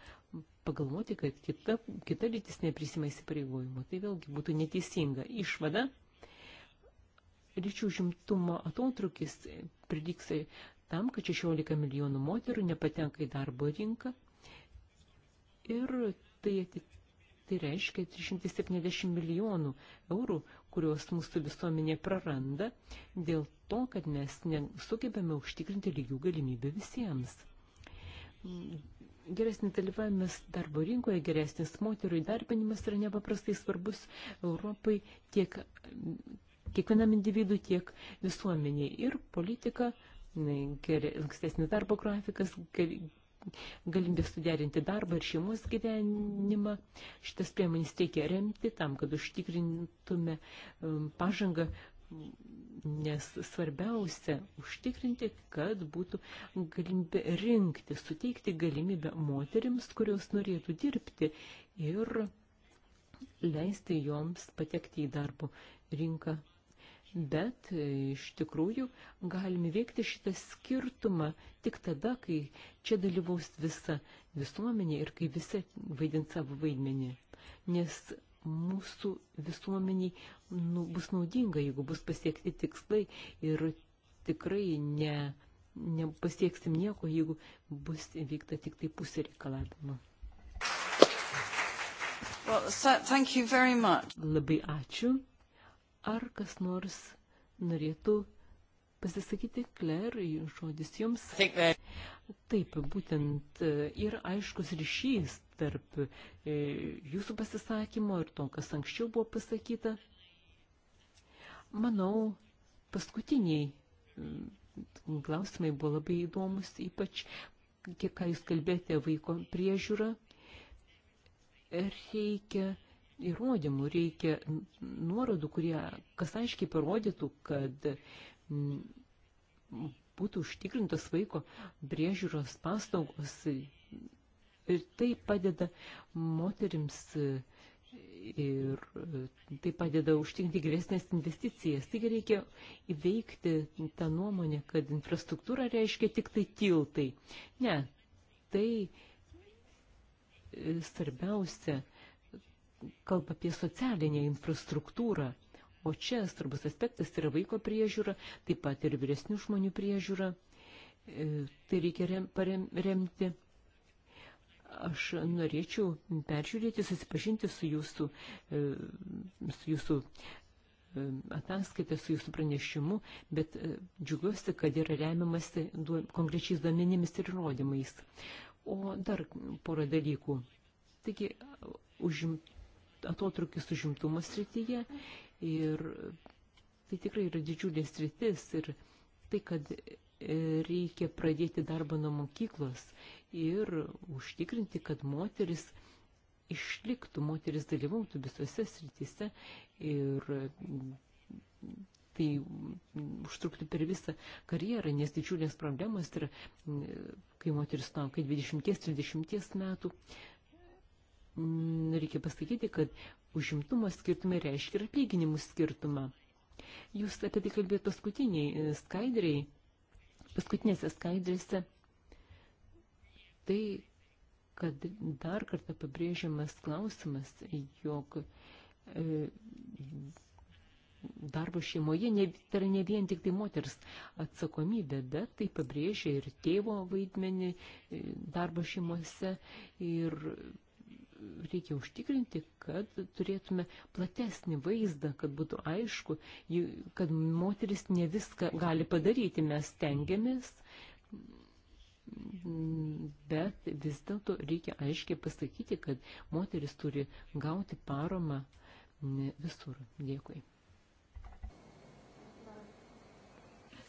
pagalvoti, kad kita, kita lytis neprisima įsipareigojimo. Tai vėlgi būtų neteisinga išvada lyčių žimtumo atotrukis pridyksai tam, kad 16 milijonų moterų nepatenka į darbo rinką ir tai atitinka. Tai reiškia 370 milijonų eurų, kuriuos mūsų visuomenė praranda dėl to, kad mes nesugebame užtikrinti lygių galimybių visiems. Geresnis dalyvavimas darbo rinkoje, geresnis moterų įdarbinimas yra nepaprastai svarbus Europai tiek kiekvienam individui, tiek visuomeniai. Ir politika, lankstesnis darbo grafikas, galimybė suderinti darbą ir šeimos gyvenimą. Šitas priemonės reikia remti tam, kad užtikrintume um, pažangą, nes svarbiausia užtikrinti, kad būtų galimybė rinkti, suteikti galimybę moterims, kurios norėtų dirbti ir leisti joms patekti į darbo rinką bet e, iš tikrųjų galime veikti šitą skirtumą tik tada, kai čia dalyvaus visa visuomenė ir kai visi vaidins savo vaidmenį. Nes mūsų visuomeniai nu, bus naudinga, jeigu bus pasiekti tikslai ir tikrai ne, nepasieksim nieko, jeigu bus vykta tik tai pusė reikalavimo. Well, so, thank you very much. Labai ačiū. Ar kas nors norėtų pasisakyti, Kler, žodis jums. Taip, būtent e, ir aiškus ryšys tarp e, jūsų pasisakymo ir to, kas anksčiau buvo pasakyta. Manau, paskutiniai klausimai buvo labai įdomus, ypač kiek ką jūs kalbėjote vaiko priežiūrą. Reikia įrodymų, reikia nuorodų, kurie kas aiškiai parodytų, kad mm, būtų užtikrintas vaiko priežiūros paslaugos. Ir tai padeda moterims ir tai padeda užtikrinti geresnės investicijas. Taigi reikia įveikti tą nuomonę, kad infrastruktūra reiškia tik tai tiltai. Ne, tai e, svarbiausia kalba apie socialinę infrastruktūrą, o čia svarbus aspektas yra vaiko priežiūra, taip pat ir vyresnių žmonių priežiūra. E, tai reikia rem, paremti. Aš norėčiau peržiūrėti, susipažinti su jūsų, e, su jūsų e, ataskaitą su jūsų pranešimu, bet džiugiuosi, kad yra remiamasi konkrečiais duomenimis ir įrodymais. O dar porą dalykų. Taigi, užimt atotrukis užimtumo srityje ir tai tikrai yra didžiulė sritis ir tai, kad e, reikia pradėti darbą nuo mokyklos ir užtikrinti, kad moteris išliktų, moteris dalyvautų visose srityse ir tai užtruktų per visą karjerą, nes didžiulės problemos yra, kai moteris laukia 20-30 metų, Mm, reikia pasakyti, kad užimtumo skirtumai reiškia ir atlyginimų skirtumą. Jūs apie tai kalbėjote paskutiniai e, skaidriai, paskutinėse skaidrėse. Tai, kad dar kartą pabrėžiamas klausimas, jog e, darbo šeimoje ne, tai yra ne vien tik tai moters atsakomybė, bet tai pabrėžia ir tėvo vaidmenį e, darbo šeimose ir reikia užtikrinti, kad turėtume platesnį vaizdą, kad būtų aišku, kad moteris ne viską gali padaryti, mes tengiamės, bet vis dėlto reikia aiškiai pasakyti, kad moteris turi gauti paromą visur. Dėkui.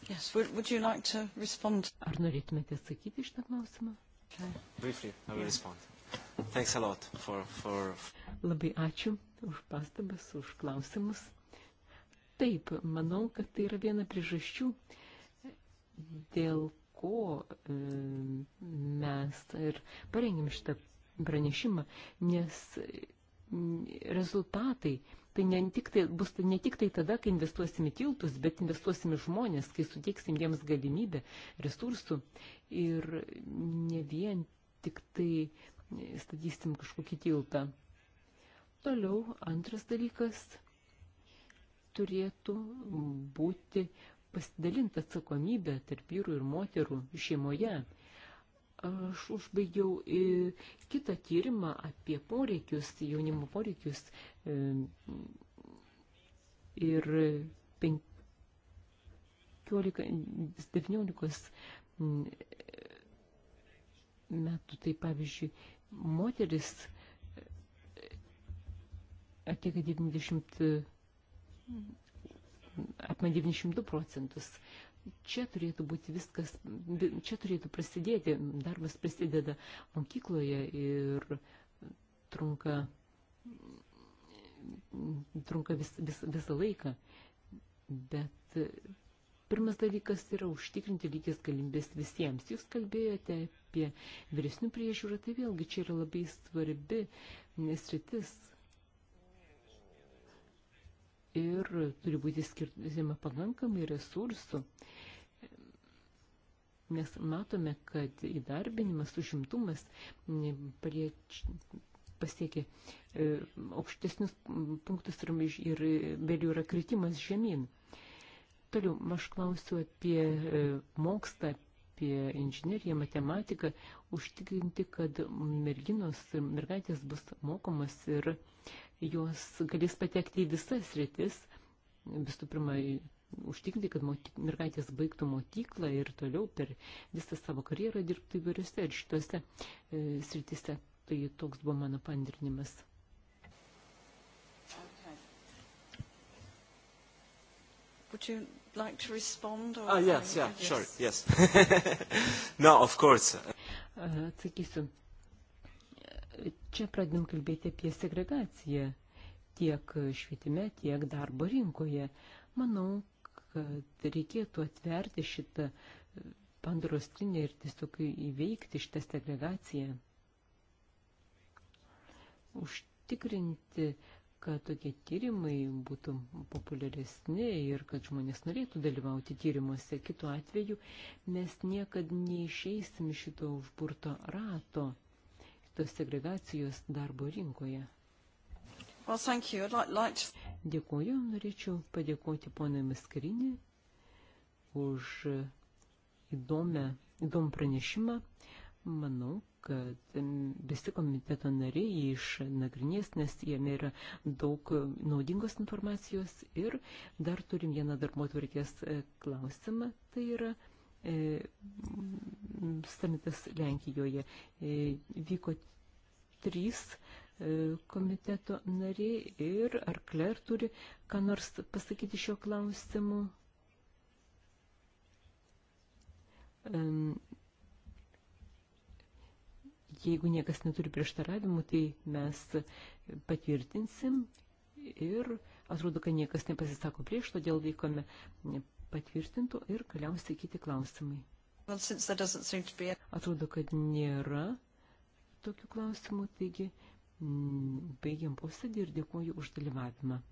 Yes, would, would you like to respond? Ar norėtumėte atsakyti šitą klausimą? Okay.
Briefly, I will yeah. respond. Thanks a lot for, for...
Labai ačiū už pastabas, už klausimus. Taip, manau, kad tai yra viena priežasčių, dėl ko e, mes ir parengėm šitą pranešimą, nes mm, rezultatai tai ne tik tai, bus tai ne tik tai tada, kai investuosim į tiltus, bet investuosim į žmonės, kai suteiksim jiems galimybę, resursų ir ne vien tik tai statysim kažkokį tiltą. Toliau antras dalykas turėtų būti pasidalinta atsakomybė tarp vyrų ir moterų šeimoje. Aš užbaigiau kitą tyrimą apie poreikius, jaunimo poreikius e, ir 15-19 mm, metų, tai pavyzdžiui, moteris atlieka 90, apma 92 procentus. Čia turėtų būti viskas, čia turėtų prasidėti, darbas prasideda mokykloje ir trunka, trunka vis, vis, visą laiką, bet Pirmas dalykas yra užtikrinti lygis galimybės visiems. Jūs kalbėjote apie vyresnių priežiūrą, tai vėlgi čia yra labai svarbi nesritis. Ir turi būti skirtima pakankamai resursų mes matome, kad įdarbinimas, užimtumas palieč, pasiekė e, aukštesnius punktus ir vėliau yra kritimas žemyn. Toliau, aš klausiu apie e, mokslą, apie inžineriją, matematiką, užtikrinti, kad merginos ir mergaitės bus mokomas ir jos galės patekti į visas rytis. Visų pirma, užtikrinti, kad mergaitės baigtų mokyklą ir toliau per visą savo karjerą dirbtų įvairiose ir šitose e, sritise. Tai toks buvo mano pandrinimas. Would you like to respond? Or oh, yes, I, yeah, yes. sure, yes. no, of course. Atsakysiu. Čia pradėm kalbėti apie segregaciją tiek švietime, tiek darbo rinkoje. Manau, kad reikėtų atverti šitą pandrostinę ir tiesiog įveikti šitą segregaciją. Užtikrinti uh, kad tokie tyrimai būtų populiaresni ir kad žmonės norėtų dalyvauti tyrimuose. Kitu atveju mes niekad neišeisim šito užburto rato, tos segregacijos darbo rinkoje. Well, thank you. I'd like, like to... Dėkuoju, norėčiau padėkoti ponai Maskarinį už įdomią, įdomų pranešimą. Manau, kad visi komiteto nariai išnagrinės, nes jame yra daug naudingos informacijos ir dar turim vieną darbo tvarkės e, klausimą, tai yra e, samitas Lenkijoje. E, vyko trys e, komiteto nariai ir ar Kler turi ką nors pasakyti šio klausimu? E, Jeigu niekas neturi prieštaravimų, tai mes patvirtinsim ir atrodo, kad niekas nepasisako prieš, todėl laikome patvirtintų ir galiausiai kiti klausimai. Atrodo, kad nėra tokių klausimų, taigi mm, baigiam posėdį ir dėkuoju už dalyvavimą.